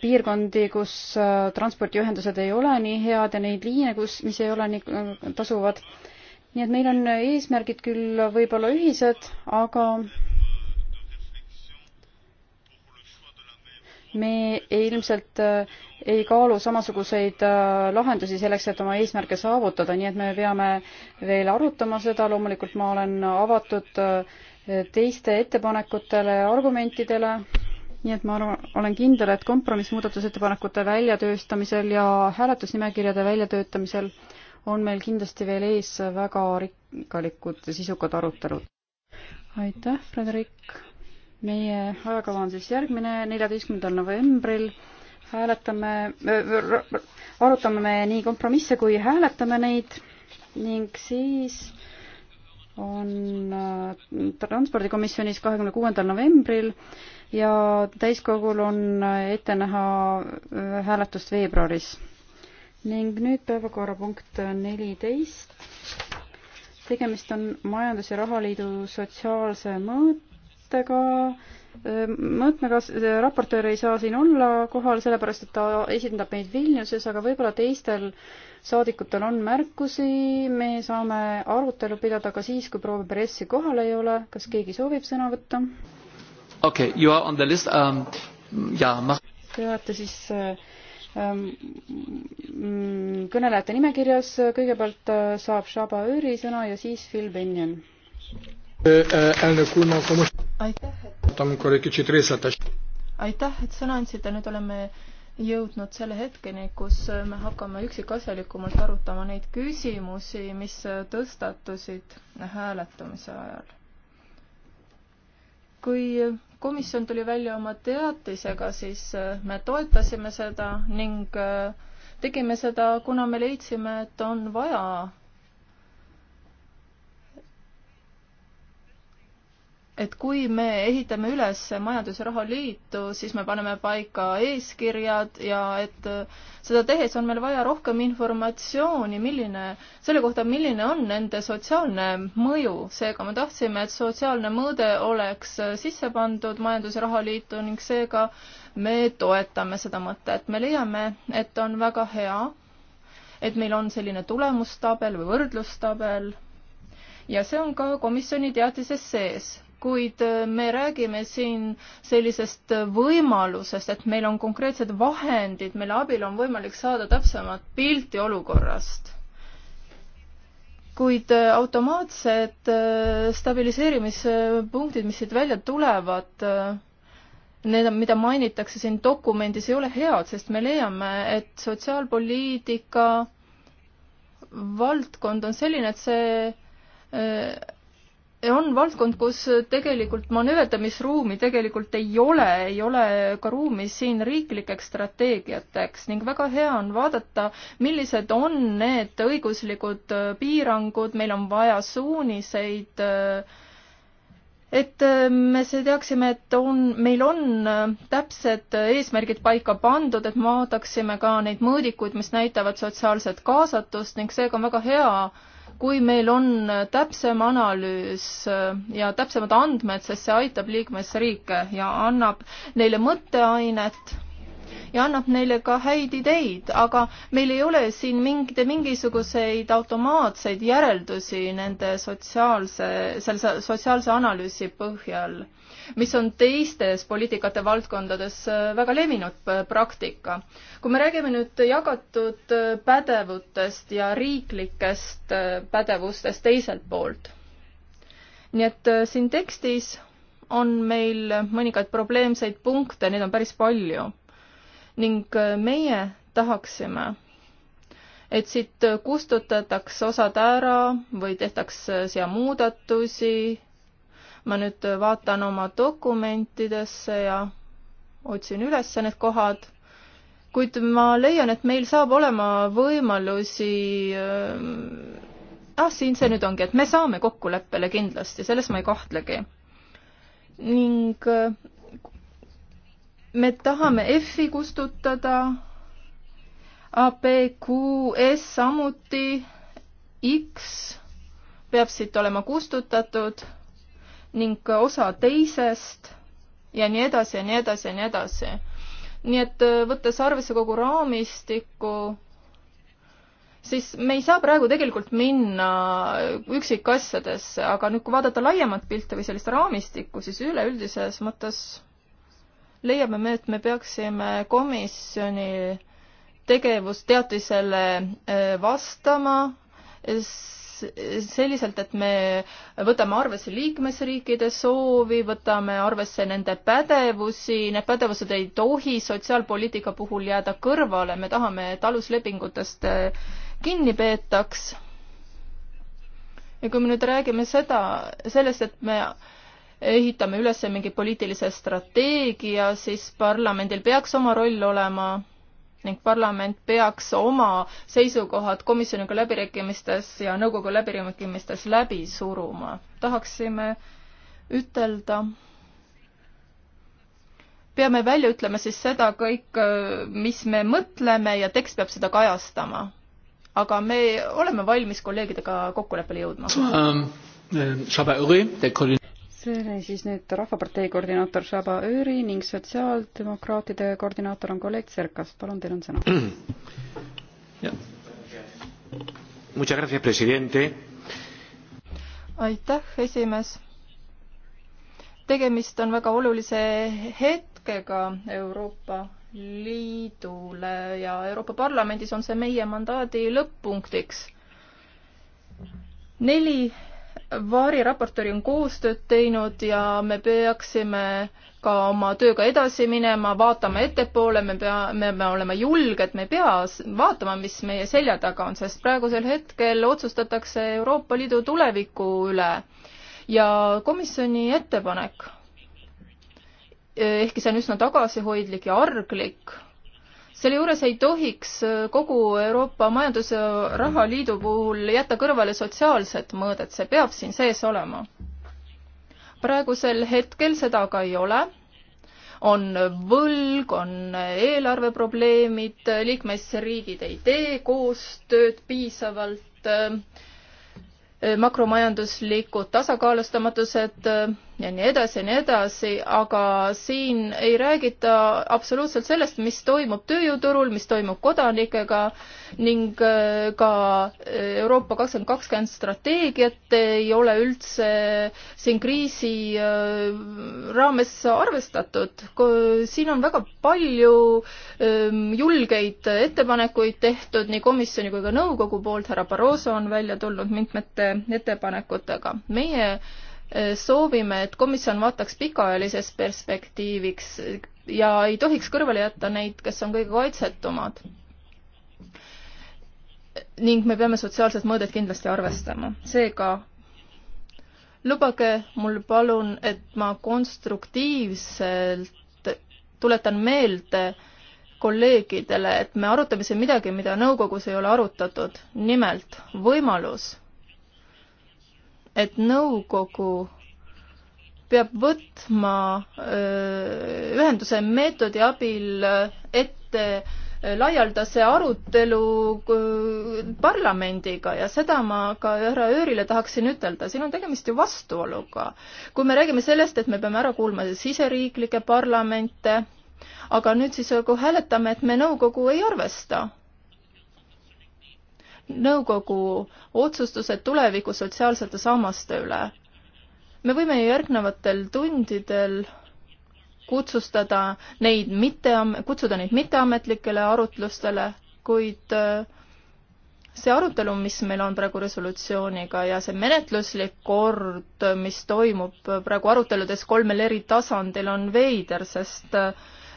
piirkondi, kus äh, transpordiühendused ei ole nii head ja neid liine, kus, mis ei ole nii äh, tasuvad. nii et meil on eesmärgid küll võib-olla ühised, aga me ilmselt ei kaalu samasuguseid lahendusi selleks, et oma eesmärke saavutada, nii et me peame veel arutama seda, loomulikult ma olen avatud teiste ettepanekutele ja argumentidele nii et ma arvan, olen kindel, et kompromissmuudatusettepanekute väljatööstamisel ja hääletusnimekirjade väljatöötamisel on meil kindlasti veel ees väga rikkalikud ja sisukad arutelud. aitäh, Frederik. meie ajakava on siis järgmine, neljateistkümnendal novembril hääletame, arutame me nii kompromisse kui hääletame neid ning siis on äh, transpordikomisjonis kahekümne kuuendal novembril ja täiskogul on ette näha äh, hääletust veebruaris. ning nüüd päevakorrapunkt neliteist. tegemist on Majandus- ja Rahaliidu sotsiaalse mõõtega Ehm, mõõtmekas äh, raportöör ei saa siin olla kohal, sellepärast et ta esindab meid Vilniuses, aga võib-olla teistel saadikutel on märkusi, me saame arutelu pidada ka siis, kui proua Peressi kohal ei ole, kas keegi soovib sõna võtta? okei okay,, you are on the list um,, jaa, ma Te olete siis um, kõnelejate nimekirjas, kõigepealt äh, saab Shaba Ööri sõna ja siis Phil Benjon aitäh, et aitäh, et sõna andsite, nüüd oleme jõudnud selle hetkeni, kus me hakkame üksikasjalikumalt arutama neid küsimusi, mis tõstatusid hääletamise ajal. kui komisjon tuli välja oma teatisega, siis me toetasime seda ning tegime seda, kuna me leidsime, et on vaja et kui me ehitame üles majandus- ja rahaliitu, siis me paneme paika eeskirjad ja et äh, seda tehes on meil vaja rohkem informatsiooni, milline, selle kohta, milline on nende sotsiaalne mõju. seega me tahtsime, et sotsiaalne mõõde oleks äh, sisse pandud majandus- ja rahaliitu ning seega me toetame seda mõtet. me leiame, et on väga hea, et meil on selline tulemustabel või võrdlustabel ja see on ka komisjoni teatises sees kuid äh, me räägime siin sellisest äh, võimalusest, et meil on konkreetsed vahendid, mille abil on võimalik saada täpsemat pilti olukorrast. kuid äh, automaatsed stabiliseerimispunktid, mis siit välja tulevad, need, mida mainitakse siin dokumendis, ei ole head, sest me leiame, et sotsiaalpoliitika valdkond on selline, et see on valdkond, kus tegelikult manööverdamisruumi tegelikult ei ole, ei ole ka ruumi siin riiklikeks strateegiateks ning väga hea on vaadata, millised on need õiguslikud äh, piirangud, meil on vaja suuniseid, äh, et äh, me see teaksime, et on, meil on täpsed eesmärgid paika pandud, et vaataksime ka neid mõõdikuid, mis näitavad sotsiaalset kaasatust ning seega on väga hea kui meil on täpsem analüüs äh, ja täpsemad andmed, sest see aitab liikmesriike ja annab neile mõtteainet ja annab neile ka häid ideid, aga meil ei ole siin mingite, mingisuguseid automaatseid järeldusi nende sotsiaalse, selle sotsiaalse analüüsi põhjal mis on teistes poliitikate valdkondades äh, väga levinud praktika. kui me räägime nüüd jagatud äh, pädevutest ja riiklikest äh, pädevustest teiselt poolt, nii et siin tekstis on meil mõningaid probleemseid punkte, neid on päris palju. ning meie tahaksime, et siit kustutatakse osad ära või tehtakse siia muudatusi ma nüüd vaatan oma dokumentidesse ja otsin üles need kohad, kuid ma leian, et meil saab olema võimalusi ähm, ah, siin see nüüd ongi, et me saame kokkuleppele kindlasti, selles ma ei kahtlegi. ning äh, me tahame F-i kustutada, APQ, S samuti, X peab siit olema kustutatud ning osa teisest ja nii edasi ja nii edasi ja nii edasi. nii et äh, võttes arvesse kogu raamistikku, siis me ei saa praegu tegelikult minna äh, üksikasjadesse, aga nüüd, kui vaadata laiemat pilti või sellist raamistikku, siis üleüldises mõttes leiame me, et me peaksime komisjoni tegevusteatisele äh, vastama selliselt, et me võtame arvesse liikmesriikide soovi, võtame arvesse nende pädevusi, need pädevused ei tohi sotsiaalpoliitika puhul jääda kõrvale, me tahame, et aluslepingutest eh, kinni peetaks. ja kui me nüüd räägime seda, sellest, et me ehitame üles mingi poliitilise strateegia, siis parlamendil peaks oma roll olema ning parlament peaks oma seisukohad komisjoniga läbirääkimistes ja nõukogu läbirääkimistes läbi suruma. tahaksime ütelda, peame välja ütlema siis seda kõik, mis me mõtleme ja tekst peab seda kajastama. aga me oleme valmis kolleegidega kokkuleppele jõudma um,. Um, see oli siis nüüd Rahvapartei koordinaator Shaba Ööri ning sotsiaaldemokraatide koordinaator on kolleeg Serkas, palun, teil on sõna. aitäh, esimees. tegemist on väga olulise hetkega Euroopa Liidule ja Euroopa Parlamendis on see meie mandaadi lõpp-punktiks. neli variraportööri on koostööd teinud ja me peaksime ka oma tööga edasi minema, vaatama ettepoole, me pea, me peame olema julged, me ei pea vaatama, mis meie selja taga on, sest praegusel hetkel otsustatakse Euroopa Liidu tuleviku üle. ja komisjoni ettepanek, ehkki see on üsna tagasihoidlik ja arglik selle juures ei tohiks äh, kogu Euroopa Majandus- ja Rahaliidu puhul jätta kõrvale sotsiaalset mõõdet, see peab siin sees olema. praegusel hetkel seda aga ei ole, on võlg, on eelarveprobleemid, liikmesriigid ei tee koostööd piisavalt, äh, makromajanduslikud tasakaalustamatused äh, ja nii edasi ja nii edasi, aga siin ei räägita absoluutselt sellest, mis toimub tööjõuturul, mis toimub kodanikega ning äh, ka äh, Euroopa kakskümmend kakskümmend strateegiat ei ole üldse siin kriisi äh, raames arvestatud. siin on väga palju ähm, julgeid ettepanekuid tehtud nii komisjoni kui ka nõukogu poolt, härra Barroso on välja tulnud mitmete ettepanekutega. meie Äh, soovime, et komisjon vaataks pikaajalises perspektiiviks ja ei tohiks kõrvale jätta neid, kes on kõige kaitsetumad. ning me peame sotsiaalsed mõõded kindlasti arvestama. seega lubage mul palun, et ma konstruktiivselt tuletan meelde kolleegidele, et me arutame siin midagi, mida nõukogus ei ole arutatud, nimelt võimalus et nõukogu peab võtma öö, ühenduse meetodi abil ette laialdase arutelu parlamendiga ja seda ma ka härra Öörile tahaksin ütelda, siin on tegemist ju vastuoluga. kui me räägime sellest, et me peame ära kuulma siseriiklikke parlamente, aga nüüd siis, kui hääletame, et me nõukogu ei arvesta nõukogu otsustused tuleviku sotsiaalsete sammaste üle. me võime ju järgnevatel tundidel kutsustada neid mitte, kutsuda neid mitteametlikele arutlustele, kuid äh, see arutelu, mis meil on praegu resolutsiooniga ja see menetluslik kord, mis toimub äh, praegu aruteludes kolmel eri tasandil, on veider, sest äh,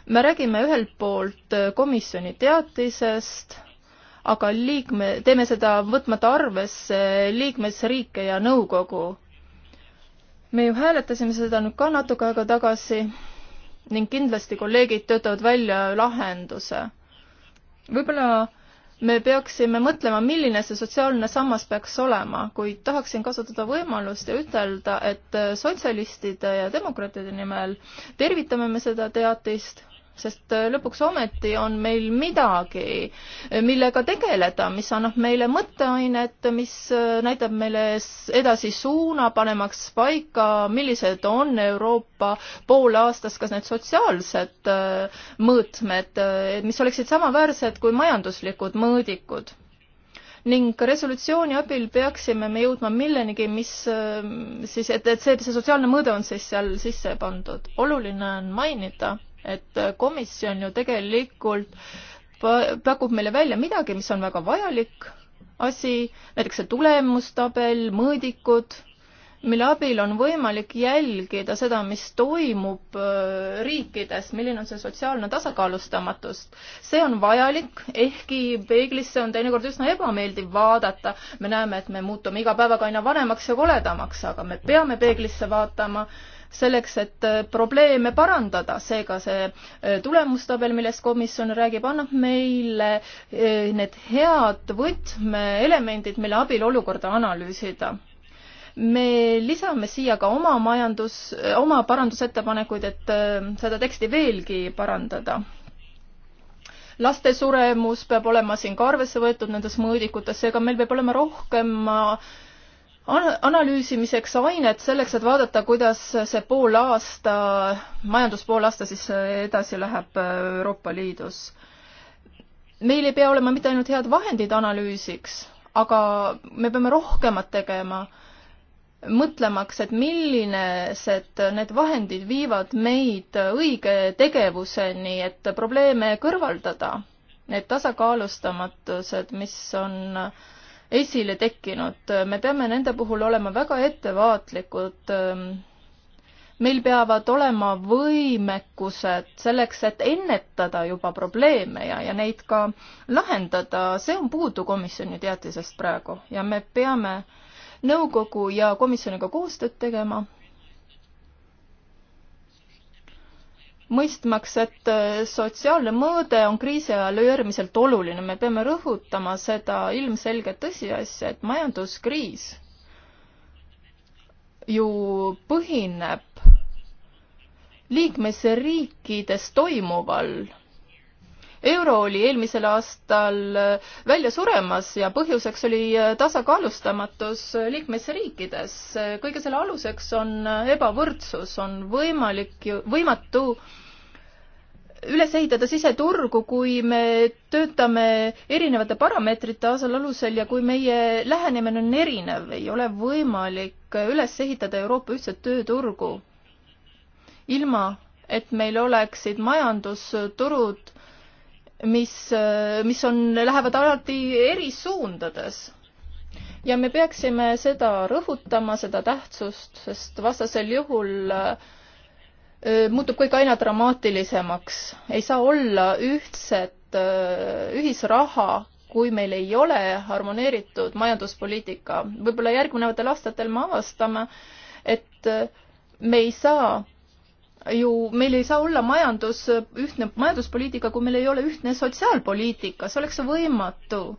me räägime ühelt poolt komisjoni teatisest aga liikme, teeme seda võtmata arvesse liikmesriike ja nõukogu. me ju hääletasime seda nüüd ka natuke aega tagasi ning kindlasti kolleegid töötavad välja lahenduse. võib-olla me peaksime mõtlema, milline see sotsiaalne sammas peaks olema, kuid tahaksin kasutada võimalust ja ütelda, et sotsialistide ja demokraatide nimel tervitame me seda teatist sest äh, lõpuks ometi on meil midagi, äh, millega tegeleda, mis annab meile mõtteainet, mis äh, näitab meile edasi suuna, panemaks paika, millised on Euroopa poolaastas, kas need sotsiaalsed mõõtmed, mis oleksid samaväärsed kui majanduslikud mõõdikud ning resolutsiooni abil peaksime me jõudma millenigi, mis siis, et, et see, see sotsiaalne mõõde on siis seal sisse pandud. oluline on mainida, et komisjon ju tegelikult pakub meile välja midagi, mis on väga vajalik asi, näiteks see tulemustabel, mõõdikud, mille abil on võimalik jälgida seda, mis toimub äh, riikides, milline on see sotsiaalne tasakaalustamatus. see on vajalik, ehkki peeglisse on teinekord üsna ebameeldiv vaadata. me näeme, et me muutume iga päevaga aina vanemaks ja koledamaks, aga me peame peeglisse vaatama selleks, et äh, probleeme parandada, seega see äh, tulemustabel, millest komisjon räägib, annab meile äh, need head võtmeelemendid, mille abil olukorda analüüsida me lisame siia ka oma majandus, oma parandusettepanekuid, et seda teksti veelgi parandada. laste suremus peab olema siin ka arvesse võetud nendes mõõdikutes, seega meil peab olema rohkem analüüsimiseks ainet selleks, et vaadata, kuidas see pool aasta, majanduspoolaasta siis edasi läheb Euroopa Liidus. meil ei pea olema mitte ainult head vahendid analüüsiks, aga me peame rohkemat tegema, mõtlemaks, et millised need vahendid viivad meid õige tegevuseni, et probleeme kõrvaldada. Need tasakaalustamatused, mis on äh, esile tekkinud. me peame nende puhul olema väga ettevaatlikud. meil peavad olema võimekused selleks, et ennetada juba probleeme ja, ja neid ka lahendada. see on puudu komisjoni teatisest praegu ja me peame nõukogu ja komisjoniga koostööd tegema mõistmaks, et äh, sotsiaalne mõõde on kriisi ajal äärmiselt oluline, me peame rõhutama seda ilmselget tõsiasja, et majanduskriis ju põhineb liikmesriikides toimuval euro oli eelmisel aastal äh, välja suremas ja põhjuseks oli äh, tasakaalustamatus äh, liikmesriikides. kõige selle aluseks on ebavõrdsus, on võimalik ju, võimatu üles ehitada siseturgu, kui me töötame erinevate parameetrite alusel ja kui meie lähenemine on erinev, ei ole võimalik üles ehitada Euroopa ühtset tööturgu ilma, et meil oleksid majandusturud mis, mis on, lähevad alati eri suundades. ja me peaksime seda rõhutama, seda tähtsust, sest vastasel juhul äh, muutub kõik aina dramaatilisemaks. ei saa olla ühtset äh, ühisraha, kui meil ei ole harmoneeritud majanduspoliitika. võib-olla järgnevatel aastatel me avastame, et äh, me ei saa ju meil ei saa olla majandus, ühtne majanduspoliitika, kui meil ei ole ühtne sotsiaalpoliitika, see oleks võimatu.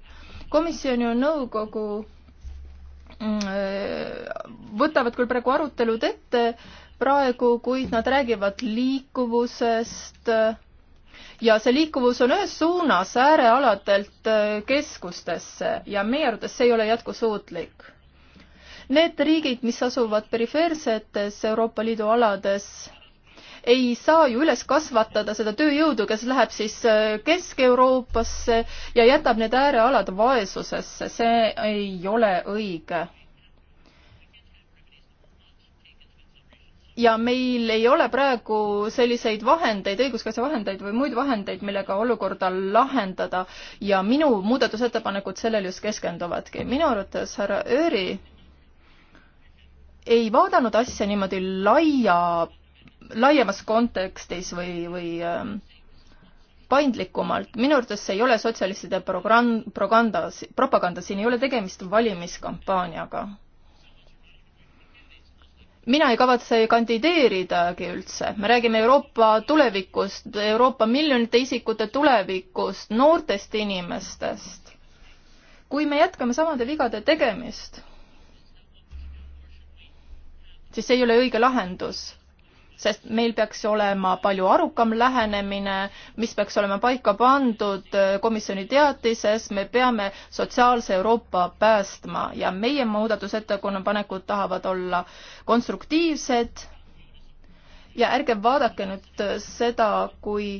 komisjon ja nõukogu mm, äh, võtavad küll praegu arutelud ette praegu, kuid nad räägivad liikuvusest äh, ja see liikuvus on ühes suunas äärealadelt äh, keskustesse ja meie arvates see ei ole jätkusuutlik. Need riigid, mis asuvad perifeersetes Euroopa Liidu alades, ei saa ju üles kasvatada seda tööjõudu, kes läheb siis äh, Kesk-Euroopasse ja jätab need äärealad vaesusesse, see ei ole õige ja meil ei ole praegu selliseid vahendeid, õiguskaitsevahendeid või muid vahendeid, millega olukorda lahendada ja minu muudatusettepanekud sellele just keskenduvadki. minu arvates härra Ööri ei vaadanud asja niimoodi laia laiemas kontekstis või, või ähm, paindlikumalt, minu arvates see ei ole sotsialistide programm, propaganda, propaganda, siin ei ole tegemist valimiskampaaniaga. mina ei kavatse kandideeridagi üldse, me räägime Euroopa tulevikust, Euroopa miljonite isikute tulevikust, noortest inimestest. kui me jätkame samade vigade tegemist, siis see ei ole õige lahendus sest meil peaks olema palju arukam lähenemine, mis peaks olema paika pandud äh, komisjoni teatises, me peame sotsiaalse Euroopa päästma ja meie muudatusettepanekud tahavad olla konstruktiivsed ja ärge vaadake nüüd äh, seda kui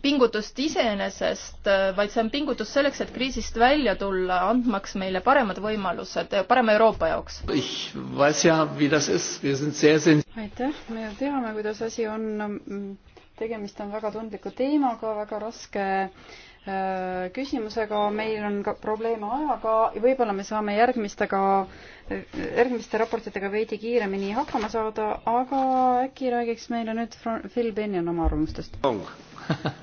pingutust iseenesest, äh, vaid see on pingutus selleks, et kriisist välja tulla, andmaks meile paremad võimalused, äh, parema Euroopa jaoks. aitäh, me teame, kuidas asi on. Mm, tegemist on väga tundliku teemaga, väga raske äh, küsimusega, meil on ka probleeme ajaga ja võib-olla me saame järgmistega, järgmiste raportitega veidi kiiremini hakkama saada, aga äkki räägiks meile nüüd Phil Benjon oma arvamustest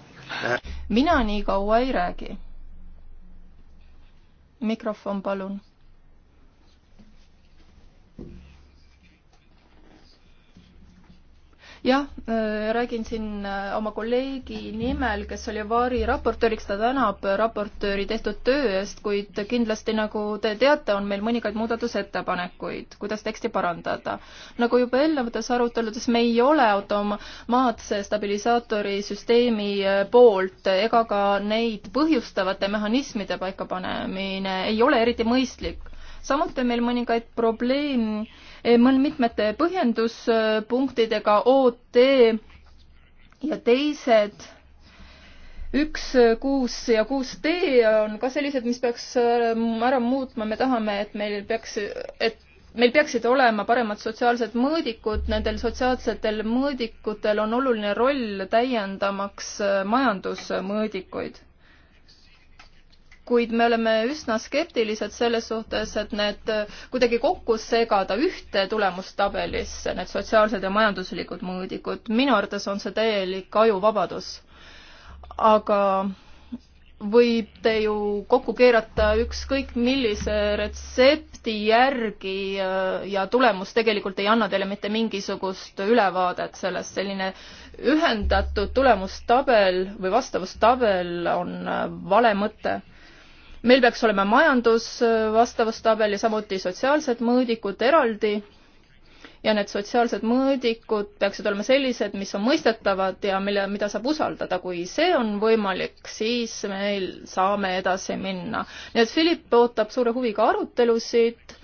mina nii kaua ei räägi. mikrofon, palun jah, äh, räägin siin äh, oma kolleegi nimel, kes oli Vaari raportööriks, ta tänab raportööri tehtud töö eest, kuid kindlasti, nagu te teate, on meil mõningaid muudatusettepanekuid, kuidas teksti parandada. nagu juba eelnevates aruteludes, me ei ole automaatse stabilisaatori süsteemi äh, poolt ega ka neid põhjustavate mehhanismide paikapanemine ei ole eriti mõistlik. samuti on meil mõningaid probleeme Eh, mõn-, mitmete põhjenduspunktidega, eh, OT ja teised, üks, eh, kuus ja kuus D on ka sellised, mis peaks ära muutma, me tahame, et meil peaks, et meil peaksid olema paremad sotsiaalsed mõõdikud, nendel sotsiaalsetel mõõdikutel on oluline roll täiendamaks majandusmõõdikuid kuid me oleme üsna skeptilised selles suhtes, et need kuidagi kokku segada ühte tulemustabelisse, need sotsiaalsed ja majanduslikud mõõdikud. minu arvates on see täielik ajuvabadus. aga võib te ju kokku keerata ükskõik millise retsepti järgi äh, ja tulemus tegelikult ei anna teile mitte mingisugust ülevaadet sellest. selline ühendatud tulemustabel või vastavustabel on äh, vale mõte meil peaks olema majandus äh, vastavustabel ja samuti sotsiaalsed mõõdikud eraldi ja need sotsiaalsed mõõdikud peaksid olema sellised, mis on mõistetavad ja mille, mida saab usaldada. kui see on võimalik, siis meil saame edasi minna. nii et Philipp ootab suure huviga arutelusid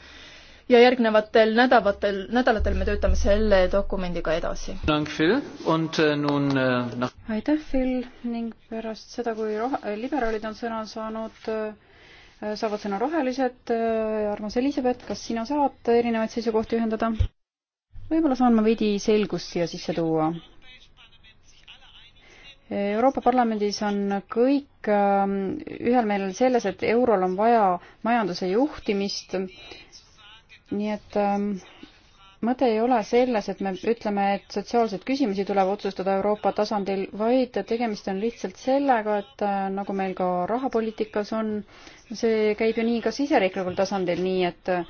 ja järgnevatel nädalatel, nädalatel me töötame selle dokumendiga edasi. Äh, äh, aitäh, Phil ning pärast seda, kui roh-, äh, liberaalid on sõna saanud, saavad sõna rohelised. armas Elizabeth, kas sina saad erinevaid seisukohti ühendada? võib-olla saan ma veidi selgust siia sisse tuua Euroopa Parlamendis on kõik ähm, ühel meelel selles, et eurol on vaja majanduse juhtimist nii et ähm, mõte ei ole selles, et me ütleme, et sotsiaalseid küsimusi tuleb otsustada Euroopa tasandil, vaid tegemist on lihtsalt sellega, et äh, nagu meil ka rahapoliitikas on, see käib ju nii ka siseriiklikul tasandil, nii et äh,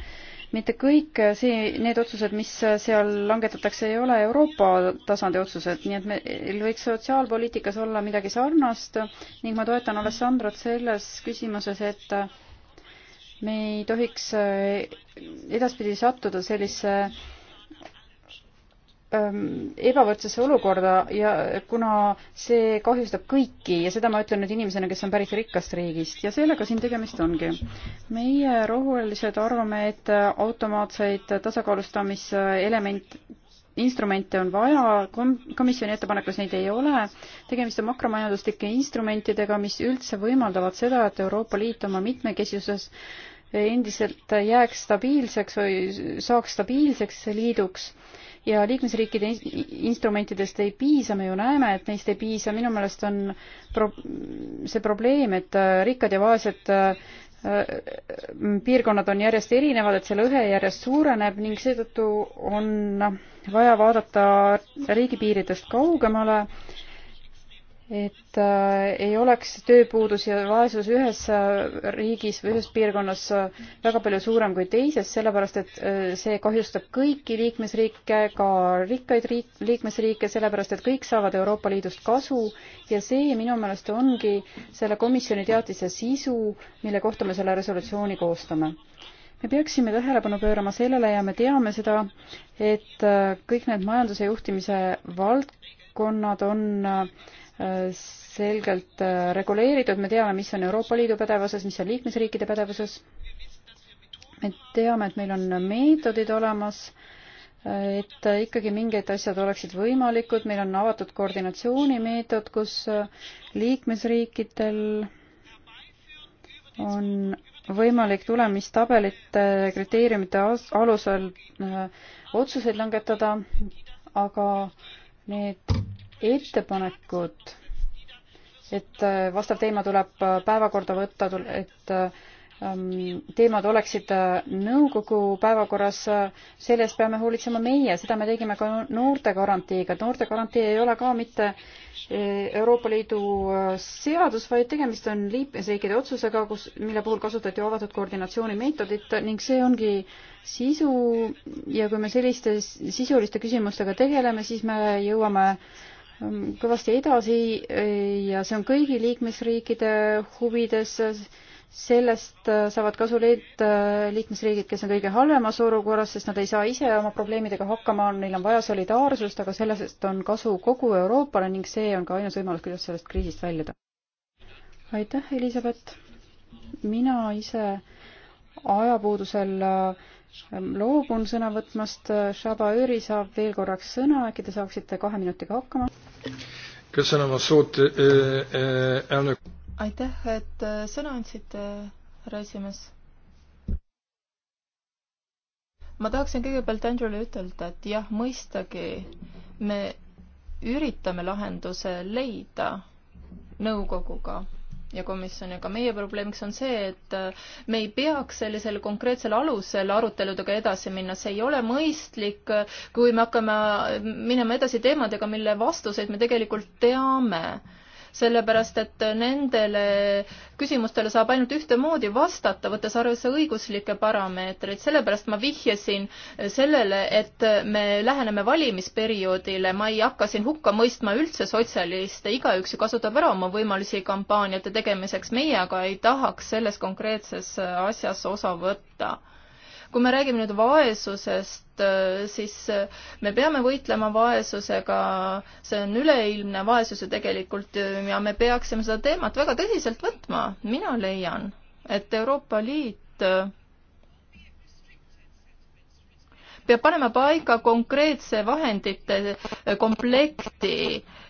mitte kõik äh, see, need otsused, mis äh, seal langetatakse, ei ole Euroopa tasandi otsused, nii et meil võiks sotsiaalpoliitikas olla midagi sarnast ning ma toetan Alessandrot selles küsimuses, et äh, me ei tohiks äh, edaspidi sattuda sellise ähm, ebavõrdsesse olukorda ja kuna see kahjustab kõiki ja seda ma ütlen nüüd inimesena, kes on pärit rikkast riigist ja sellega siin tegemist ongi. meie rohelised arvame, et automaatseid tasakaalustamiselemente instrumente on vaja, kom-, komisjoni ettepanekus neid ei ole, tegemist on makromajanduslike instrumentidega, mis üldse võimaldavad seda, et Euroopa Liit oma mitmekesisuses endiselt jääks stabiilseks või saaks stabiilseks liiduks ja liikmesriikide instrumentidest ei piisa, me ju näeme, et neist ei piisa, minu meelest on pro see probleem, et rikkad ja vaesed Äh, piirkonnad on järjest erinevad, et see lõhe järjest suureneb ning seetõttu on vaja vaadata riigipiiridest kaugemale et äh, ei oleks tööpuudus ja vaesus ühes äh, riigis või ühes piirkonnas äh, väga palju suurem kui teises, sellepärast et äh, see kahjustab kõiki liikmesriike, ka rikkaid riik, liikmesriike, sellepärast et kõik saavad Euroopa Liidust kasu ja see minu meelest ongi selle komisjoni teatise sisu, mille kohta me selle resolutsiooni koostame me peaksime tähelepanu pöörama sellele ja me teame seda, et äh, kõik need majanduse juhtimise valdkonnad on äh, selgelt äh, reguleeritud, me teame, mis on Euroopa Liidu pädevuses, mis on liikmesriikide pädevuses. me teame, et meil on meetodid olemas, äh, et ikkagi mingid asjad oleksid võimalikud, meil on avatud koordinatsioonimeetod, kus äh, liikmesriikidel on võimalik tulemistabelite kriteeriumite alusel otsuseid langetada, aga need ettepanekut, et äh, vastav teema tuleb äh, päevakorda võtta, et äh, ähm, teemad oleksid nõukogu päevakorras, selle eest peame hoolitsema meie, seda me tegime ka noortegarantiiga, et noortegarantii ei ole ka mitte Euroopa Liidu seadus, vaid tegemist on liikmesriikide otsusega, kus, mille puhul kasutati avatud koordinatsioonimeetodit ning see ongi sisu ja kui me selliste sisuliste küsimustega tegeleme, siis me jõuame äh, Ähm, kõvasti edasi äh, ja see on kõigi liikmesriikide huvides. sellest äh, saavad kasu need äh, liikmesriigid, kes on kõige halvemas olukorras, sest nad ei saa ise oma probleemidega hakkama, neil on vaja solidaarsust, aga sellest on kasu kogu Euroopale ning see on ka ainus võimalus, kuidas sellest kriisist väljuda. aitäh, Elizabeth. mina ise ajapuudusel äh, Ähm, loobun sõna võtmast, Shaba Öri saab veel korraks sõna, äkki te saaksite kahe minutiga hakkama? aitäh, et sõna andsite, härra esimees. ma tahaksin kõigepealt Andrewle ütelda, et jah, mõistagi me üritame lahenduse leida nõukoguga ja komisjoniga. meie probleemiks on see, et äh, me ei peaks sellisel konkreetsel alusel aruteludega edasi minna, see ei ole mõistlik, äh, kui me hakkame äh, minema edasi teemadega, mille vastuseid me tegelikult teame sellepärast et nendele küsimustele saab ainult ühtemoodi vastata, võttes arvesse õiguslikke parameetreid, sellepärast ma vihjasin sellele, et me läheneme valimisperioodile, ma ei hakka siin hukka mõistma üldse sotsialiste, igaüks ju kasutab ära oma võimalusi kampaaniate tegemiseks, meie aga ei tahaks selles konkreetses asjas osa võtta kui me räägime nüüd vaesusest, Äh, siis äh, me peame võitlema vaesusega, see on üleilmne vaesuse tegelikult äh, ja me peaksime seda teemat väga tõsiselt võtma. mina leian, et Euroopa Liit peab panema paika konkreetse vahendite komplekti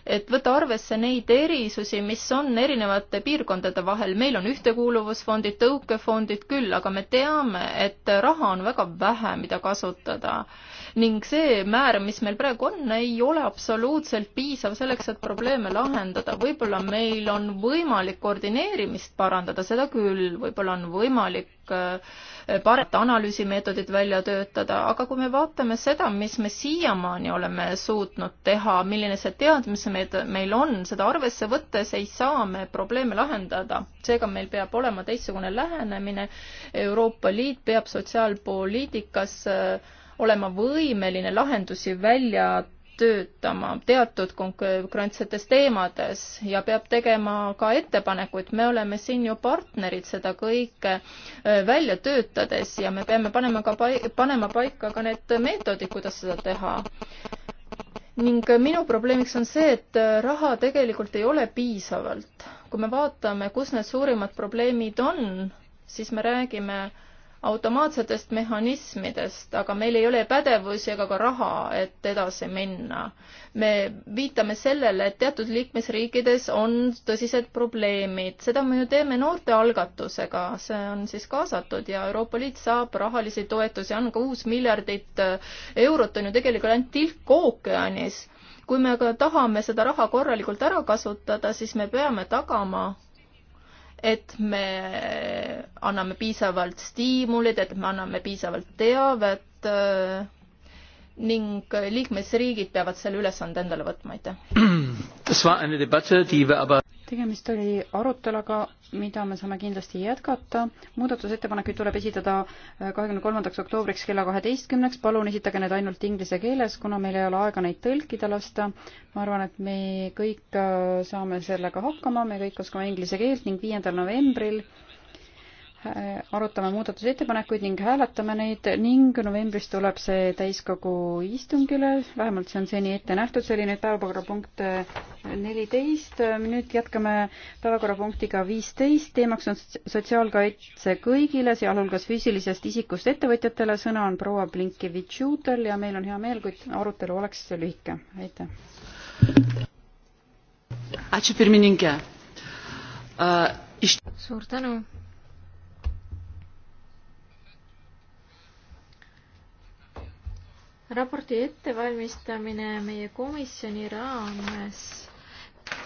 et võtta arvesse neid erisusi, mis on erinevate piirkondade vahel. meil on ühtekuuluvusfondid, tõukefondid küll, aga me teame, et raha on väga vähe, mida kasutada. ning see määr, mis meil praegu on, ei ole absoluutselt piisav selleks, et probleeme lahendada. võib-olla meil on võimalik koordineerimist parandada, seda küll, võib-olla on võimalik äh, paremat analüüsimeetodit välja töötada, aga kui me vaatame seda, mis me siiamaani oleme suutnud teha, milline see teadmise meet-, meil on, seda arvesse võttes ei saa me probleeme lahendada. seega meil peab olema teistsugune lähenemine, Euroopa Liit peab sotsiaalpoliitikas äh, olema võimeline lahendusi välja töötama teatud konkurentsetes teemades ja peab tegema ka ettepanekuid. me oleme siin ju partnerid seda kõike äh, välja töötades ja me peame panema ka, panema paika ka need meetodid, kuidas seda teha. ning minu probleemiks on see, et äh, raha tegelikult ei ole piisavalt. kui me vaatame, kus need suurimad probleemid on, siis me räägime äh, automaatsetest mehhanismidest, aga meil ei ole pädevusi ega ka raha, et edasi minna. me viitame sellele, et teatud liikmesriikides on tõsised probleemid, seda me ju teeme noortealgatusega, see on siis kaasatud ja Euroopa Liit saab rahalisi toetusi, on ka kuus miljardit äh, eurot on ju tegelikult ainult tilk ookeanis. kui me aga tahame seda raha korralikult ära kasutada, siis me peame tagama et me anname piisavalt stiimulid, et me anname piisavalt teavet äh, ning liikmesriigid peavad selle ülesande endale võtma, aitäh. tegemist oli aruteluga, mida me saame kindlasti jätkata. muudatusettepanekuid tuleb esitada äh, kahekümne kolmandaks oktoobriks kella kaheteistkümneks. palun esitage need ainult inglise keeles, kuna meil ei ole aega neid tõlkida lasta. ma arvan, et me kõik äh, saame sellega hakkama, me kõik oskame inglise keelt ning viiendal novembril Äh, arutame muudatusettepanekuid ning hääletame neid ning novembris tuleb see täiskogu istungile, vähemalt see on seni ette nähtud, see oli nüüd päevakorrapunkt äh, neliteist, äh, nüüd jätkame päevakorrapunktiga viisteist, teemaks on sotsiaalkaitse kõigile, sealhulgas füüsilisest isikust ettevõtjatele, sõna on proua Blinkevitš-Juutel ja meil on hea meel, kui arutelu oleks lühike, aitäh. suur tänu raporti ettevalmistamine meie komisjoni raames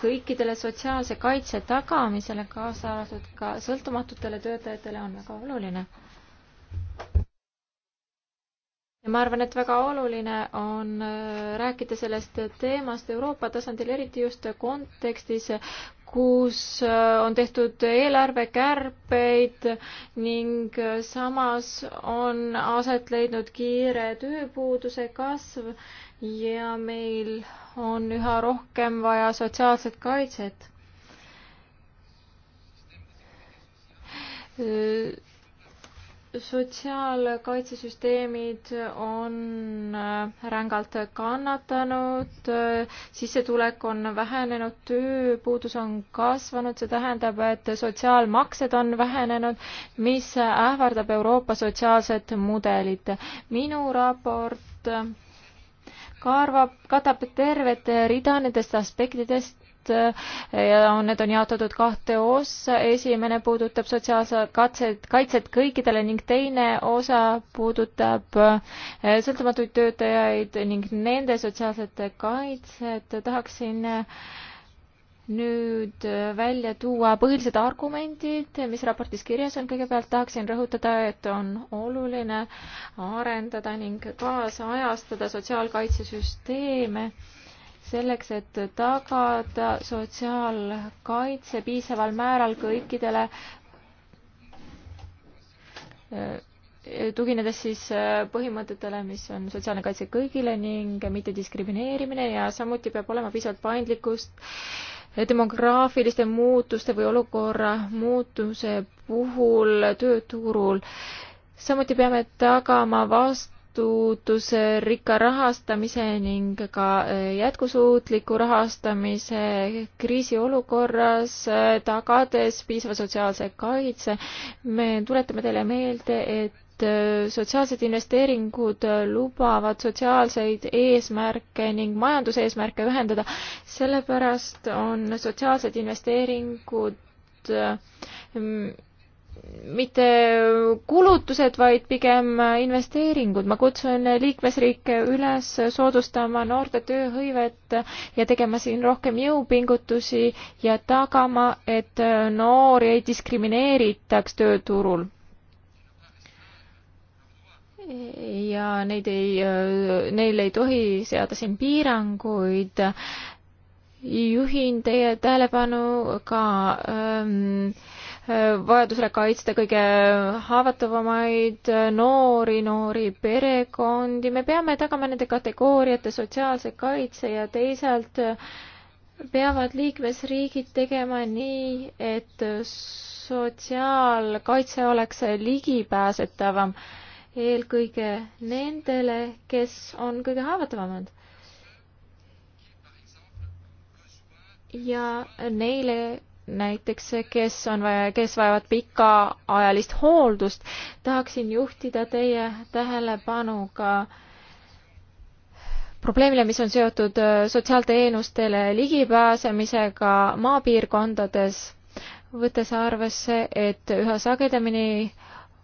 kõikidele sotsiaalse kaitse tagamisele, kaasa arvatud ka sõltumatutele töötajatele, on väga oluline. ja ma arvan, et väga oluline on äh, rääkida sellest teemast Euroopa tasandil, eriti just kontekstis, kus äh, on tehtud eelarvekärpeid ning äh, samas on aset leidnud kiire tööpuuduse kasv ja meil on üha rohkem vaja sotsiaalset kaitset äh, sotsiaalkaitsesüsteemid on äh, rängalt kannatanud, äh, sissetulek on vähenenud, tööpuudus on kasvanud, see tähendab, et sotsiaalmaksed on vähenenud, mis ähvardab Euroopa sotsiaalset mudelit. minu raport äh, karvab, katab tervet rida nendest aspektidest, Eh, ja need on jaotatud kahte ossa. esimene puudutab sotsiaalse katset, kaitset kõikidele ning teine osa puudutab eh, sõltumatuid töötajaid ning nende sotsiaalset kaitset. tahaksin eh, nüüd välja tuua põhilised argumendid, mis raportis kirjas on. kõigepealt tahaksin rõhutada, et on oluline arendada ning kaasajastada sotsiaalkaitsesüsteeme selleks, et tagada sotsiaalkaitse piisaval määral kõikidele, äh, tuginedes siis äh, põhimõtetele, mis on sotsiaalne kaitse kõigile ning mittediskrimineerimine ja samuti peab olema piisavalt paindlikkust äh, demograafiliste muutuste või olukorra muutuse puhul tööturul. samuti peame tagama vast-, vastutusrikka rahastamise ning ka eh, jätkusuutliku rahastamise kriisiolukorras, eh, tagades piisava sotsiaalse kaitse. me tuletame teile meelde, et eh, sotsiaalsed investeeringud lubavad sotsiaalseid eesmärke ning majanduseesmärke ühendada. sellepärast on sotsiaalsed investeeringud mitte kulutused, vaid pigem investeeringud. ma kutsun liikmesriike üles soodustama noorte tööhõivet ja tegema siin rohkem jõupingutusi ja tagama, et noori ei diskrimineeritaks tööturul. ja neid ei, neil ei tohi seada siin piiranguid juhin teie tähelepanu ka ähm, vajadusele kaitsta kõige haavatavamaid noori, noori perekondi, me peame tagama nende kategooriate sotsiaalse kaitse ja teisalt peavad liikmesriigid tegema nii, et sotsiaalkaitse oleks ligipääsetavam eelkõige nendele, kes on kõige haavatavamad. ja neile, näiteks kes on, kes vajavad pikaajalist hooldust, tahaksin juhtida teie tähelepanu ka probleemile, mis on seotud äh, sotsiaalteenustele ligipääsemisega maapiirkondades, võttes arvesse, et üha sagedamini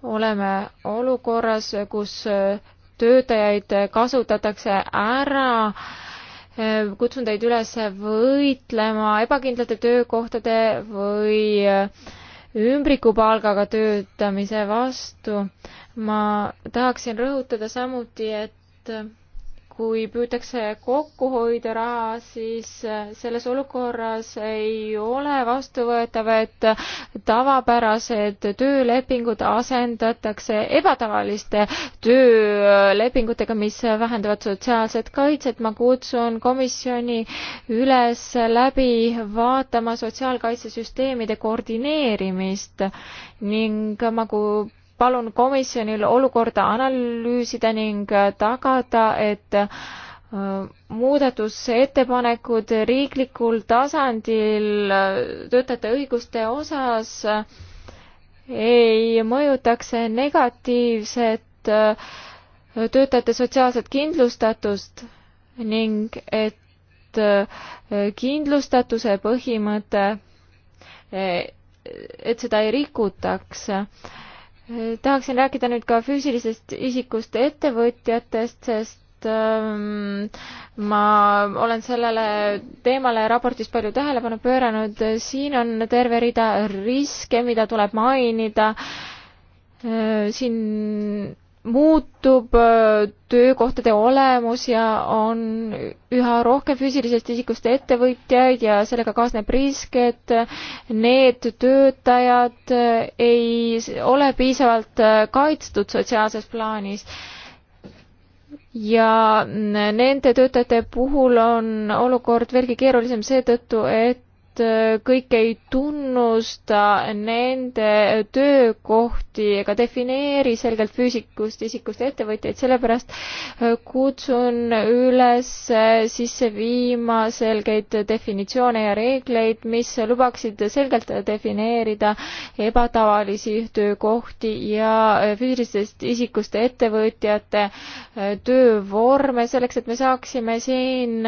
oleme olukorras, kus äh, töötajaid kasutatakse ära äh, kutsun teid üles võitlema ebakindlate töökohtade või ümbrikupalgaga töötamise vastu. ma tahaksin rõhutada samuti, et kui püütakse kokku hoida raha, siis äh, selles olukorras ei ole vastuvõetav, et tavapärased töölepingud asendatakse ebatavaliste töölepingutega, mis vähendavad sotsiaalset kaitset. ma kutsun komisjoni üles läbi vaatama sotsiaalkaitsesüsteemide koordineerimist ning ma kui palun komisjonil olukorda analüüsida ning äh, tagada, et äh, muudatusettepanekud riiklikul tasandil äh, töötajate õiguste osas ei mõjutaks negatiivset töötajate sotsiaalset kindlustatust ning et kindlustatuse põhimõte, et seda ei rikutaks tahaksin rääkida nüüd ka füüsilisest isikust ettevõtjatest, sest ähm, ma olen sellele teemale raportis palju tähelepanu pööranud. siin on terve rida riske, mida tuleb mainida. Äh, siin muutub äh, töökohtade olemus ja on üha rohkem füüsilisest isikust ettevõtjaid ja sellega kaasneb risk, et need töötajad äh, ei ole piisavalt äh, kaitstud sotsiaalses plaanis. ja nende töötajate puhul on olukord veelgi keerulisem seetõttu, et et äh, kõik ei tunnusta nende töökohti ega defineeri selgelt füüsikust isikust ettevõtjaid, sellepärast äh, kutsun üles äh, sisse viima selgeid definitsioone ja reegleid, mis lubaksid selgelt defineerida ebatavalisi töökohti ja füüsilisest isikust ettevõtjate töövorme, selleks et me saaksime siin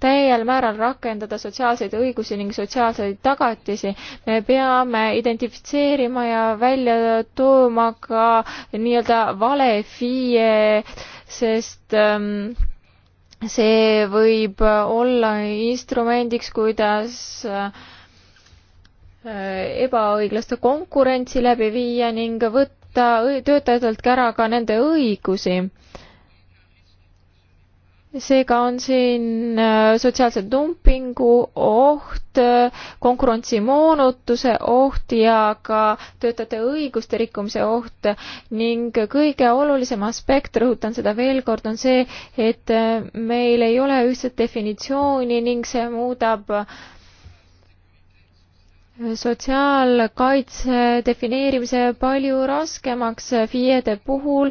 täiel määral rakendada sotsiaalseid õigusi ning sotsiaalseid sotsiaalseid tagatisi. me peame identifitseerima ja välja tooma ka nii-öelda vale FIE, sest ähm, see võib olla instrumendiks, kuidas äh, ebaõiglaste konkurentsi läbi viia ning võtta töötajatelt ära ka nende õigusi seega on siin äh, sotsiaalse dumpingu oht, äh, konkurentsimoonutuse oht ja ka töötajate õiguste rikkumise oht ning kõige olulisem aspekt, rõhutan seda veel kord, on see, et äh, meil ei ole ühtset definitsiooni ning see muudab äh, sotsiaalkaitse defineerimise palju raskemaks FIE-de puhul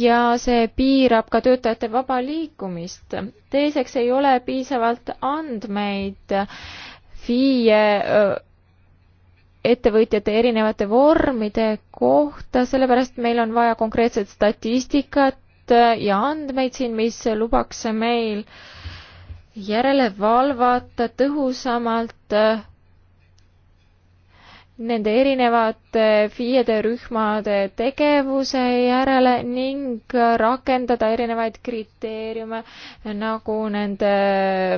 ja see piirab ka töötajate vaba liikumist. teiseks ei ole piisavalt andmeid FIE ettevõtjate erinevate vormide kohta, sellepärast meil on vaja konkreetset statistikat äh, ja andmeid siin, mis lubaks meil järele valvata tõhusamalt äh, nende erinevate FIE-de rühmade tegevuse järele ning rakendada erinevaid kriteeriume nagu nende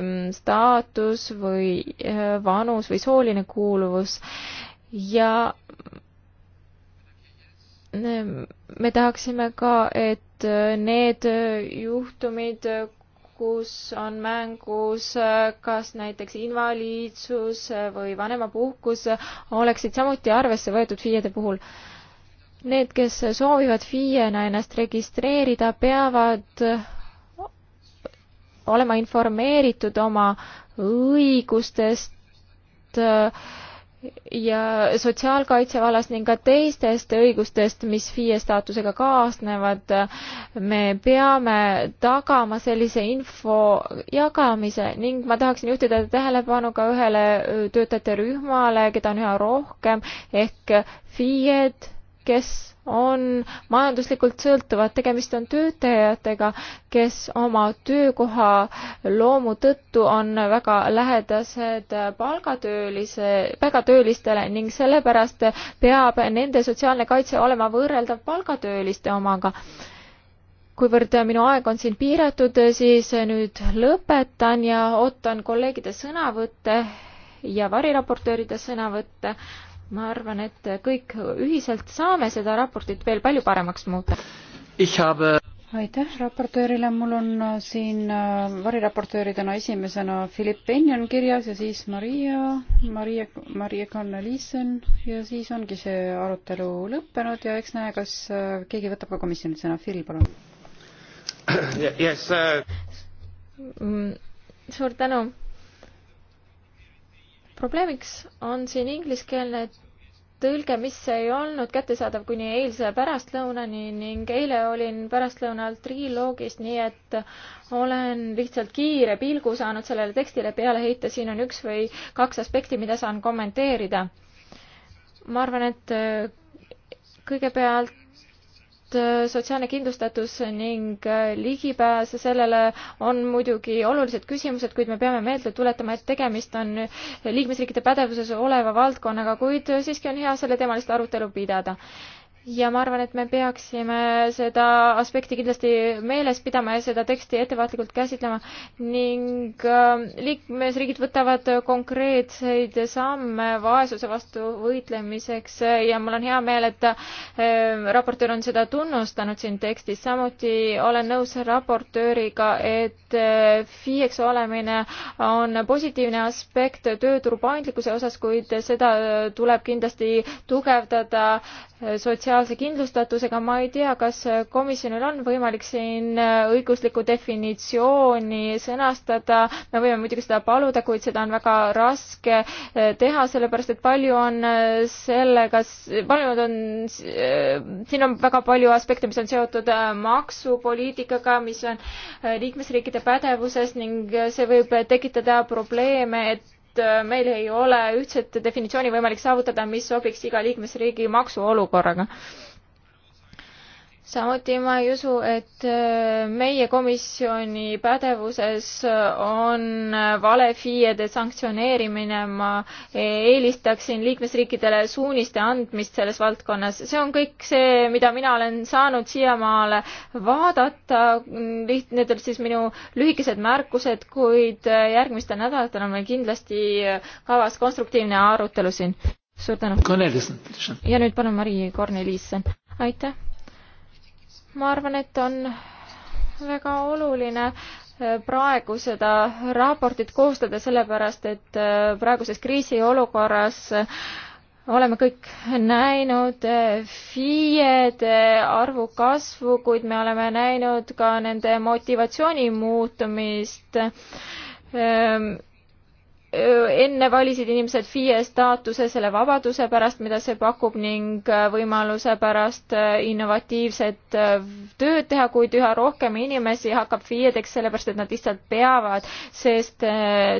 mm, staatus või äh, vanus või sooline kuuluvus ja mm, me tahaksime ka, et äh, need juhtumid, kus on mängus kas näiteks invaliidsus või vanemapuhkus, oleksid samuti arvesse võetud FIE-de puhul. Need, kes soovivad FIE-na ennast registreerida, peavad olema informeeritud oma õigustest ja sotsiaalkaitse vallas ning ka teistest õigustest, mis FIE staatusega kaasnevad. me peame tagama sellise info jagamise ning ma tahaksin juhtida tähelepanu ka ühele töötajate rühmale, keda on üha rohkem ehk FIE-d kes on majanduslikult sõltuvad, tegemist on töötajatega, kes oma töökoha loomu tõttu on väga lähedased palgatöölise, palgatöölistele ning sellepärast peab nende sotsiaalne kaitse olema võrreldav palgatööliste omaga. kuivõrd minu aeg on siin piiratud, siis nüüd lõpetan ja ootan kolleegide sõnavõtte ja variraportööride sõnavõtte, ma arvan, et kõik ühiselt saame seda raportit veel palju paremaks muuta. Habe... aitäh raportöörile, mul on äh, siin äh, variraportööridena esimesena Philipp Benjon kirjas ja siis Maria, Maria, Maria Kanneliisen ja siis ongi see arutelu lõppenud ja eks näe, kas äh, keegi võtab ka komisjoni sõna. Phil, palun. Yes, uh... suur tänu probleemiks on siin ingliskeelne tõlge, mis ei olnud kättesaadav kuni eilse pärastlõunani ning eile olin pärastlõunal triloogis, nii et olen lihtsalt kiire pilgu saanud sellele tekstile peale heita, siin on üks või kaks aspekti, mida saan kommenteerida. ma arvan, et kõigepealt Äh, sotsiaalne kindlustatus ning äh, ligipääs sellele on muidugi olulised küsimused, kuid me peame meelde tuletama, et tegemist on äh, liikmesriikide pädevuses oleva valdkonnaga, kuid siiski on hea selleteemalist arutelu pidada ja ma arvan, et me peaksime seda aspekti kindlasti meeles pidama ja seda teksti ettevaatlikult käsitlema ning ähm, liikmesriigid võtavad konkreetseid samme vaesuse vastu võitlemiseks ja mul on hea meel, et ähm, raportöör on seda tunnustanud siin tekstis. samuti olen nõus raportööriga, et äh, FIEks olemine on positiivne aspekt tööturu paindlikkuse osas, kuid seda äh, tuleb kindlasti tugevdada äh, sotsiaal- sotsiaalse kindlustatusega, ma ei tea, kas komisjonil on võimalik siin õiguslikku definitsiooni sõnastada, me võime muidugi seda paluda, kuid seda on väga raske eh, teha, sellepärast et palju on eh, sellega, paljud on, eh, siin on väga palju aspekte, mis on seotud maksupoliitikaga, mis on liikmesriikide pädevuses ning see võib tekitada probleeme, et et äh, meil ei ole ühtset definitsiooni võimalik saavutada, mis sobiks iga liikmesriigi maksuolukorraga samuti ma ei usu, et äh, meie komisjoni pädevuses äh, on äh, valefiiede sanktsioneerimine, ma eelistaksin liikmesriikidele suuniste andmist selles valdkonnas. see on kõik see, mida mina olen saanud siiamaale vaadata, need olid siis minu lühikesed märkused, kuid järgmistel nädalatel on meil kindlasti kavas konstruktiivne arutelu siin. suur tänu. ja nüüd palun Mari Korneliisse. aitäh ma arvan, et on väga oluline äh, praegu seda raportit koostada, sellepärast et äh, praeguses kriisiolukorras äh, oleme kõik näinud FIE-de arvu kasvu, kuid me oleme näinud ka nende motivatsiooni muutumist enne valisid inimesed FIE staatuse selle vabaduse pärast, mida see pakub ning äh, võimaluse pärast äh, innovatiivset äh, tööd teha, kuid üha rohkem inimesi hakkab FIE-deks sellepärast, et nad lihtsalt peavad, sest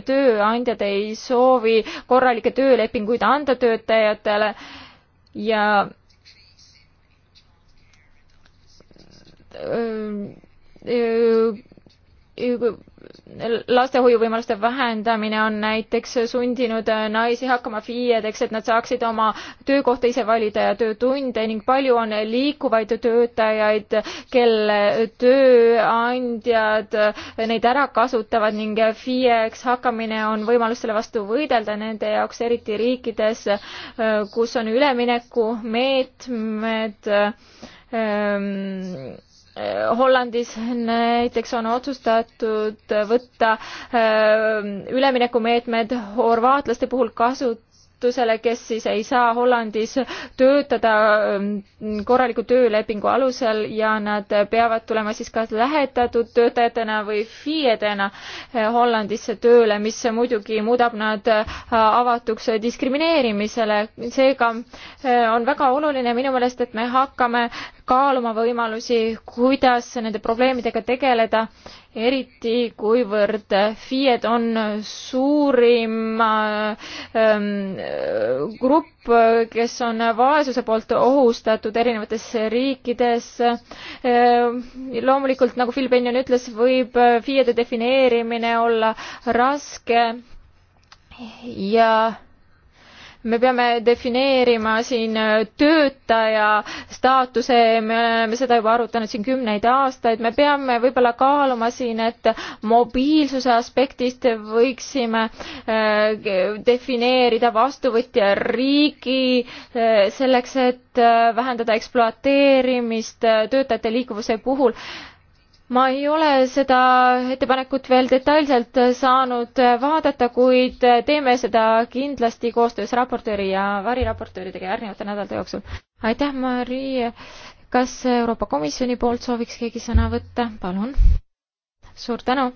tööandjad ei soovi korralikke töölepinguid anda töötajatele ja öö, öö, lastehoiuvõimaluste vähendamine on näiteks sundinud naisi hakkama FIE-deks, et nad saaksid oma töökohta ise valida ja töötunde ning palju on liikuvaid töötajaid, kelle tööandjad neid ära kasutavad ning FIE-ks hakkamine on võimalus selle vastu võidelda nende jaoks, eriti riikides, kus on üleminekumeetmed ähm, Eh, Hollandis näiteks on otsustatud võtta eh, üleminekumeetmed horvaatlaste puhul kasutusele kasutusele, kes siis ei saa Hollandis töötada ähm, korraliku töölepingu alusel ja nad peavad tulema siis kas lähetatud töötajatena või FIE-dena äh, Hollandisse tööle, mis muidugi muudab nad äh, avatuks diskrimineerimisele. seega äh, on väga oluline minu meelest, et me hakkame kaaluma võimalusi, kuidas nende probleemidega tegeleda eriti kuivõrd FIE-d on suurim ähm, grupp, kes on vaesuse poolt ohustatud erinevates riikides ähm,. loomulikult, nagu Phil Benjon ütles, võib FIE-de defineerimine olla raske ja me peame defineerima siin äh, töötaja staatuse, me oleme seda juba arutanud siin kümneid aastaid, me peame võib-olla kaaluma siin, et mobiilsuse aspektist võiksime äh, defineerida vastuvõtja riigi äh, selleks, et vähendada ekspluateerimist töötajate liikuvuse puhul ma ei ole seda ettepanekut veel detailselt saanud vaadata, kuid teeme seda kindlasti koostöös raportööri ja variraportööridega järgnevate nädalate jooksul. aitäh, Mari. kas Euroopa Komisjoni poolt sooviks keegi sõna võtta? palun. suur tänu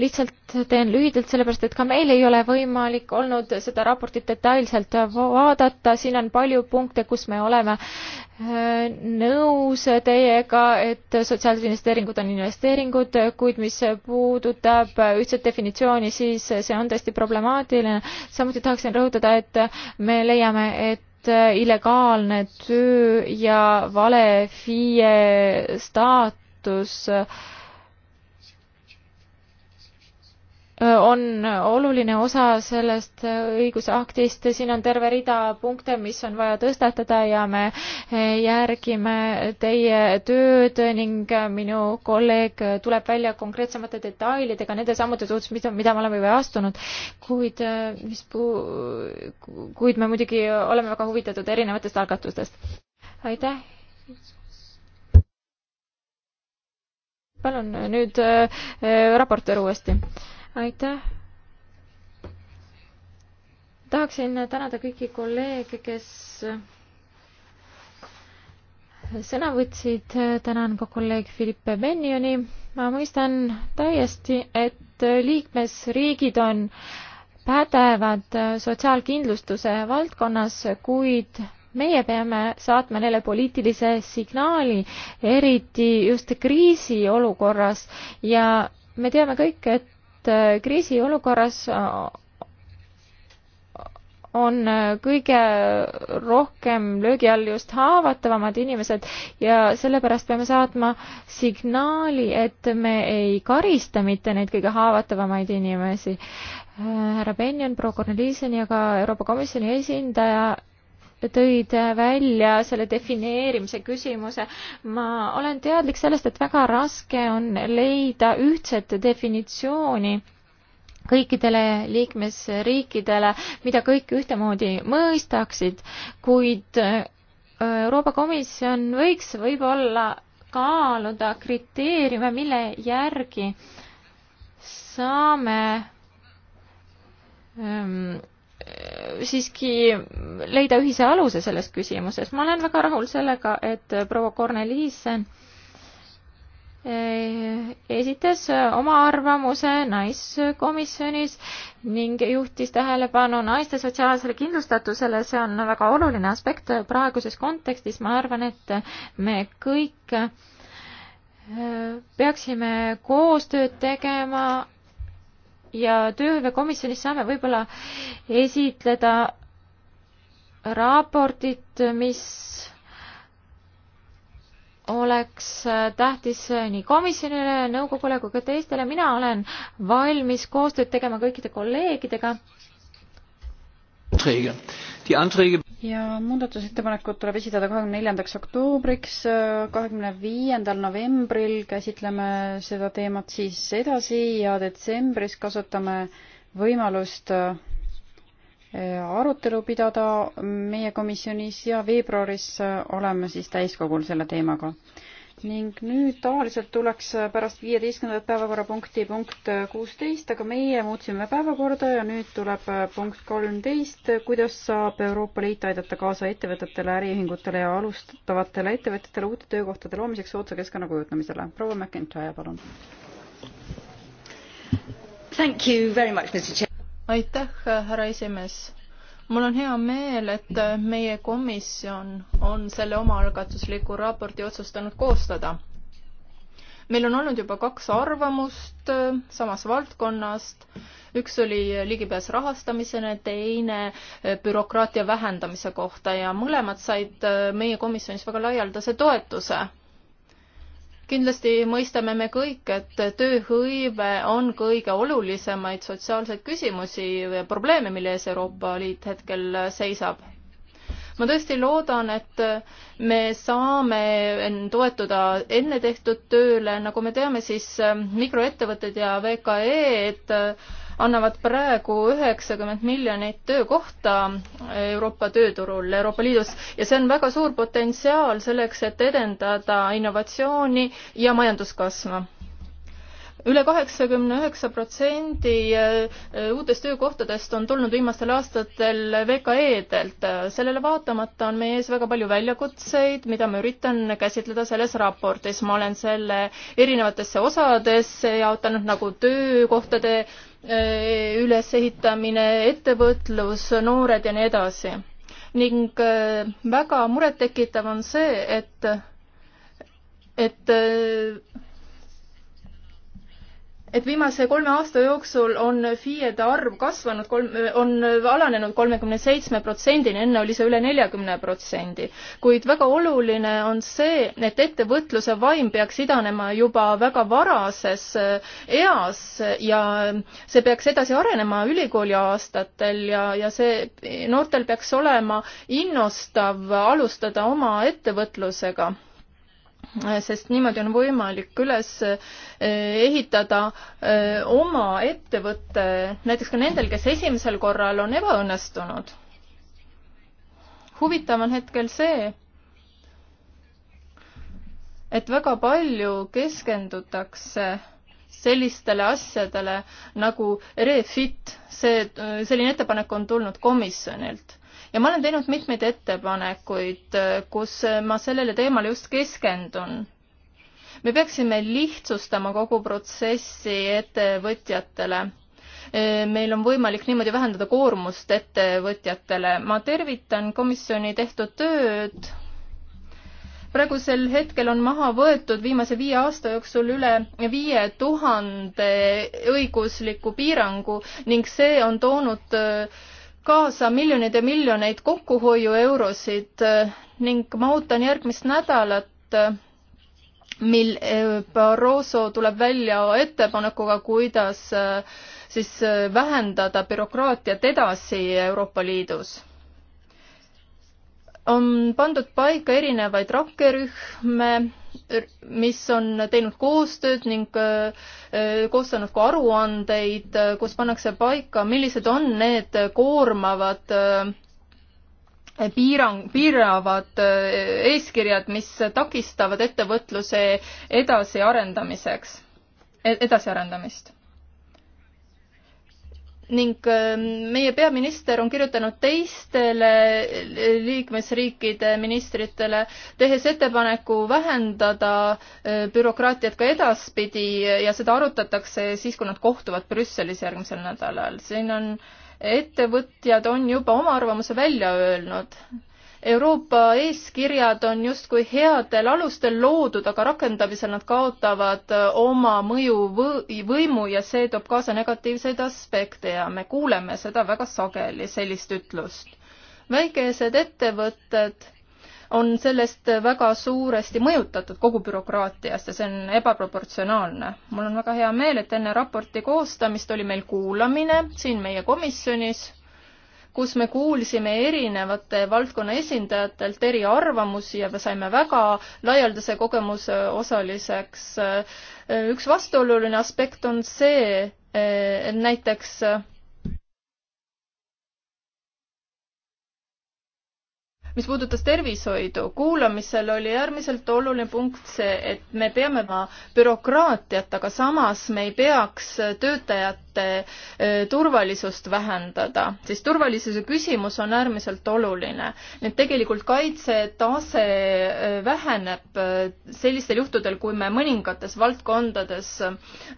lihtsalt teen lühidalt, sellepärast et ka meil ei ole võimalik olnud seda raportit detailselt vaadata, siin on palju punkte, kus me oleme äh, nõus teiega, et sotsiaalsed investeeringud on investeeringud, kuid mis puudutab ühtset definitsiooni, siis see on tõesti problemaatiline. samuti tahaksin rõhutada, et me leiame, et illegaalne töö ja vale FIE staatus äh, on oluline osa sellest õigusaktist, siin on terve rida punkte, mis on vaja tõstatada ja me järgime teie tööd ning minu kolleeg tuleb välja konkreetsemate detailidega nende sammude suhtes, mida, mida me oleme juba astunud. kuid mis puu-, kuid me muidugi oleme väga huvitatud erinevatest algatustest. aitäh! palun nüüd äh, äh raportöör uuesti äh, aitäh. tahaksin tänada kõiki kolleege, kes sõna võtsid, tänan ka kolleeg Philippe Benjoni. ma mõistan täiesti, et liikmesriigid on pädevad sotsiaalkindlustuse valdkonnas, kuid meie peame saatma neile poliitilise signaali, eriti just kriisiolukorras ja me teame kõik, et et äh, kriisiolukorras äh, on äh, kõige rohkem löögi all just haavatavamad inimesed ja sellepärast peame saatma signaali, et me ei karista mitte neid kõige haavatavamaid inimesi. härra Benjon, proua Korneliiseni ja ka Euroopa Komisjoni esindaja tõid välja selle defineerimise küsimuse. ma olen teadlik sellest, et väga raske on leida ühtset definitsiooni kõikidele liikmesriikidele, mida kõik ühtemoodi mõistaksid, kuid äh, Euroopa Komisjon võiks võib-olla kaaluda kriteeriume, mille järgi saame ähm, siiski leida ühise aluse selles küsimuses. ma olen väga rahul sellega, et proua Korneliisen eh, esitas oma arvamuse naiskomisjonis ning juhtis tähelepanu naiste sotsiaalsele kindlustatusele, see on väga oluline aspekt praeguses kontekstis, ma arvan, et me kõik eh, peaksime koostööd tegema ja tööhõivekomisjonis saame võib-olla esitleda raportit, mis oleks tähtis nii komisjonile, nõukogule kui ka teistele. mina olen valmis koostööd tegema kõikide kolleegidega ja muudatusettepanekud tuleb esitada kahekümne neljandaks oktoobriks, kahekümne viiendal novembril käsitleme seda teemat siis edasi ja detsembris kasutame võimalust äh, arutelu pidada meie komisjonis ja veebruaris äh, oleme siis täiskogul selle teemaga ning nüüd tavaliselt tuleks pärast viieteistkümnendat päevakorrapunkti punkt kuusteist, aga meie muutsime päevakorda ja nüüd tuleb punkt kolmteist, kuidas saab Euroopa Liit aidata kaasa ettevõtetele, äriühingutele ja alustavatele ettevõtetele uute töökohtade loomiseks soodsa keskkonna kujutamisele. proua McIntyre, palun. aitäh, härra esimees mul on hea meel, et äh, meie komisjon on selle omaalgatusliku raporti otsustanud koostada. meil on olnud juba kaks arvamust äh, samas valdkonnast, üks oli äh, ligipääs rahastamisele, teine bürokraatia vähendamise kohta ja mõlemad said meie komisjonis väga laialdase toetuse kindlasti mõistame me kõik, et tööhõive on kõige olulisemaid sotsiaalseid küsimusi, probleeme, mille ees Euroopa Liit hetkel seisab ma tõesti loodan, et me saame toetuda enne tehtud tööle, nagu me teame, siis ähm, mikroettevõtted ja VKE-d äh, annavad praegu üheksakümmend miljonit töökohta äh, Euroopa tööturul, Euroopa Liidus ja see on väga suur potentsiaal selleks, et edendada innovatsiooni ja majanduskasvu üle kaheksakümne üheksa protsendi äh, äh, uutest töökohtadest on tulnud viimastel aastatel VKE-delt. sellele vaatamata on meie ees väga palju väljakutseid, mida ma üritan käsitleda selles raportis. ma olen selle erinevatesse osadesse jaotanud nagu töökohtade äh, ülesehitamine, ettevõtlus, noored ja nii edasi. ning väga murettekitav on see, et et et viimase kolme aasta jooksul on FIE-de arv kasvanud kolm, on alanenud kolmekümne seitsme protsendini, enne oli see üle neljakümne protsendi. kuid väga oluline on see, et ettevõtluse vaim peaks idanema juba väga varases äh, eas ja see peaks edasi arenema ülikooli aastatel ja, ja see noortel peaks olema innustav alustada oma ettevõtlusega sest niimoodi on võimalik üles eh, ehitada eh, oma ettevõte, näiteks ka nendel, kes esimesel korral on ebaõnnestunud. huvitav on hetkel see, et väga palju keskendutakse sellistele asjadele nagu refit, see, eh, selline ettepanek on tulnud komisjonilt ja ma olen teinud mitmeid ettepanekuid, kus ma sellele teemale just keskendun. me peaksime lihtsustama kogu protsessi ettevõtjatele meil on võimalik niimoodi vähendada koormust ettevõtjatele. ma tervitan komisjoni tehtud tööd. praegusel hetkel on maha võetud viimase viie aasta jooksul üle viie tuhande õigusliku piirangu ning see on toonud äh, kaasa miljoneid ja miljoneid kokkuhoiueurosid eh, ning ma ootan järgmist nädalat, eh, mil eh, Barroso tuleb välja ettepanekuga, kuidas siis vähendada bürokraatiat edasi Euroopa Liidus on pandud paika erinevaid rakkerühme mis on teinud koostööd ning äh, äh, koostanud ka aruandeid, äh, kus pannakse paika, millised on need koormavad piirang, piiravad eeskirjad, mis takistavad ettevõtluse edasiarendamiseks, e-, edasiarendamist ning ähm, meie peaminister on kirjutanud teistele liikmesriikide ministritele, tehes ettepaneku vähendada äh, bürokraatiat ka edaspidi ja seda arutatakse siis, kui nad kohtuvad Brüsselis järgmisel nädalal. siin on, ettevõtjad on juba oma arvamuse välja öelnud Euroopa eeskirjad on justkui headel alustel loodud, aga rakendamisel nad kaotavad äh, oma mõju või, võimu ja see toob kaasa negatiivseid aspekte ja me kuuleme seda väga sageli, sellist ütlust. väikesed ettevõtted on sellest väga suuresti mõjutatud kogu bürokraatiast ja see on ebaproportsionaalne. mul on väga hea meel, et enne raporti koostamist oli meil kuulamine siin meie komisjonis kus me kuulsime erinevate valdkonna esindajatelt eri arvamusi ja me saime väga laialdase kogemuse osaliseks. üks vastuoluline aspekt on see, näiteks mis puudutas tervishoidu, kuulamisel oli äärmiselt oluline punkt see, et me peame bürokraatiat, aga samas me ei peaks töötajate turvalisust vähendada, siis turvalisuse küsimus on äärmiselt oluline. nii et tegelikult kaitsetase väheneb sellistel juhtudel, kui me mõningates valdkondades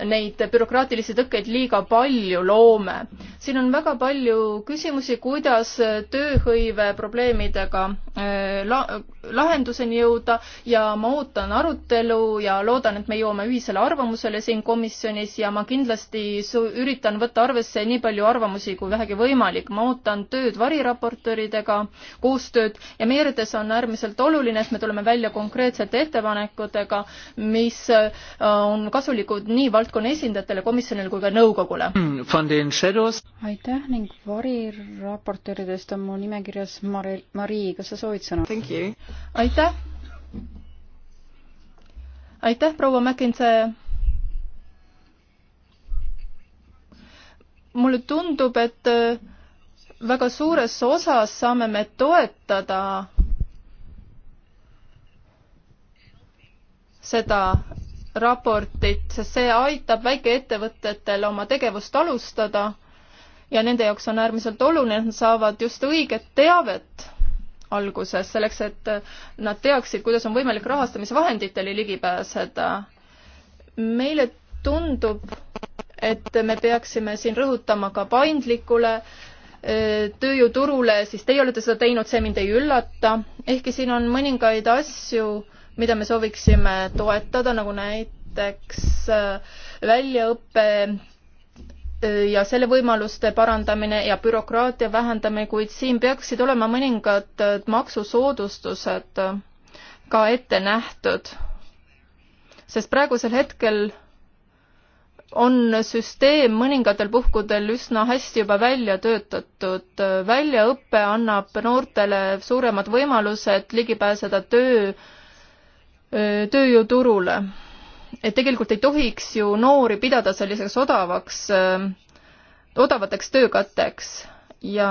neid bürokraatilisi tõkkeid liiga palju loome. siin on väga palju küsimusi, kuidas tööhõive probleemidega Äh, la-, lahenduseni jõuda ja ma ootan arutelu ja loodan, et me jõuame ühisele arvamusele siin komisjonis ja ma kindlasti su-, üritan võtta arvesse nii palju arvamusi kui vähegi võimalik. ma ootan tööd variraportööridega, koostööd ja meie arvates on äärmiselt oluline, et me tuleme välja konkreetsete ettepanekutega, mis äh, on kasulikud nii valdkonna esindajatele, komisjonile kui ka nõukogule. Hmm, aitäh ning variraportööridest on mu nimekirjas Mari, Marii kas sa soovid sõna? aitäh! aitäh, proua McIntyre! mulle tundub, et äh, väga suures osas saame me toetada seda raportit, sest see aitab väikeettevõtetel oma tegevust alustada ja nende jaoks on äärmiselt oluline, et nad saavad just õiget teavet alguses, selleks et nad teaksid, kuidas on võimalik rahastamisvahenditele ligi pääseda. meile tundub, et me peaksime siin rõhutama ka paindlikule e, tööjõuturule, siis teie olete seda teinud, see mind ei üllata, ehkki siin on mõningaid asju, mida me sooviksime toetada, nagu näiteks e, väljaõppe ja selle võimaluste parandamine ja bürokraatia vähendamine, kuid siin peaksid olema mõningad maksusoodustused ka ette nähtud. sest praegusel hetkel on süsteem mõningatel puhkudel üsna hästi juba välja töötatud. väljaõpe annab noortele suuremad võimalused ligi pääseda töö, tööjõuturule et tegelikult ei tohiks ju noori pidada selliseks odavaks, äh, odavateks töökatteks ja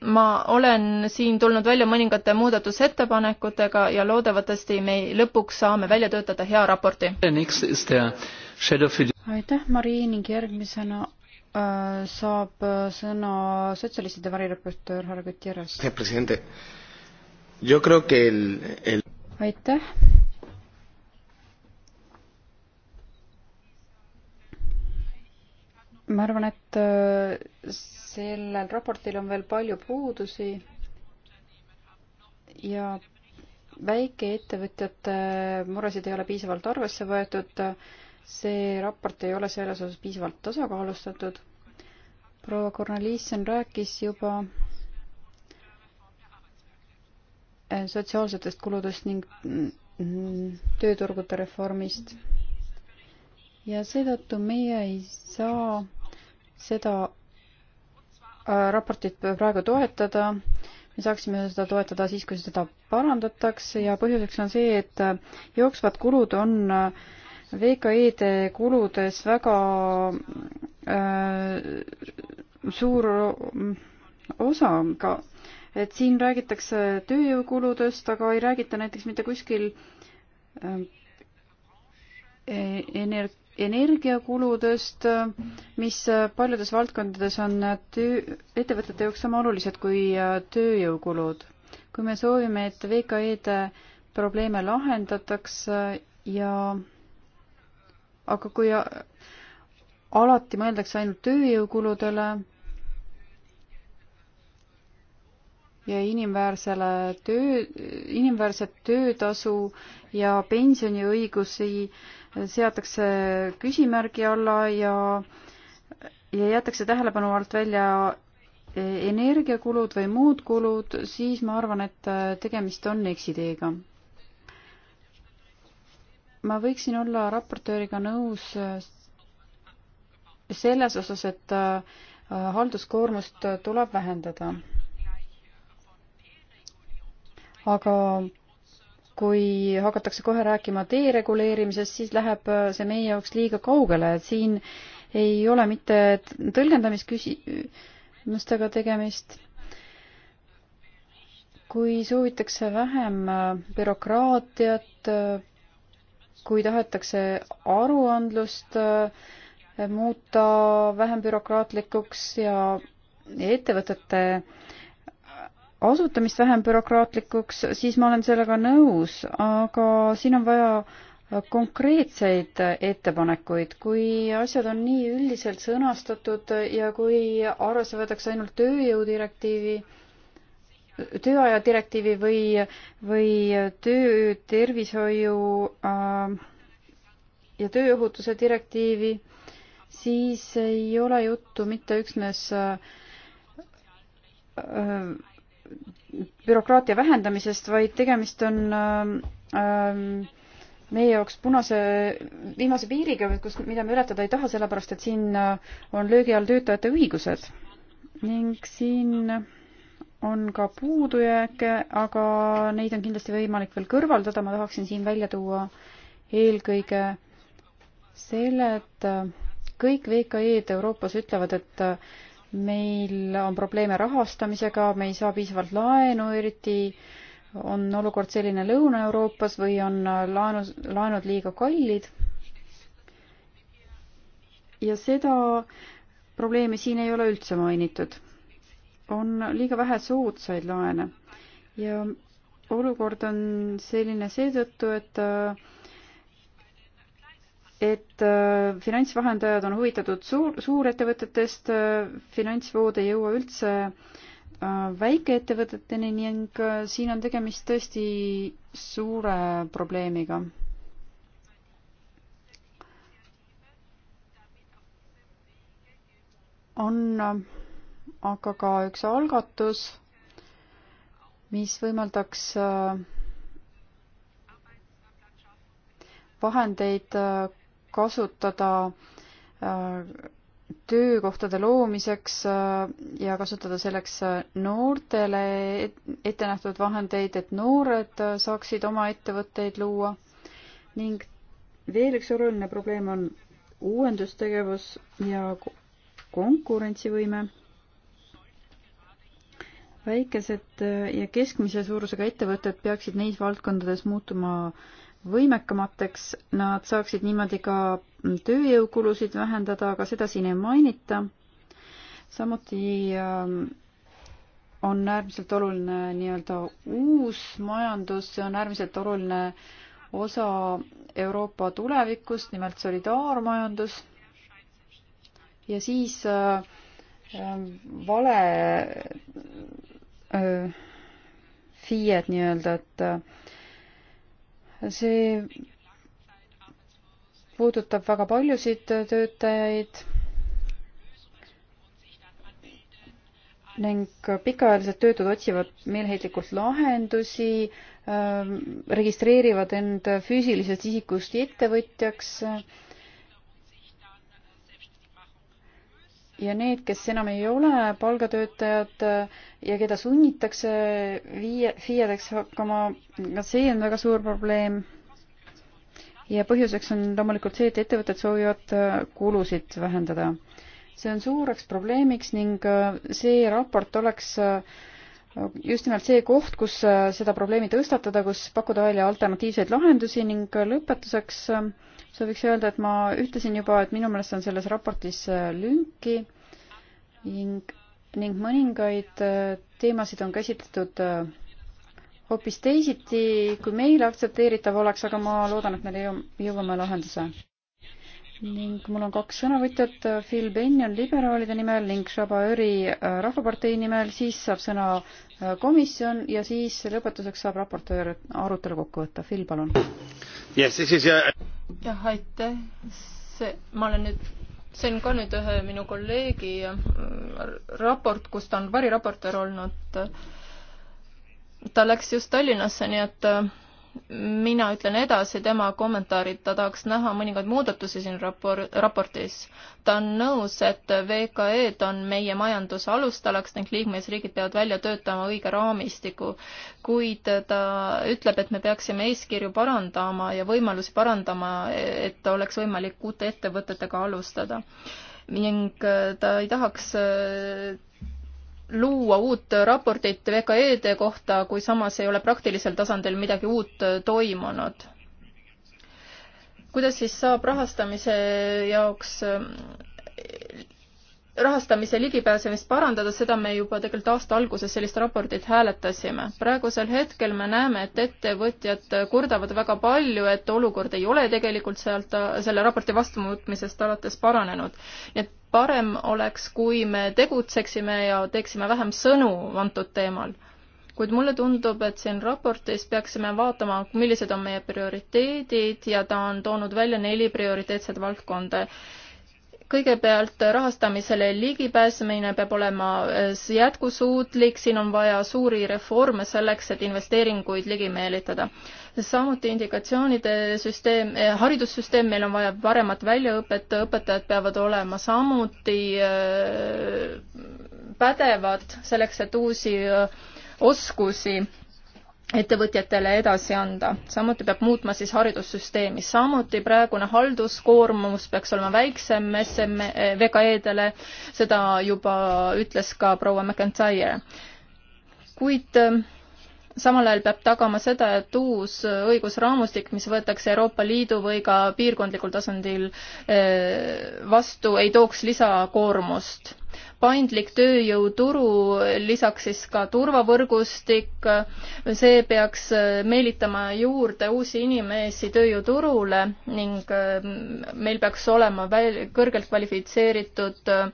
ma olen siin tulnud välja mõningate muudatusettepanekutega ja loodavatesti me lõpuks saame välja töötada hea raporti. aitäh, Marii ning järgmisena äh, saab äh, sõna sotsialistide variraportöör härra Kütt Järves. aitäh ma arvan, et äh, sellel raportil on veel palju puudusi ja väikeettevõtjate muresid ei ole piisavalt arvesse võetud. see raport ei ole selles osas piisavalt tasakaalustatud. proua Korneliisson rääkis juba äh, sotsiaalsetest kuludest ning mm, tööturgude reformist ja seetõttu meie ei saa seda äh, raportit praegu toetada. me saaksime seda toetada siis, kui seda parandatakse ja põhjuseks on see, et äh, jooksvad kulud on äh, VKE-de kuludes väga äh, suur mm, osa ka, et siin räägitakse tööjõukuludest, aga ei räägita näiteks mitte kuskil äh, e-, energia energiakuludest, mis paljudes valdkondades on töö, ettevõtete jaoks sama olulised kui tööjõukulud. kui me soovime, et VKE-de probleeme lahendataks ja aga kui alati mõeldakse ainult tööjõukuludele ja inimväärsele töö, inimväärset töötasu ja pensioniõigusi äh, seatakse küsimärgi alla ja, ja jäetakse tähelepanu alt välja energiakulud või muud kulud, siis ma arvan, et tegemist on eksiteega. ma võiksin olla raportööriga nõus selles osas, et äh, halduskoormust tuleb vähendada. aga kui hakatakse kohe rääkima dereguleerimisest, siis läheb äh, see meie jaoks liiga kaugele, et siin ei ole mitte tõlgendamisküsimustega tegemist. kui soovitakse vähem äh, bürokraatiat, äh, kui tahetakse aruandlust muuta vähem bürokraatlikuks ja ettevõtete äh, asutamist vähem bürokraatlikuks, siis ma olen sellega nõus, aga siin on vaja konkreetseid ettepanekuid, kui asjad on nii üldiselt sõnastatud ja kui arvesse võetakse ainult tööjõudirektiivi, tööaja direktiivi või, või töötervishoiu äh, ja tööohutuse direktiivi, siis ei ole juttu mitte üksnes äh, bürokraatia vähendamisest, vaid tegemist on ähm, ähm, meie jaoks punase, viimase piiriga, kus, mida me ületada ei taha, sellepärast et siin äh, on löögi all töötajate õigused. ning siin on ka puudujääke, aga neid on kindlasti võimalik veel kõrvaldada, ma tahaksin siin välja tuua eelkõige selle, et kõik VKE-d Euroopas ütlevad, et meil on probleeme rahastamisega, me ei saa piisavalt laenu, eriti on olukord selline Lõuna-Euroopas või on laenu, laenud liiga kallid. ja seda probleemi siin ei ole üldse mainitud. on liiga vähe soodsaid laene ja olukord on selline seetõttu, et äh, et äh, finantsvahendajad on huvitatud suur, suurettevõtetest, äh, finantsvood ei jõua üldse äh, väikeettevõteteni ning siin on tegemist tõesti suure probleemiga. on aga ka üks algatus, mis võimaldaks vahendeid kasutada äh, töökohtade loomiseks äh, ja kasutada selleks äh, noortele ette nähtud vahendeid, et noored saaksid oma ettevõtteid luua. ning veel üks oluline probleem on uuendustegevus ja konkurentsivõime. väikesed ja keskmise suurusega ettevõtted peaksid neis valdkondades muutuma võimekamateks, nad saaksid niimoodi ka tööjõukulusid vähendada, aga seda siin ei mainita. samuti ähm, on äärmiselt oluline nii-öelda uus majandus, see on äärmiselt oluline osa Euroopa tulevikust, nimelt solidaarmajandus. ja siis äh, ähm, vale äh, FIE-d nii-öelda, et äh, see puudutab väga paljusid töötajaid ning pikaajalised töötud otsivad meeleheitlikult lahendusi, ähm, registreerivad end füüsilisest isikust ettevõtjaks äh, ja need, kes enam ei ole palgatöötajad äh, ja keda sunnitakse viie, FIE-deks hakkama, ka see on väga suur probleem. ja põhjuseks on loomulikult see, et ettevõtted soovivad äh, kulusid vähendada. see on suureks probleemiks ning äh, see raport oleks just nimelt see koht, kus seda probleemi tõstatada, kus pakkuda välja alternatiivseid lahendusi ning lõpetuseks äh, sooviks öelda, et ma ütlesin juba, et minu meelest on selles raportis äh, lünki ning, ning mõningaid äh, teemasid on käsitletud äh, hoopis teisiti, kui meile aktsepteeritav oleks, aga ma loodan, et me jõuame lahenduse. ning mul on kaks sõnavõtjat, Phil Benjon liberaalide nimel ning Shaba Öri Rahvapartei nimel, siis saab sõna komisjon ja siis lõpetuseks saab raportöör arutelu kokku võtta. Phil, palun yes, jah, aitäh. see, ma olen nüüd, see on ka nüüd ühe minu kolleegi äh, raport, kus ta on variraportöör olnud. ta läks just Tallinnasse, nii et äh, mina ütlen edasi tema kommentaarid, ta tahaks näha mõningaid muudatusi siin rapor-, raportis. ta on nõus, et VKE-d on meie majanduse alustalaks ning liikmesriigid peavad välja töötama õige raamistiku, kuid ta ütleb, et me peaksime eeskirju parandama ja võimalusi parandama, et oleks võimalik uute ettevõtetega alustada ning ta ei tahaks luua uut raportit VKE-de kohta, kui samas ei ole praktilisel tasandil midagi uut toimunud. kuidas siis saab rahastamise jaoks rahastamise ligipääsemist parandada, seda me juba tegelikult aasta alguses sellist raportit hääletasime. praegusel hetkel me näeme, et ettevõtjad kurdavad väga palju, et olukord ei ole tegelikult sealt, selle raporti vastuvõtmisest alates paranenud. nii et parem oleks, kui me tegutseksime ja teeksime vähem sõnu antud teemal kuid mulle tundub, et siin raportis peaksime vaatama, millised on meie prioriteedid ja ta on toonud välja neli prioriteetset valdkonda kõigepealt rahastamisele ligipääsemine peab olema eh, jätkusuutlik, siin on vaja suuri reforme selleks, et investeeringuid ligi meelitada. samuti indikatsioonide süsteem, eh, haridussüsteem, meil on vaja paremat väljaõpet, õpetajad peavad olema samuti eh, pädevad selleks, et uusi oskusi ettevõtjatele edasi anda. samuti peab muutma siis haridussüsteemi, samuti praegune halduskoormus peaks olema väiksem SM-, eh, VKE-dele, seda juba ütles ka proua McIntyre. kuid eh, samal ajal peab tagama seda, et uus õigusraamistik, mis võetakse Euroopa Liidu või ka piirkondlikul tasandil eh, vastu, ei tooks lisakoormust paindlik tööjõuturu, lisaks siis ka turvavõrgustik, see peaks meelitama juurde uusi inimesi tööjõuturule ning mm, meil peaks olema väl-, kõrgelt kvalifitseeritud äh,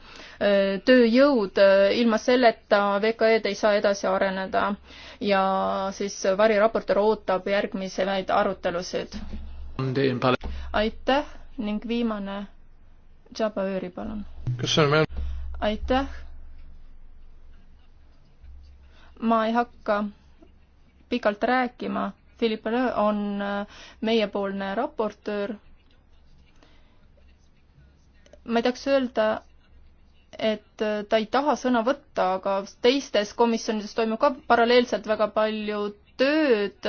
tööjõud, äh, ilma selleta VKE-d ei saa edasi areneda. ja siis variraportöör ootab järgmiseid arutelusid. aitäh ning viimane, Jabba Ööri, palun aitäh. ma ei hakka pikalt rääkima, Philippe Leu on äh, meiepoolne raportöör. ma ei tahaks öelda, et äh, ta ei taha sõna võtta, aga teistes komisjonides toimub ka paralleelselt väga palju tööd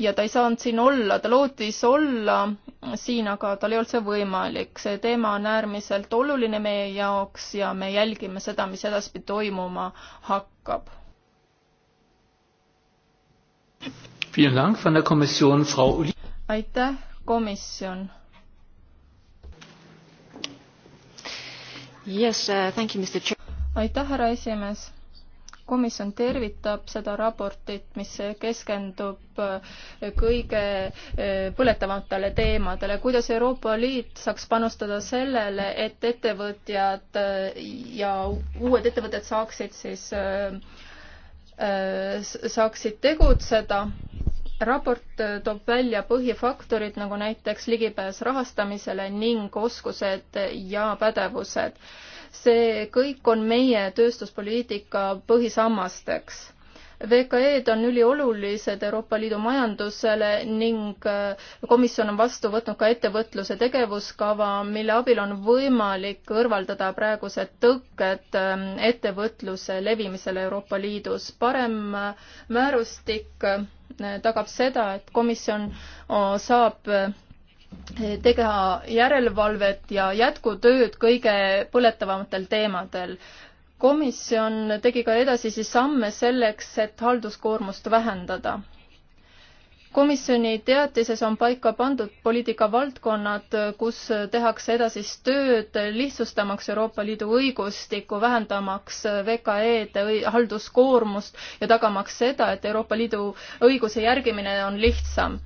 ja ta ei saanud siin olla, ta lootis olla siin, aga tal ei olnud see võimalik. see teema on äärmiselt oluline meie jaoks ja me jälgime seda, mis edaspidi toimuma hakkab. aitäh, komisjon. Yes, uh, thank you, Mr. Chair. aitäh, härra esimees komisjon tervitab seda raportit, mis keskendub äh, kõige äh, põletavatele teemadele, kuidas Euroopa Liit saaks panustada sellele, et ettevõtjad äh, ja uued ettevõtted saaksid siis, saaksid tegutseda raport toob välja põhifaktorid nagu näiteks ligipääs rahastamisele ning oskused ja pädevused see kõik on meie tööstuspoliitika põhisammasteks VKE-d on üliolulised Euroopa Liidu majandusele ning äh, komisjon on vastu võtnud ka ettevõtluse tegevuskava, mille abil on võimalik kõrvaldada praegused tõkked äh, ettevõtluse levimisele Euroopa Liidus. parem äh, määrustik tagab seda, et komisjon saab teha järelevalvet ja jätkutööd kõige põletavamatel teemadel. komisjon tegi ka edasisi samme selleks, et halduskoormust vähendada. komisjoni teatises on paika pandud poliitikavaldkonnad, kus tehakse edasist tööd, lihtsustamaks Euroopa Liidu õigustikku, vähendamaks VKE-de halduskoormust ja tagamaks seda, et Euroopa Liidu õiguse järgimine on lihtsam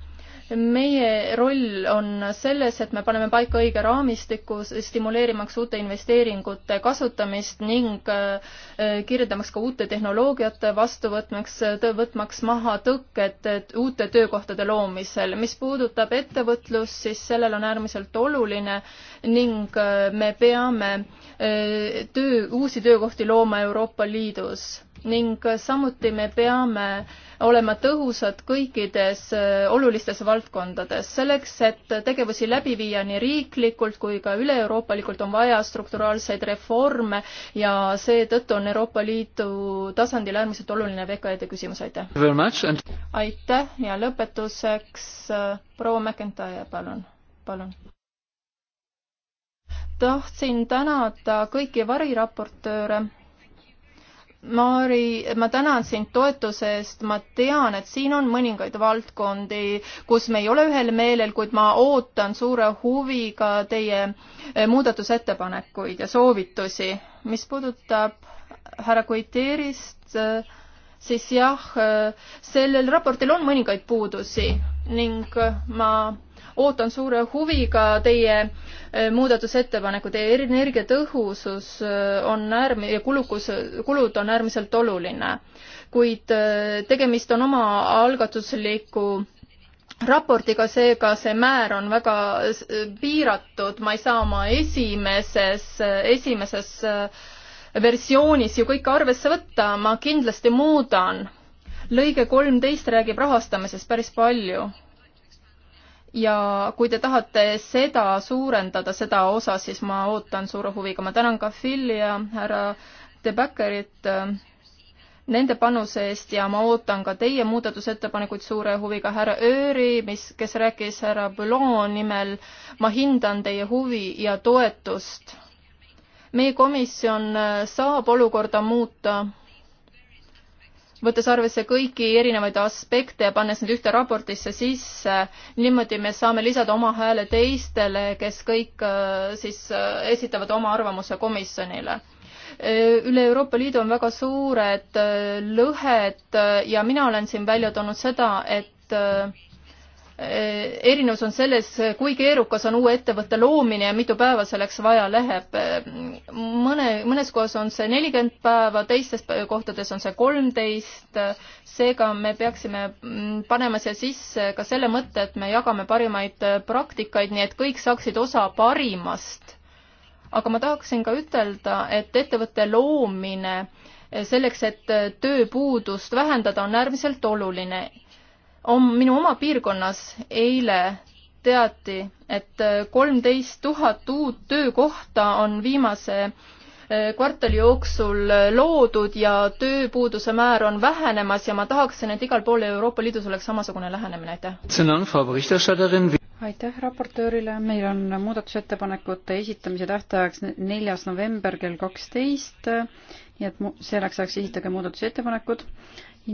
meie roll on selles, et me paneme paika õige raamistiku, stimuleerimaks uute investeeringute kasutamist ning äh, kirjeldamaks ka uute tehnoloogiate vastuvõtmeks, võtmaks maha tõkked uute töökohtade loomisel. mis puudutab ettevõtlust, siis sellel on äärmiselt oluline ning äh, me peame äh, töö, uusi töökohti looma Euroopa Liidus ning samuti me peame olema tõhusad kõikides äh, olulistes valdkondades. selleks, et tegevusi läbi viia nii riiklikult kui ka üle-euroopalikult, on vaja strukturaalseid reforme ja seetõttu on Euroopa Liidu tasandil äärmiselt oluline VKE-de küsimus, aitäh! aitäh ja lõpetuseks äh, proua McIntyre, palun, palun! tahtsin tänada kõiki variraportööre Maari, ma tänan sind toetuse eest, ma tean, et siin on mõningaid valdkondi, kus me ei ole ühel meelel, kuid ma ootan suure huviga teie eh, muudatusettepanekuid ja soovitusi. mis puudutab härra Guiterist, eh, siis jah, eh, sellel raportil on mõningaid puudusi ning ma ootan suure huviga teie eh, muudatusettepanekud, teie energiatõhusus eh, on äärmi- ja kulukus, kulud on äärmiselt oluline. kuid eh, tegemist on omaalgatusliku raportiga, seega see määr on väga piiratud, ma ei saa oma esimeses, esimeses versioonis ju kõike arvesse võtta, ma kindlasti muudan. lõige kolmteist räägib rahastamisest päris palju ja kui te tahate seda suurendada, seda osa, siis ma ootan suure huviga. ma tänan ka Phil'i ja härra De Beckerit äh, nende panuse eest ja ma ootan ka teie muudatusettepanekuid suure huviga. härra Ööri, mis, kes rääkis härra Boulon nimel, ma hindan teie huvi ja toetust. meie komisjon äh, saab olukorda muuta võttes arvesse kõiki erinevaid aspekte ja pannes need ühte raportisse sisse, niimoodi me saame lisada oma hääle teistele, kes kõik äh, siis äh, esitavad oma arvamuse komisjonile. Äh, üle Euroopa Liidu on väga suured lõhed ja mina olen siin välja toonud seda, et Äh, erinevus on selles, kui keerukas on uue ettevõtte loomine ja mitu päeva selleks vaja läheb. mõne, mõnes kohas on see nelikümmend päeva, teistes kohtades on see kolmteist, seega me peaksime mm, panema siia sisse ka selle mõtte, et me jagame parimaid praktikaid, nii et kõik saaksid osa parimast. aga ma tahaksin ka ütelda, et ettevõtte loomine selleks, et tööpuudust vähendada, on äärmiselt oluline on minu oma piirkonnas eile teati, et äh, kolmteist tuhat uut töökohta on viimase äh, kvartali jooksul äh, loodud ja tööpuuduse määr on vähenemas ja ma tahaksin, et igal pool Euroopa Liidus oleks samasugune lähenemine, aitäh. aitäh raportöörile, meil on muudatusettepanekute esitamise tähtajaks neljas november kell kaksteist, nii et mu-, selleks ajaks esitage muudatusettepanekud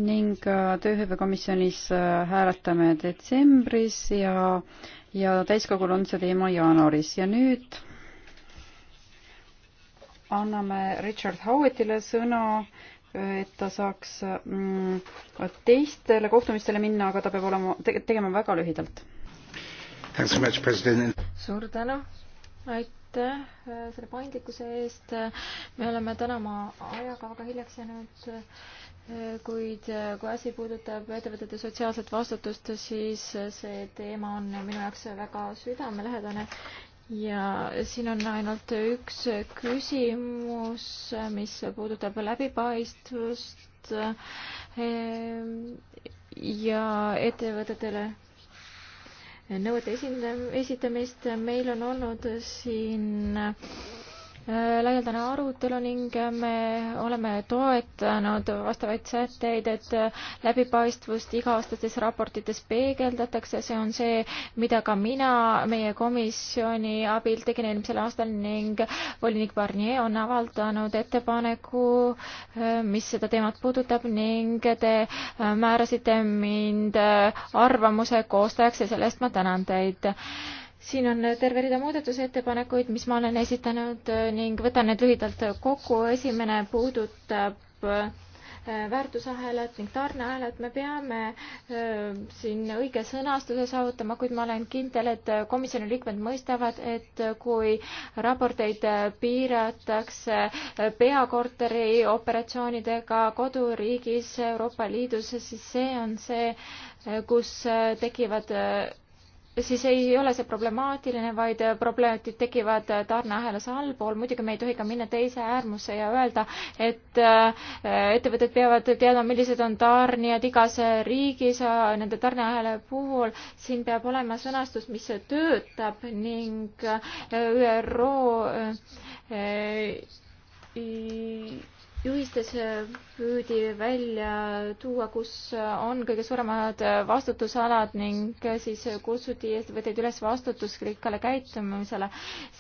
ning äh, tööhõivekomisjonis äh, hääletame detsembris ja, ja täiskogul on see teema jaanuaris ja nüüd anname Richard Howittile sõna, äh, et ta saaks mm, teistele kohtumistele minna, aga ta peab olema te, tegema väga lühidalt. suur tänu, aitäh selle paindlikkuse eest. me oleme täna oma ajaga väga hiljaks jäänud kuid eh, kui asi puudutab ettevõtete sotsiaalset vastutust, siis eh, see teema on minu jaoks väga südamelähedane ja siin on ainult üks küsimus, mis puudutab läbipaistvust eh, ja ettevõtetele nõuete esindam-, esitamist. meil on olnud siin äh, laialdane arutelu ning me oleme toetanud vastavaid sätteid, et läbipaistvust iga-aastates raportites peegeldatakse, see on see, mida ka mina meie komisjoni abil tegin eelmisel aastal ning volinik Barnier on avaldanud ettepaneku, mis seda teemat puudutab ning te määrasite mind arvamuse koostajaks ja selle eest ma tänan teid siin on terve rida muudatusettepanekuid, mis ma olen esitanud äh, ning võtan need lühidalt kokku. esimene puudutab äh, väärtusahelat ning tarneahelat. me peame äh, siin õige sõnastuse saavutama, kuid ma olen kindel, et komisjoni liikmed mõistavad, et kui raporteid piiratakse peakorteri operatsioonidega koduriigis Euroopa Liidus, siis see on see, kus tekivad siis ei ole see problemaatiline, vaid probleemid tekivad tarneahelas allpool. muidugi me ei tohi ka minna teise äärmusse ja öelda, et äh, ettevõtted peavad teadma, millised on tarnijad igas riigis nende tarneahela puhul. siin peab olema sõnastus, mis töötab ning äh, ÜRO äh, juhistes äh, püüdi välja tuua, kus äh, on kõige suuremad äh, vastutusalad ning siis kutsuti ettevõtteid üles vastutusrikkale käitumisele,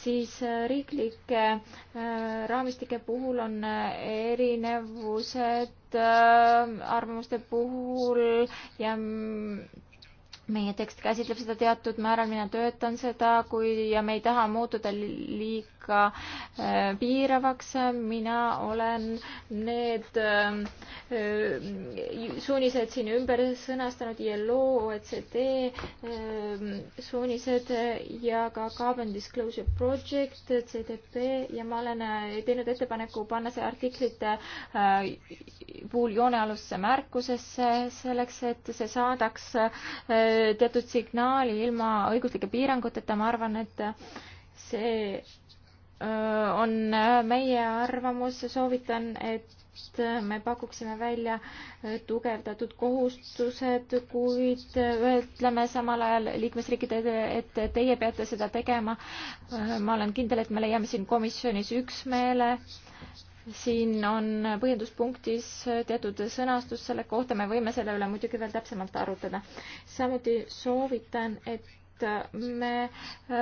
siis riiklike raamistike puhul on erinevused arvamuste puhul ja mm, meie tekst käsitleb seda teatud määral, mina töötan seda, kui ja me ei taha muutuda liiga äh, piiravaks, mina olen need äh, suunised siin ümber sõnastanud, ILO, OECD äh, suunised ja ka Carbon Disclosure Project, CDP ja ma olen äh, teinud ettepaneku panna see artiklite äh, puhul joonealusse märkusesse selleks, et see saadaks äh, teatud signaali ilma õiguslike piiranguteta, ma arvan, et see on meie arvamus, soovitan, et me pakuksime välja tugevdatud kohustused, kuid ütleme samal ajal liikmesriikidele, et teie peate seda tegema. ma olen kindel, et me leiame siin komisjonis üksmeele äh, siin on põhjenduspunktis teatud sõnastus selle kohta, me võime selle üle muidugi veel täpsemalt arutada. samuti soovitan, et me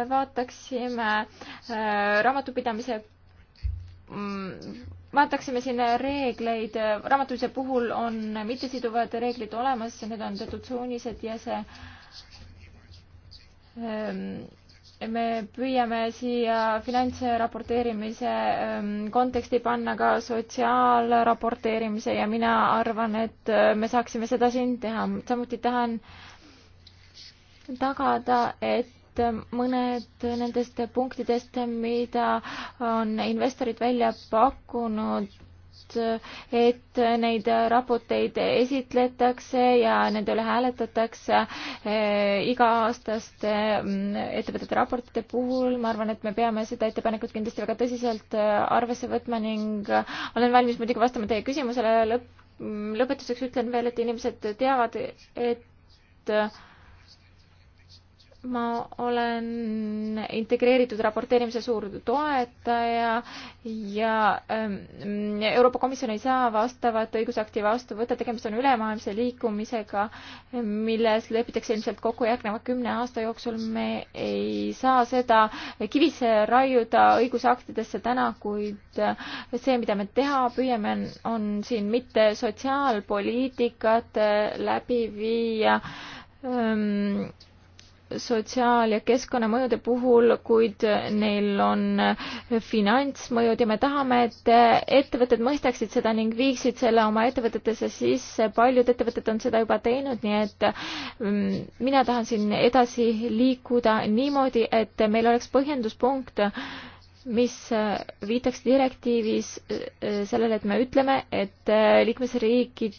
vaataksime äh, raamatupidamise mm, vaataksime siin reegleid, raamatupidamise puhul on mittesiduvad reeglid olemas, need on teatud suunised ja see ähm, me püüame siia finantsraporteerimise ähm, konteksti panna ka sotsiaalraporteerimise ja mina arvan, et äh, me saaksime seda siin teha. samuti tahan tagada, et mõned nendest punktidest, mida on investorid välja pakkunud, poolt, et neid raporteid esitletakse ja nende üle hääletatakse eh, iga-aastaste mm, ettevõtete raportite puhul. ma arvan, et me peame seda ettepanekut kindlasti väga tõsiselt eh, arvesse võtma ning eh, olen valmis muidugi vastama teie küsimusele lõpp lõpetuseks ütlen veel, et inimesed teavad, et ma olen integreeritud raporteerimise suur toetaja ja ähm, Euroopa Komisjon ei saa vastavat õigusakti vastu võtta, tegemist on ülemaailmse liikumisega, milles lepitakse ilmselt kokku järgneva kümne aasta jooksul. me ei saa seda kivisse raiuda õigusaktidesse täna, kuid äh, see, mida me teha püüame, on siin mitte sotsiaalpoliitikat äh, läbi viia ähm, sotsiaal- ja keskkonnamõjude puhul, kuid neil on finantsmõjud ja me tahame, et ettevõtted mõistaksid seda ning viiksid selle oma ettevõtetesse sisse. paljud ettevõtted on seda juba teinud, nii et mm, mina tahan siin edasi liikuda niimoodi, et meil oleks põhjenduspunkt mis äh, viitaks direktiivis äh, äh, sellele, et me ütleme, et liikmesriigid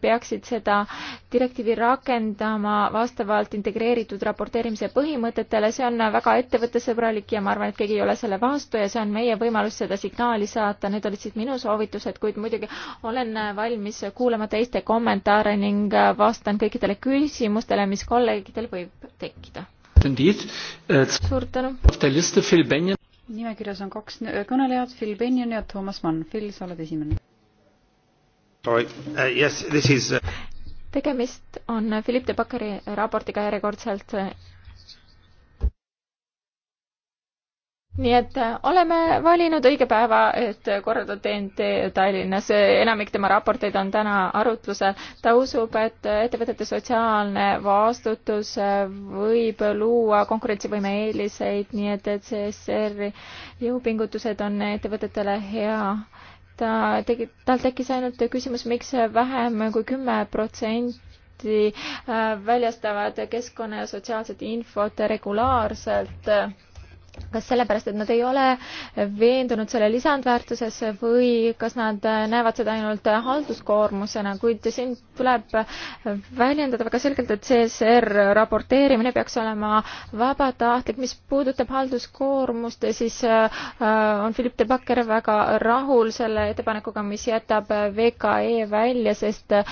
peaksid seda direktiivi rakendama vastavalt integreeritud raporteerimise põhimõtetele, see on väga ettevõttesõbralik ja ma arvan, et keegi ei ole selle vastu ja see on meie võimalus seda signaali saata, need olid siis minu soovitused, kuid muidugi olen valmis kuulama teiste kommentaare ning vastan kõikidele küsimustele, mis kolleegidel võib tekkida. suur tänu nimekirjas on kaks kõnelejat, Phil Benjon ja Toomas Mann. Phil, sa oled esimene. Äh, äh, tegemist on Philip de Bakkeri raportiga järjekordselt nii et äh, oleme valinud õige päeva, et korraldada TNT Tallinnas. enamik tema raporteid on täna arutlusel. ta usub, et ettevõtete sotsiaalne vastutus äh, võib luua konkurentsivõime eeliseid, nii et, et CSR-i jõupingutused on ettevõtetele hea ta tegi, tal tekkis ainult küsimus, miks vähem kui kümme protsenti äh, väljastavad keskkonna ja sotsiaalset infot regulaarselt kas sellepärast, et nad ei ole veendunud selle lisandväärtuses või kas nad näevad seda ainult halduskoormusena, kuid siin tuleb väljendada väga selgelt, et CSR raporteerimine peaks olema vabatahtlik. mis puudutab halduskoormust, siis äh, on Philip de Backer väga rahul selle ettepanekuga, mis jätab VKE välja, sest äh,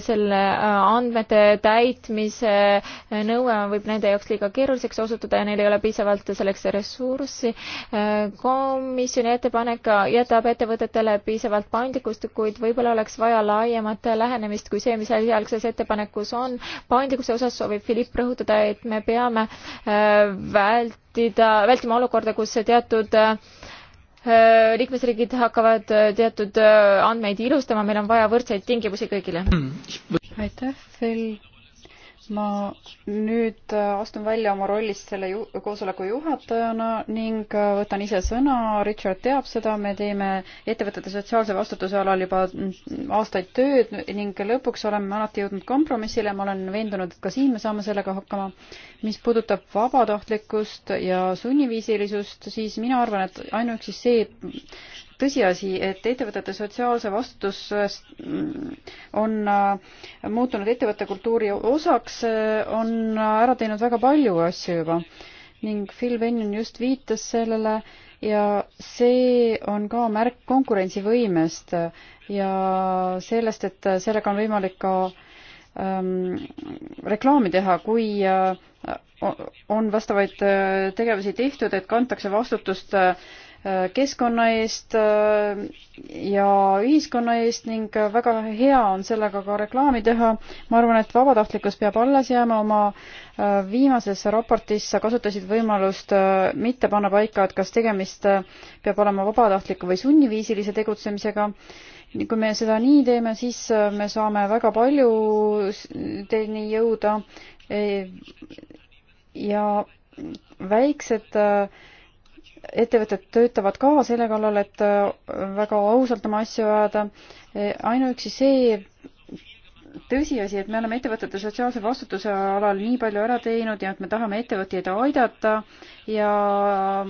selle äh, andmete täitmise nõue võib nende jaoks liiga keeruliseks osutuda ja neil ei ole piisavalt selleks ressurssi ressurssi. Äh, komisjoni ettepanek jätab ettevõtetele piisavalt paindlikkust, kuid võib-olla oleks vaja laiemat lähenemist kui see, mis esialgses ettepanekus on. paindlikkuse osas soovib Philipp rõhutada, et me peame äh, vältida, vältima olukorda, kus teatud äh, liikmesriigid hakkavad teatud andmeid ilustama, meil on vaja võrdseid tingimusi kõigile. aitäh, Phil ma nüüd äh, astun välja oma rollist selle ju koosoleku juhatajana ning äh, võtan ise sõna, Richard teab seda, me teeme ettevõtete sotsiaalse vastutuse alal juba mm, aastaid tööd ning lõpuks oleme alati jõudnud kompromissile, ma olen veendunud, et ka siin me saame sellega hakkama. mis puudutab vabatahtlikkust ja sunniviisilisust, siis mina arvan, et ainuüksi see tõsiasi, et ettevõtete sotsiaalse vastutus mm, on äh, muutunud ettevõtte kultuuri osaks, äh, on äh, ära teinud väga palju asju juba ning Phil Benjon just viitas sellele ja see on ka märk konkurentsivõimest ja sellest, et sellega on võimalik ka ähm, reklaami teha, kui äh, on vastavaid tegevusi tehtud, et kantakse vastutust äh, keskkonna eest äh, ja ühiskonna eest ning väga hea on sellega ka reklaami teha. ma arvan, et vabatahtlikkus peab alles jääma. oma äh, viimases raportis sa kasutasid võimalust äh, mitte panna paika, et kas tegemist peab olema vabatahtliku või sunniviisilise tegutsemisega kui me seda nii teeme, siis me saame väga palju teeni jõuda e, ja väiksed äh, ettevõtted töötavad ka selle kallal, et äh, väga ausalt oma asju ajada. E, ainuüksi see tõsiasi, et me oleme ettevõtete sotsiaalse vastutuse alal nii palju ära teinud ja et me tahame ettevõtjaid aidata ja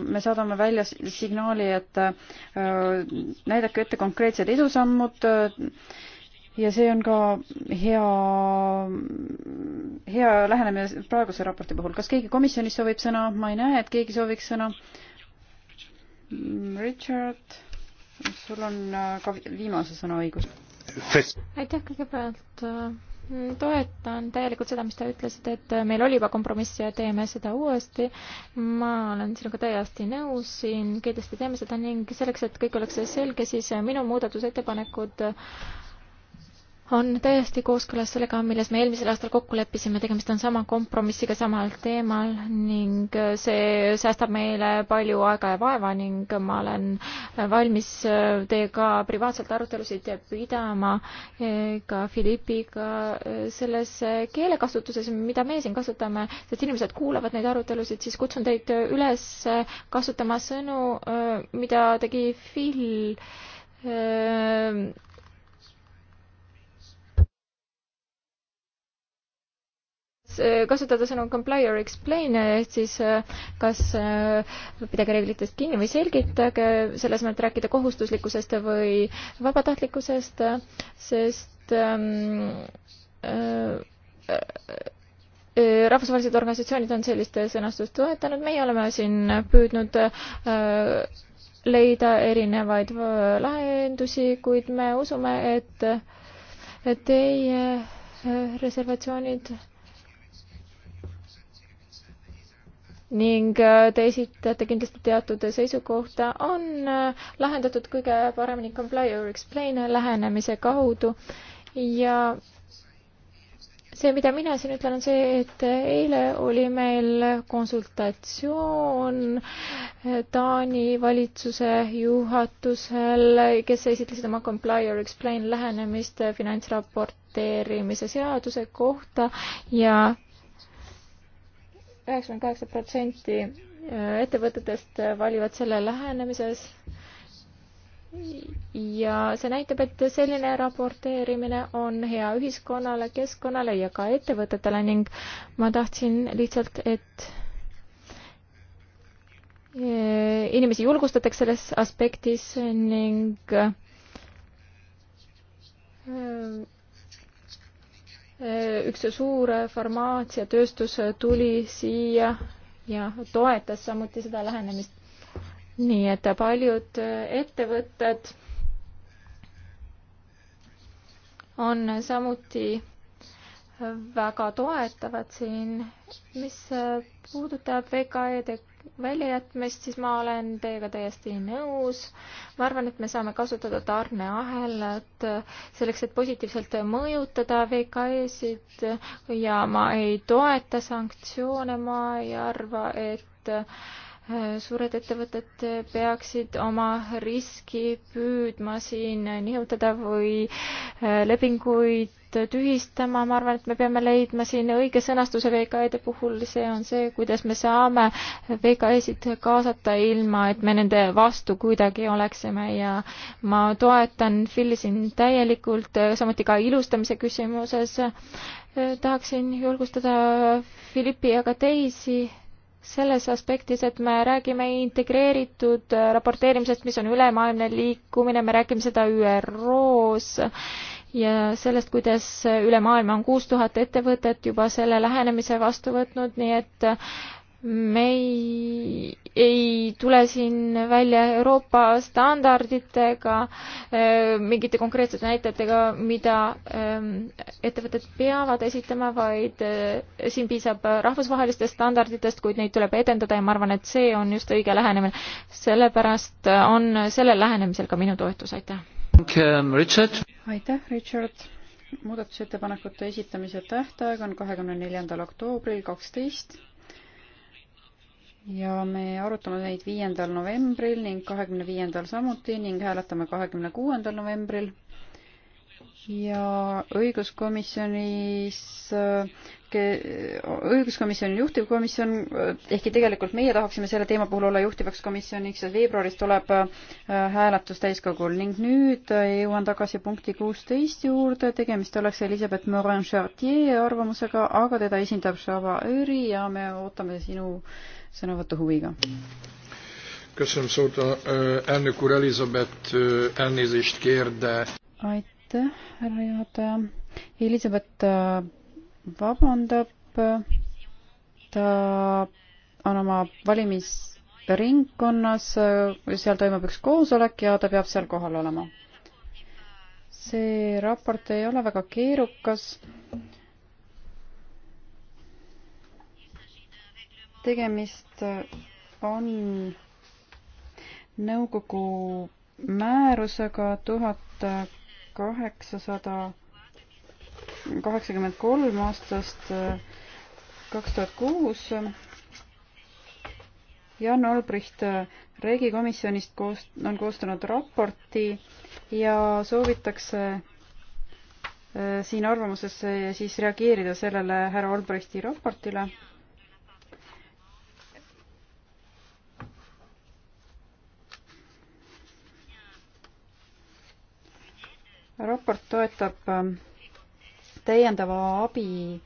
me saadame välja signaali, et äh, näidake ette konkreetsed edusammud äh, ja see on ka hea, hea lähenemine praeguse raporti puhul. kas keegi komisjonist soovib sõna? ma ei näe, et keegi sooviks sõna. Mm, Richard, sul on äh, ka viimase sõna õigus. aitäh kõigepealt äh, toetan täielikult seda, mis te ütlesite, et äh, meil oli juba kompromiss ja teeme seda uuesti. ma olen sinuga täiesti nõus siin, kindlasti teeme seda ning selleks, et kõik oleks selge, siis minu muudatusettepanekud on täiesti kooskõlas sellega, milles me eelmisel aastal kokku leppisime, tegemist on sama kompromissiga samal teemal ning see säästab meile palju aega ja vaeva ning ma olen valmis teiega privaatselt arutelusid pidama ka Philippiga selles keelekasutuses, mida meie siin kasutame, sest inimesed kuulavad neid arutelusid, siis kutsun teid üles kasutama sõnu, mida tegi Phil Äh, kasutada sõnu comply or explain ehk siis äh, kas äh, pidage reeglitest kinni või selgitage, selles mõttes rääkida kohustuslikkusest või vabatahtlikkusest, sest ähm, äh, rahvusvahelised organisatsioonid on sellist sõnastust toetanud, meie oleme siin püüdnud äh, leida erinevaid lahendusi, kuid me usume, et teie reservatsioonid äh, ning äh, te esitate kindlasti teatud seisukohta, on äh, lahendatud kõige paremini comply or explain lähenemise kaudu ja see, mida mina siin ütlen, on see, et eile oli meil konsultatsioon äh, Taani valitsuse juhatusel, kes esitlesid oma comply or explain lähenemist finantsraporteerimise seaduse kohta ja üheksakümmend kaheksa protsenti äh, ettevõtetest äh, valivad selle lähenemises. ja see näitab, et selline raporteerimine on hea ühiskonnale, keskkonnale ja ka ettevõtetele ning ma tahtsin lihtsalt, et äh, inimesi julgustatakse selles aspektis ning üks suur farmaatsiatööstus tuli siia ja toetas samuti seda lähenemist. nii et paljud ettevõtted on samuti väga toetavad siin, mis puudutab VKE-de väljajätmist, siis ma olen teiega täiesti nõus. ma arvan, et me saame kasutada tarneahelat selleks, et positiivselt mõjutada VKE-sid ja ma ei toeta sanktsioone, ma ei arva, et suured ettevõtted peaksid oma riski püüdma siin nihutada või äh, lepinguid tühistama, ma arvan, et me peame leidma siin õige sõnastuse VKE-de puhul, see on see, kuidas me saame VKE-sid kaasata, ilma et me nende vastu kuidagi oleksime ja ma toetan Phil'i siin täielikult, äh, samuti ka ilustamise küsimuses. Äh, tahaksin julgustada Philippi ja ka teisi selles aspektis, et me räägime integreeritud äh, raporteerimisest, mis on ülemaailmne liikumine, me räägime seda ÜRO-s ja sellest, kuidas äh, üle maailma on kuus tuhat ettevõtet juba selle lähenemise vastu võtnud, nii et äh, me ei, ei tule siin välja Euroopa standarditega, äh, mingite konkreetsete näitajatega, mida ähm, ettevõtted peavad esitama, vaid äh, siin piisab rahvusvahelistest standarditest, kuid neid tuleb edendada ja ma arvan, et see on just õige lähenemine. sellepärast on sellel lähenemisel ka minu toetus, aitäh. Um, aitäh, Richard muudatusettepanekute esitamise tähtaeg on kahekümne neljandal oktoobril kaksteist ja me arutame neid viiendal novembril ning kahekümne viiendal samuti ning hääletame kahekümne kuuendal novembril. ja õiguskomisjonis, õiguskomisjoni juhtivkomisjon, ehkki tegelikult meie tahaksime selle teema puhul olla juhtivaks komisjoniks ja veebruaris tuleb äh, hääletus täiskogul ning nüüd äh, jõuan tagasi punkti kuusteist juurde, tegemist oleks Elizabeth Morin-Chartier arvamusega, aga teda esindab Shava Öri ja me ootame sinu sõnavõttu huviga. aitäh, härra juhataja. Elizabeth vabandab, ta on oma valimisringkonnas, seal toimub üks koosolek ja ta peab seal kohal olema. see raport ei ole väga keerukas tegemist on nõukogu määrusega tuhat kaheksasada kaheksakümmend kolm aastast äh, kaks tuhat kuus. Jan Olbricht äh, riigikomisjonist koos, on koostanud raporti ja soovitakse äh, siin arvamuses siis reageerida sellele härra Olbrichti raportile raport toetab ähm, täiendava abi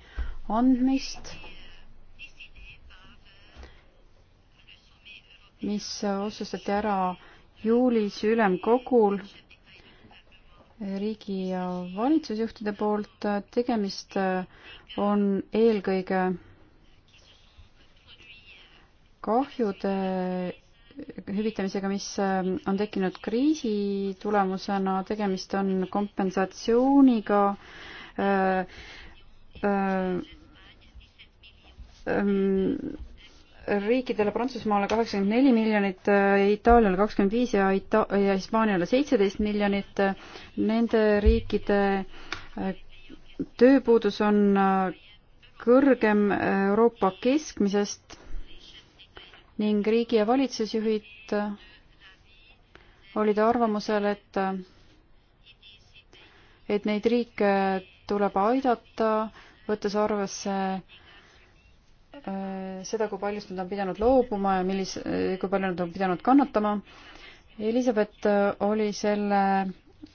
andmist, mis otsustati ära juulis ülemkogul riigi ja valitsusjuhtide poolt. tegemist äh, on eelkõige kahjude hüvitamisega, mis äh, on tekkinud kriisi tulemusena, tegemist on kompensatsiooniga äh, äh, ähm, riikidele Prantsusmaale kaheksakümmend neli miljonit, äh, Itaaliale kakskümmend viis ja Ita- ja Hispaaniale seitseteist miljonit. Nende riikide äh, tööpuudus on kõrgem Euroopa keskmisest ning riigi- ja valitsusjuhid olid arvamusel, et et neid riike tuleb aidata, võttes arvesse äh, seda, kui paljust nad on pidanud loobuma ja millise, kui palju nad on pidanud kannatama. Elizabeth oli selle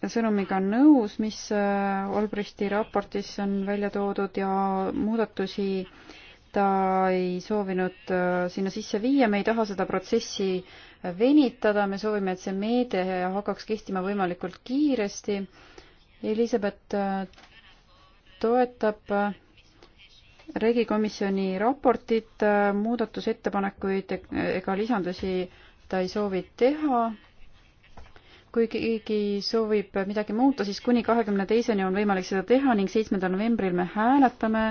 sõnumiga nõus, mis Albrechti äh, raportis on välja toodud ja muudatusi ta ei soovinud äh, sinna sisse viia, me ei taha seda protsessi äh, venitada, me soovime, et see meede hakkaks kehtima võimalikult kiiresti. Elizabeth äh, toetab regikomisjoni raportit, muudatusettepanekuid ega lisandusi ta ei soovi teha. kui keegi soovib midagi muuta, siis kuni kahekümne teiseni on võimalik seda teha ning seitsmendal novembril me hääletame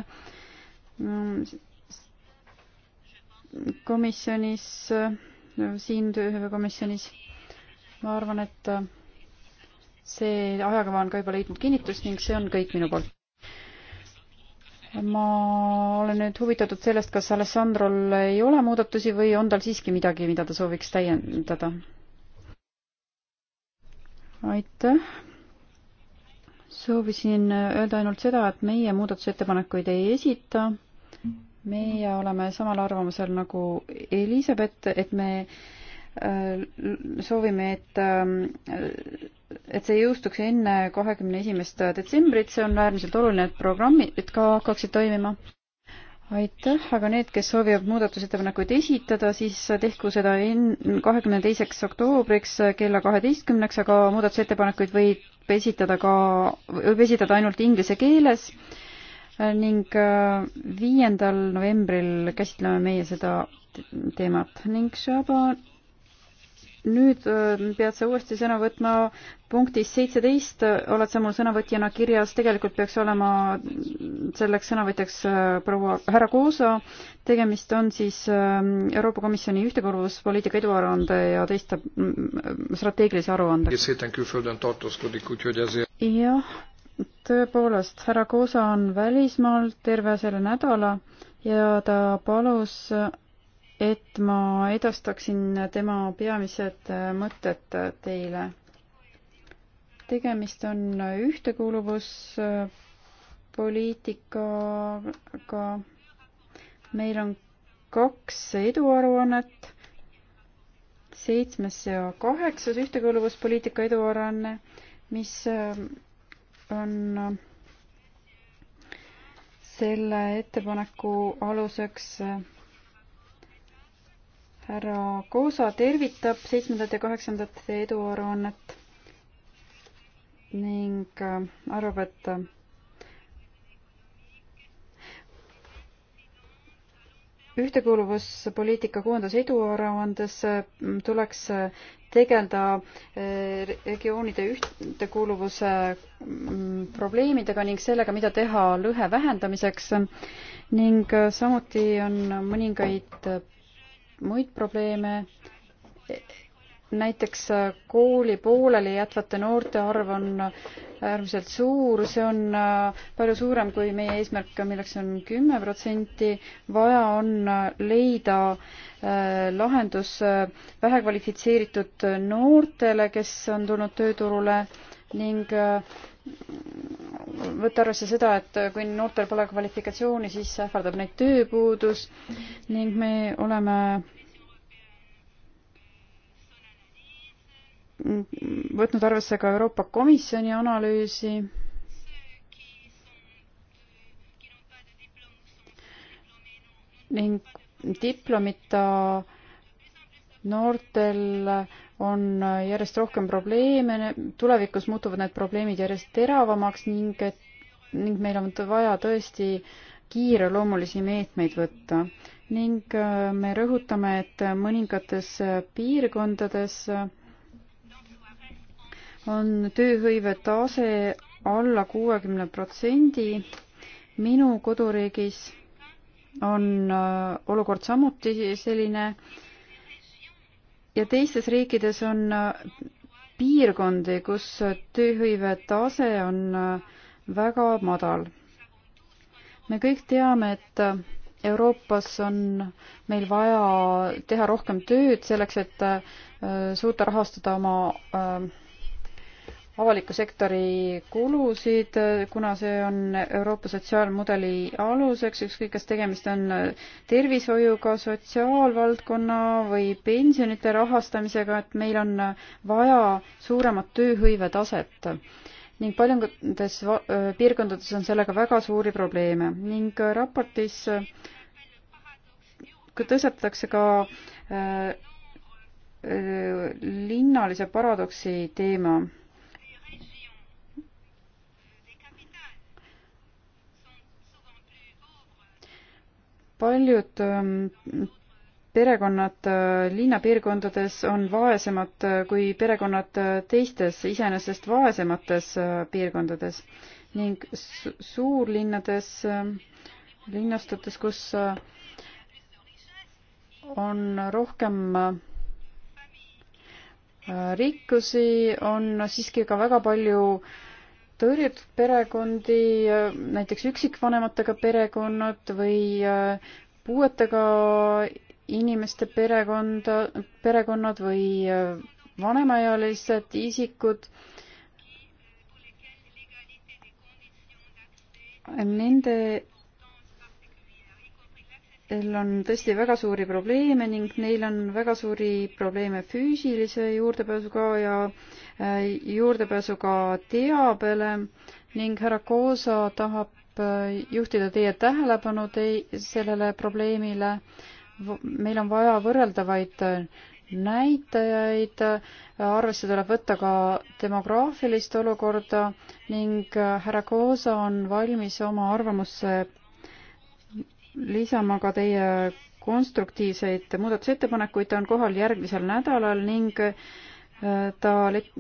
mm, komisjonis, siin tööhõivekomisjonis. ma arvan, et see ajakava on ka juba leidnud kinnitust ning see on kõik minu poolt. ma olen nüüd huvitatud sellest, kas Alessandrol ei ole muudatusi või on tal siiski midagi, mida ta sooviks täiendada? aitäh. soovisin öelda ainult seda, et meie muudatusettepanekuid ei esita meie oleme samal arvamusel nagu Elizabeth, et me äh, soovime, et, äh, et see jõustuks enne kahekümne esimest detsembrit, see on äärmiselt oluline, et programmid ka hakkaksid toimima. aitäh, aga need, kes soovivad muudatusettepanekuid esitada, siis tehku seda enn-, kahekümne teiseks oktoobriks kella kaheteistkümneks, aga muudatusettepanekuid võib esitada ka, võib esitada ainult inglise keeles ning äh, viiendal novembril käsitleme meie seda teemat ning Shaba, nüüd äh, pead sa uuesti sõna võtma punktis seitseteist, äh, oled sa mul sõnavõtjana kirjas, tegelikult peaks olema selleks sõnavõtjaks proua härra Koosa. tegemist on siis Euroopa Komisjoni ühtekuuluvuspoliitika eduaruande ja teiste mm, strateegilise aruandega. jah, tõepoolest, härra Koosa on välismaal terve selle nädala ja ta palus, et ma edastaksin tema peamised mõtted teile. tegemist on ühtekuuluvuspoliitikaga. meil on kaks eduaruannet, seitsmes ja kaheksas ühtekuuluvuspoliitika eduaruanne, mis on selle ettepaneku aluseks äh, härra Koosa tervitab seitsmendat ja kaheksandat eduaruannet ning äh, arvab, et äh, ühtekuuluvuspoliitika kuuendas eduaruandes tuleks tegeleda eh, regioonide ühtekuuluvuse mm, probleemidega ning sellega, mida teha lõhe vähendamiseks ning eh, samuti on mõningaid eh, muid probleeme näiteks äh, kooli pooleli jätvate noorte arv on äh, äärmiselt suur, see on äh, palju suurem kui meie eesmärk, milleks on kümme protsenti. vaja on leida lahendus vähekvalifitseeritud noortele, kes on tulnud tööturule ning võtta arvesse seda, et kui noortel pole kvalifikatsiooni, siis ähvardab neid tööpuudus ning me oleme võtnud arvesse ka Euroopa Komisjoni analüüsi. ning diplomita noortel on järjest rohkem probleeme, tulevikus muutuvad need probleemid järjest teravamaks ning et ning meil on vaja tõesti kiireloomulisi meetmeid võtta ning äh, me rõhutame, et mõningates piirkondades on tööhõive tase alla kuuekümne protsendi. minu koduriigis on äh, olukord samuti selline ja teistes riikides on äh, piirkondi, kus tööhõive tase on äh, väga madal. me kõik teame, et Euroopas on meil vaja teha rohkem tööd selleks, et suuta rahastada oma avaliku sektori kulusid, kuna see on Euroopa sotsiaalmudeli aluseks, ükskõik kas tegemist on tervishoiuga, sotsiaalvaldkonna või pensionite rahastamisega, et meil on vaja suuremat tööhõive taset ning paljudes piirkondades on sellega väga suuri probleeme ning raportis tõstatatakse ka äh, äh, linnalise paradoksi teema paljud ähm, perekonnad äh, linnapiirkondades on vaesemad äh, kui perekonnad äh, teistes iseenesest vaesemates piirkondades ning suurlinnades, linnastutes, kus on rohkem rikkusi, on siiski ka väga palju äh, tõrjub perekondi, näiteks üksikvanematega perekonnad või äh, puuetega inimeste perekonda, perekonnad või äh, vanemaealised isikud. Nende neil on tõesti väga suuri probleeme ning neil on väga suuri probleeme füüsilise juurdepääsuga ja äh, Äh, juurdepääsuga teabele ning härra Koosa tahab äh, juhtida teie tähelepanu tei-, sellele probleemile. meil on vaja võrreldavaid äh, näitajaid, arvesse tuleb võtta ka demograafilist olukorda ning härra Koosa on valmis oma arvamusse lisama ka teie konstruktiivseid muudatusettepanekuid, ta on kohal järgmisel nädalal ning ta lep-,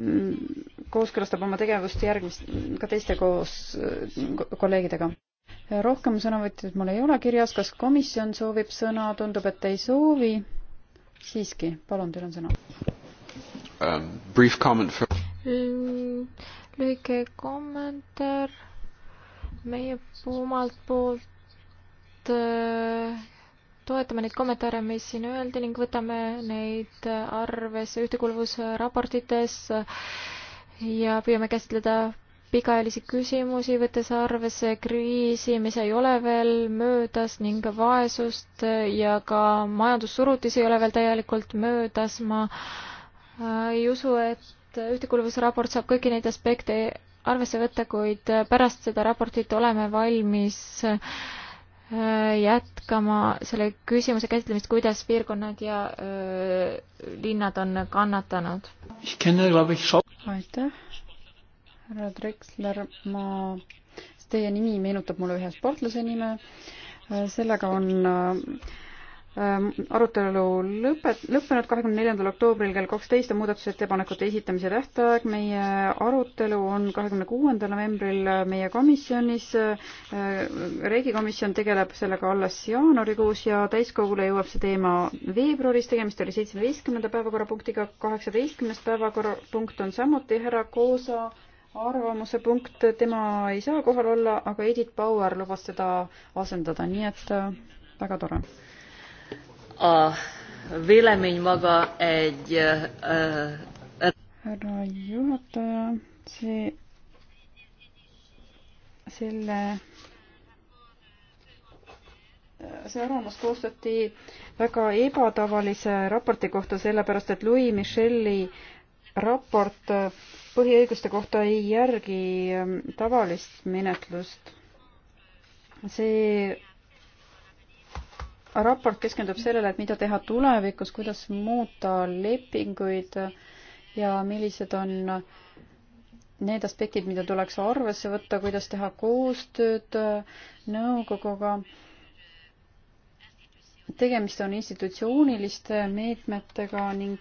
kooskõlastab oma tegevust järgmist, ka teiste koos kolleegidega. rohkem sõnavõtjaid mul ei ole kirjas, kas komisjon soovib sõna, tundub, et ei soovi. siiski, palun, teil on sõna um,. Brief comment for... Mm, lühike kommentaar meie omalt poolt äh, toetame neid kommentaare, mis siin öeldi ning võtame neid arvesse ühtekuuluvusraportites ja püüame käsitleda pikaajalisi küsimusi, võttes arvesse kriisi, mis ei ole veel möödas ning vaesust ja ka majandussurutis ei ole veel täielikult möödas. ma äh, ei usu, et ühtekuuluvusraport saab kõiki neid aspekte arvesse võtta, kuid pärast seda raportit oleme valmis äh, Äh, jätkama selle küsimuse käsitlemist, kuidas piirkonnad ja öö, äh, linnad on kannatanud. aitäh, härra Drexler, ma, teie nimi meenutab mulle ühe sportlase nime. Äh, sellega on Ehm, arutelu lõpet-, lõppenud kahekümne neljandal oktoobril kell kaksteist on muudatusettepanekute esitamise tähtaeg. meie arutelu on kahekümne kuuendal novembril meie komisjonis. Ehm, riigikomisjon tegeleb sellega alles jaanuarikuus ja täiskogule jõuab see teema veebruaris. tegemist oli seitsmeteistkümnenda päevakorrapunktiga. kaheksateistkümnes päevakorrapunkt on samuti härra Koosa arvamuse punkt. tema ei saa kohal olla, aga Edith Bauer lubas seda asendada, nii et äh, väga tore a vélemény maga egy... Härra juhataja, see, selle, see arvamus koostati väga ebatavalise raporti kohta, sellepärast et Louis Michel'i raport põhiõiguste kohta ei järgi ähm, tavalist menetlust. see raport keskendub sellele, et mida teha tulevikus, kuidas muuta lepinguid ja millised on need aspektid, mida tuleks arvesse võtta, kuidas teha koostööd nõukoguga. tegemist on institutsiooniliste meetmetega ning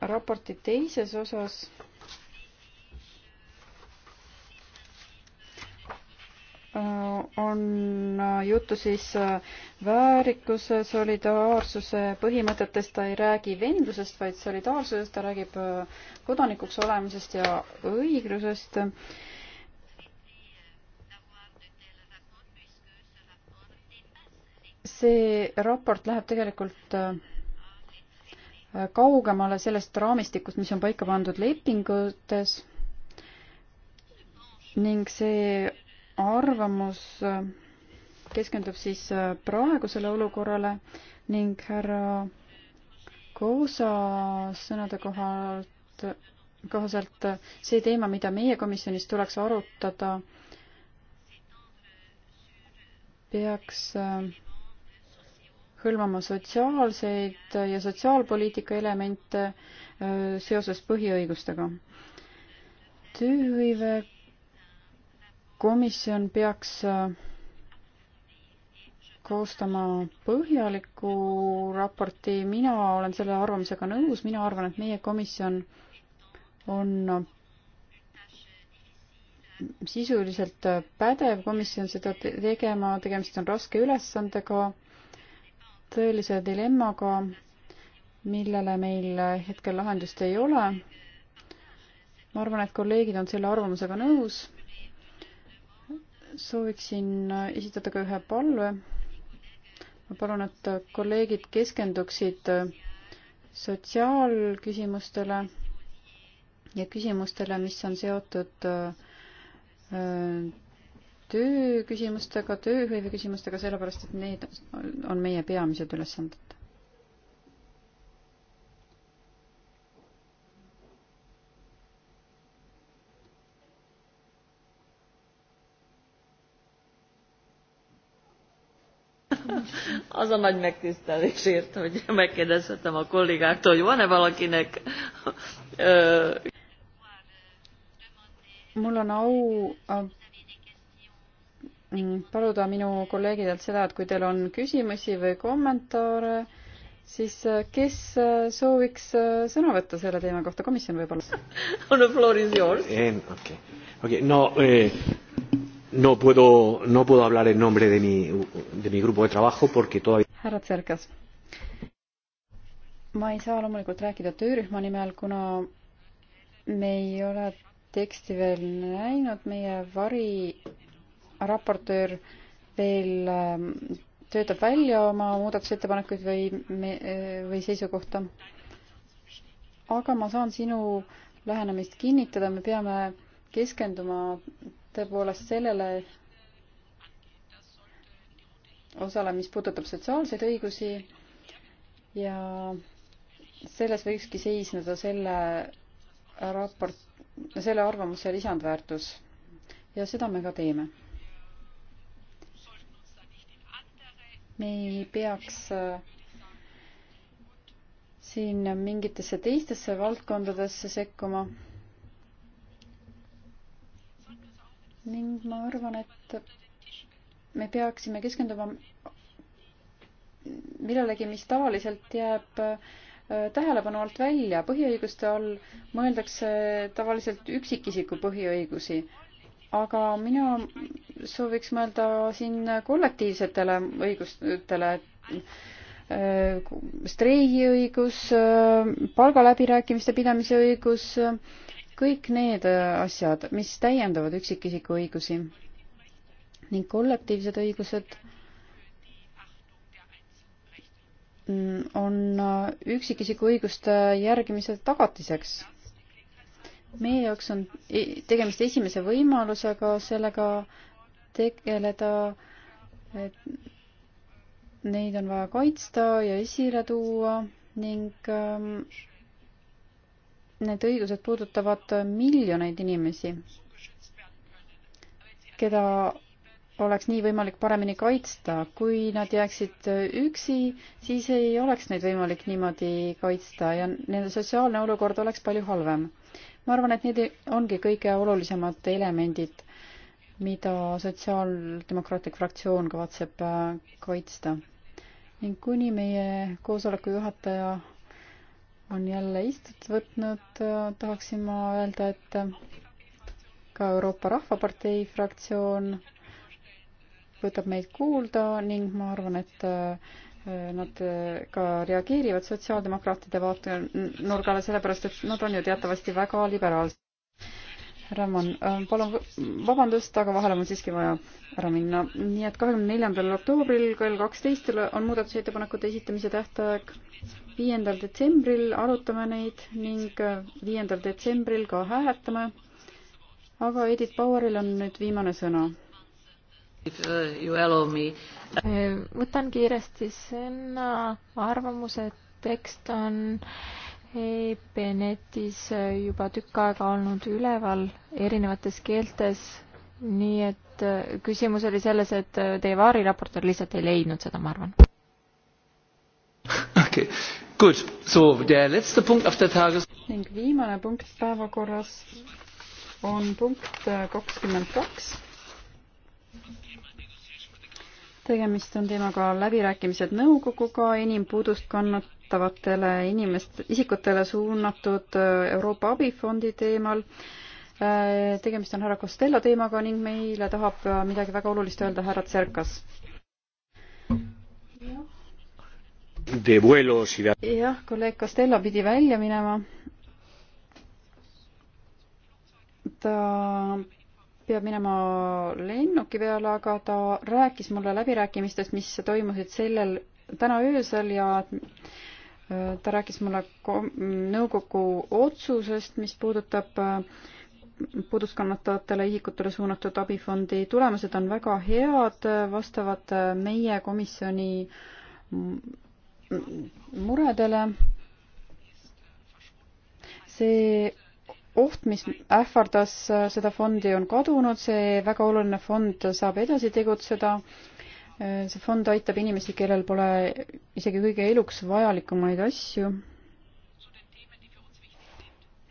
raporti teises osas Äh, on äh, juttu siis äh, väärikuse, solidaarsuse põhimõtetest, ta ei räägi vendlusest, vaid solidaarsusest, ta räägib kodanikuks olemisest ja õiglusest. see raport läheb tegelikult kaugemale sellest raamistikust, mis on paika pandud lepingutes ning see arvamus äh, keskendub siis äh, praegusele olukorrale ning härra Koosa sõnade kohalt, kohaselt äh, see teema, mida meie komisjonis tuleks arutada, peaks hõlmama sotsiaalseid ja sotsiaalpoliitika elemente seoses põhiõigustega. tööhõive komisjon peaks äh, koostama põhjaliku raporti, mina olen selle arvamisega nõus, mina arvan, et meie komisjon on äh, sisuliselt äh, pädev komisjon seda tegema, tegemist on raske ülesandega, tõelise dilemmaga, millele meil hetkel lahendust ei ole. ma arvan, et kolleegid on selle arvamusega nõus sooviksin esitada ka ühe palve. ma palun, et kolleegid keskenduksid sotsiaalküsimustele ja küsimustele, mis on seotud äh, tööküsimustega, tööhõive küsimustega, sellepärast et need on meie peamised ülesanded. az a nagy megtisztelésért, hogy megkérdezhetem a kollégáktól, hogy van-e valakinek... mul on au mm, paluda minu kolleegidelt seda, et kui teil on küsimusi või kommentaare, siis äh, kes äh, sooviks äh, sõna võtta selle teema kohta, komisjon võib-olla? on the floor is yours. Eh, okei, okei, no eh, no puedo, no puedo hablar en nombre de mi, de mi grupo de trabajo porque todavía härra Tserkas. ma ei saa loomulikult rääkida töörühma nimel, kuna me ei ole teksti veel näinud, meie variraportöör veel ähm, töötab välja oma muudatusettepanekuid või, äh, või seisukohta. aga ma saan sinu lähenemist kinnitada, me peame keskenduma tõepoolest sellele osale, mis puudutab sotsiaalseid õigusi ja selles võikski seisneda selle raport, selle arvamuse lisandväärtus ja seda me ka teeme. me ei peaks äh, siin mingitesse teistesse valdkondadesse sekkuma ning ma arvan, et me peaksime keskenduma millelegi, mis tavaliselt jääb äh, tähelepanu alt välja. põhiõiguste all mõeldakse tavaliselt üksikisiku põhiõigusi, aga mina sooviks mõelda siin kollektiivsetele õigustele, äh, streigiõigus, äh, palgaläbirääkimiste pidamise õigus, kõik need äh, asjad, mis täiendavad üksikisiku õigusi ning kollektiivsed õigused mm, on äh, üksikisiku õiguste järgimise tagatiseks. meie jaoks on tegemist esimese võimalusega sellega tegeleda, et neid on vaja kaitsta ja esile tuua ning ähm, need õigused puudutavad miljoneid inimesi, keda oleks nii võimalik paremini kaitsta. kui nad jääksid üksi, siis ei oleks neid võimalik niimoodi kaitsta ja nende sotsiaalne olukord oleks palju halvem. ma arvan, et need ongi kõige olulisemad elemendid, mida Sotsiaaldemokraatlik fraktsioon kavatseb kaitsta. ning kuni meie koosoleku juhataja on jälle istet võtnud, tahaksin ma öelda, et ka Euroopa Rahvapartei fraktsioon võtab meid kuulda ning ma arvan, et äh, nad ka reageerivad sotsiaaldemokraatide vaatenurgale, sellepärast et nad on ju teatavasti väga liberaalsed. Ramon, äh, palun vabandust, aga vahele on mul siiski vaja ära minna. nii et kahekümne neljandal oktoobril kell kaksteist on muudatusettepanekute esitamise tähtaeg. Viiendal detsembril arutame neid ning äh, viiendal detsembril ka hääletame. aga Edith Baueril on nüüd viimane sõna. Uh, äh, võtan kiiresti sõna, arvamuse tekst on äh, e-Benetis äh, juba tükk aega olnud üleval erinevates keeltes, nii et äh, küsimus oli selles, et äh, teie variraportöör lihtsalt ei leidnud seda, ma arvan. okei okay., good, so der letzte punkt auf der tages-. ning viimane punkt päevakorras on punkt kakskümmend kaks. tegemist on teemaga läbirääkimised nõukoguga, enim puudust kannat-, haavatavatele inimest-, isikutele suunatud äh, Euroopa abifondi teemal. Äh, tegemist on härra Costello teemaga ning meile tahab äh, midagi väga olulist öelda härra Tserkas. jah, kolleeg Costello pidi välja minema. ta peab minema lennuki peale, aga ta rääkis mulle läbirääkimistest, mis toimusid sellel täna öösel ja ta rääkis mulle nõukogu otsusest, mis puudutab äh, puuduskannatajatele isikutele suunatud abifondi. tulemused on väga head, vastavad äh, meie komisjoni muredele. see oht, mis ähvardas äh, seda fondi, on kadunud, see väga oluline fond saab edasi tegutseda Äh, see fond aitab inimesi, kellel pole isegi kõige eluks vajalikumaid asju.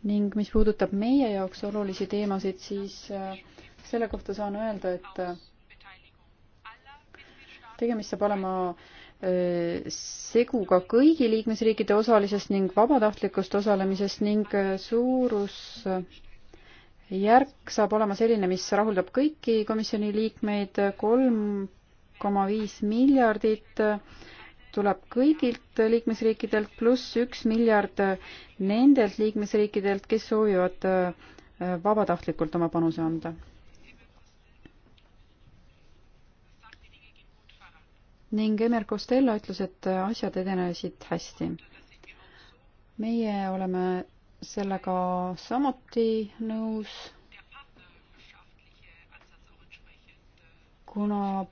ning mis puudutab meie jaoks olulisi teemasid, siis äh, selle kohta saan öelda, et äh, tegemist saab olema segu ka kõigi liikmesriikide osalisest ning vabatahtlikust osalemisest ning suurus järk saab olema selline, mis rahuldab kõiki komisjoni liikmeid, kolm koma viis miljardit tuleb kõigilt liikmesriikidelt pluss üks miljard nendelt liikmesriikidelt, kes soovivad äh, vabatahtlikult oma panuse anda. ning Emer Costello ütles, et asjad edenesid hästi. meie oleme sellega samuti nõus, kuna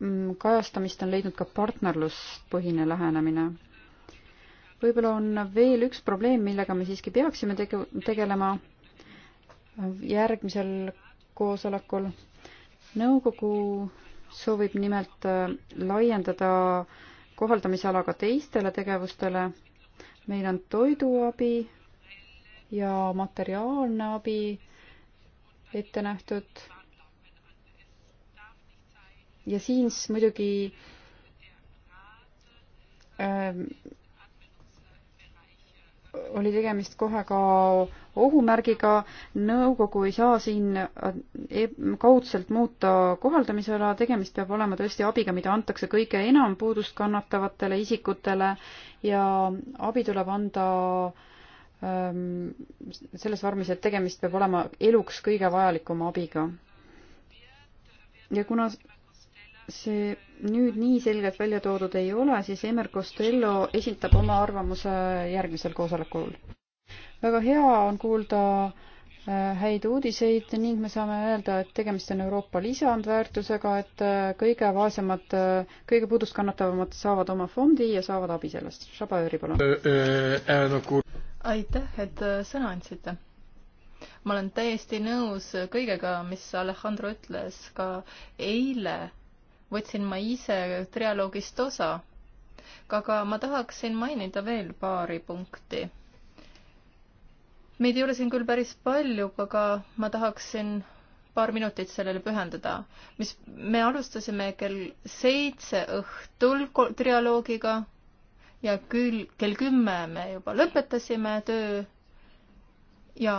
Mm, kajastamist on leidnud ka partnerluspõhine lähenemine. võib-olla on veel üks probleem, millega me siiski peaksime tege-, tegelema järgmisel koosolekul. nõukogu soovib nimelt äh, laiendada kohaldamisala ka teistele tegevustele. meil on toiduabi ja materiaalne abi ette nähtud ja siin muidugi ähm, oli tegemist kohe ka ohumärgiga, nõukogu ei saa siin äh, e-, kaudselt muuta kohaldamisala, tegemist peab olema tõesti abiga, mida antakse kõige enam puudust kannatavatele isikutele ja abi tuleb anda ähm, selles vormis, et tegemist peab olema eluks kõige vajalikuma abiga. ja kuna see nüüd nii selgelt välja toodud ei ole, siis Emmer Costello esitab oma arvamuse järgmisel koosolekul. väga hea on kuulda äh, häid uudiseid ning me saame öelda, et tegemist on Euroopa lisandväärtusega, et äh, kõige vaesemad, äh, kõige puudust kannatavamad saavad oma fondi ja saavad abi sellest. Šabajõri, palun. aitäh, et sõna andsite ma olen täiesti nõus kõigega, mis Alejandro ütles ka eile võtsin ma ise trialoogist osa. aga ma tahaksin mainida veel paari punkti. meid ei ole siin küll päris palju, aga ma tahaksin paar minutit sellele pühendada, mis me alustasime kell seitse õhtul trialoogiga ja küll kell kümme me juba lõpetasime töö ja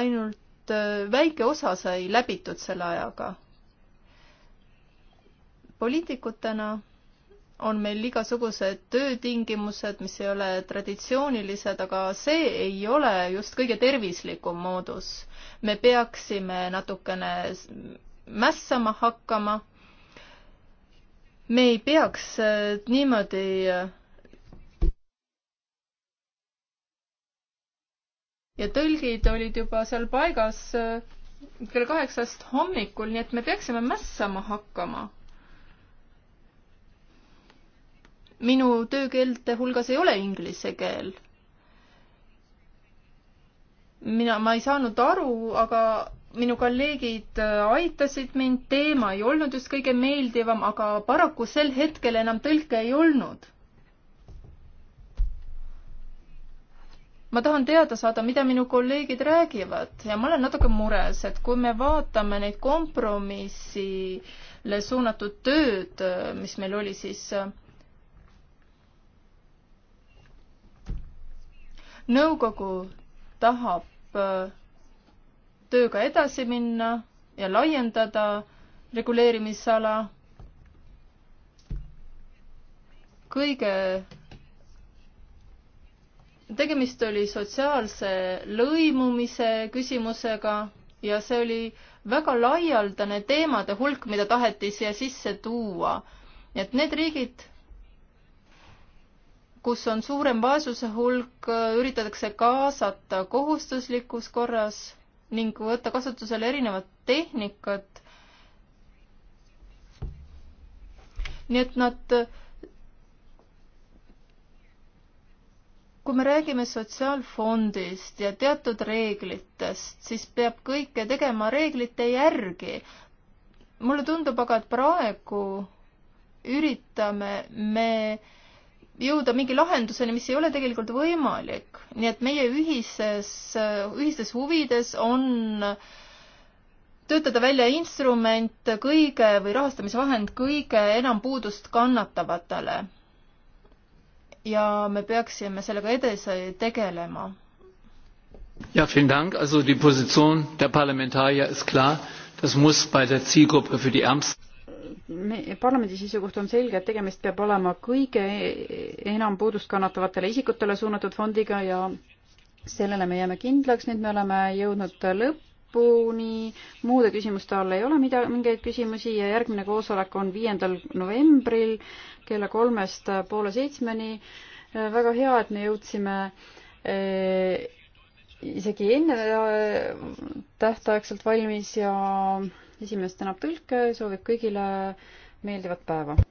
ainult äh, väike osa sai läbitud selle ajaga poliitikutena on meil igasugused töötingimused, mis ei ole traditsioonilised, aga see ei ole just kõige tervislikum moodus. me peaksime natukene mässama hakkama. me ei peaks äh, niimoodi ja tõlgid olid juba seal paigas äh, kell kaheksast hommikul, nii et me peaksime mässama hakkama minu töökeelte hulgas ei ole inglise keel. mina, ma ei saanud aru, aga minu kolleegid äh, aitasid mind, teema ei olnud just kõige meeldivam, aga paraku sel hetkel enam tõlke ei olnud. ma tahan teada saada, mida minu kolleegid räägivad ja ma olen natuke mures, et kui me vaatame neid kompromissile suunatud tööd, äh, mis meil oli, siis äh, nõukogu tahab äh, tööga edasi minna ja laiendada reguleerimisala. kõige, tegemist oli sotsiaalse lõimumise küsimusega ja see oli väga laialdane teemade hulk, mida taheti siia sisse tuua. et need riigid, kus on suurem vaesuse hulk, üritatakse kaasata kohustuslikus korras ning võtta kasutusele erinevat tehnikat. nii et nad, kui me räägime sotsiaalfondist ja teatud reeglitest, siis peab kõike tegema reeglite järgi. mulle tundub aga, et praegu üritame me äh, jõuda mingi lahenduseni, mis ei ole tegelikult võimalik. nii et meie ühises, ühistes huvides on töötada välja instrument kõige või rahastamisvahend kõige enam puudust kannatavatele. ja me peaksime sellega edasi tegelema. Ja, vielen Dank. Also die Position der Parlamentarier ist klar. Das muss bei der Zielgruppe für die Ärmsten parlamendi seisukoht on selge, et tegemist peab olema kõige enam puudust kannatavatele isikutele suunatud fondiga ja sellele me jääme kindlaks, nüüd me oleme jõudnud lõpuni, muude küsimuste all ei ole mida, mingeid küsimusi ja järgmine koosolek on viiendal novembril kella kolmest poole seitsmeni. väga hea, et me jõudsime eh, isegi enne eh, tähtaegselt valmis ja esimees tänab tõlke, soovib kõigile meeldivat päeva.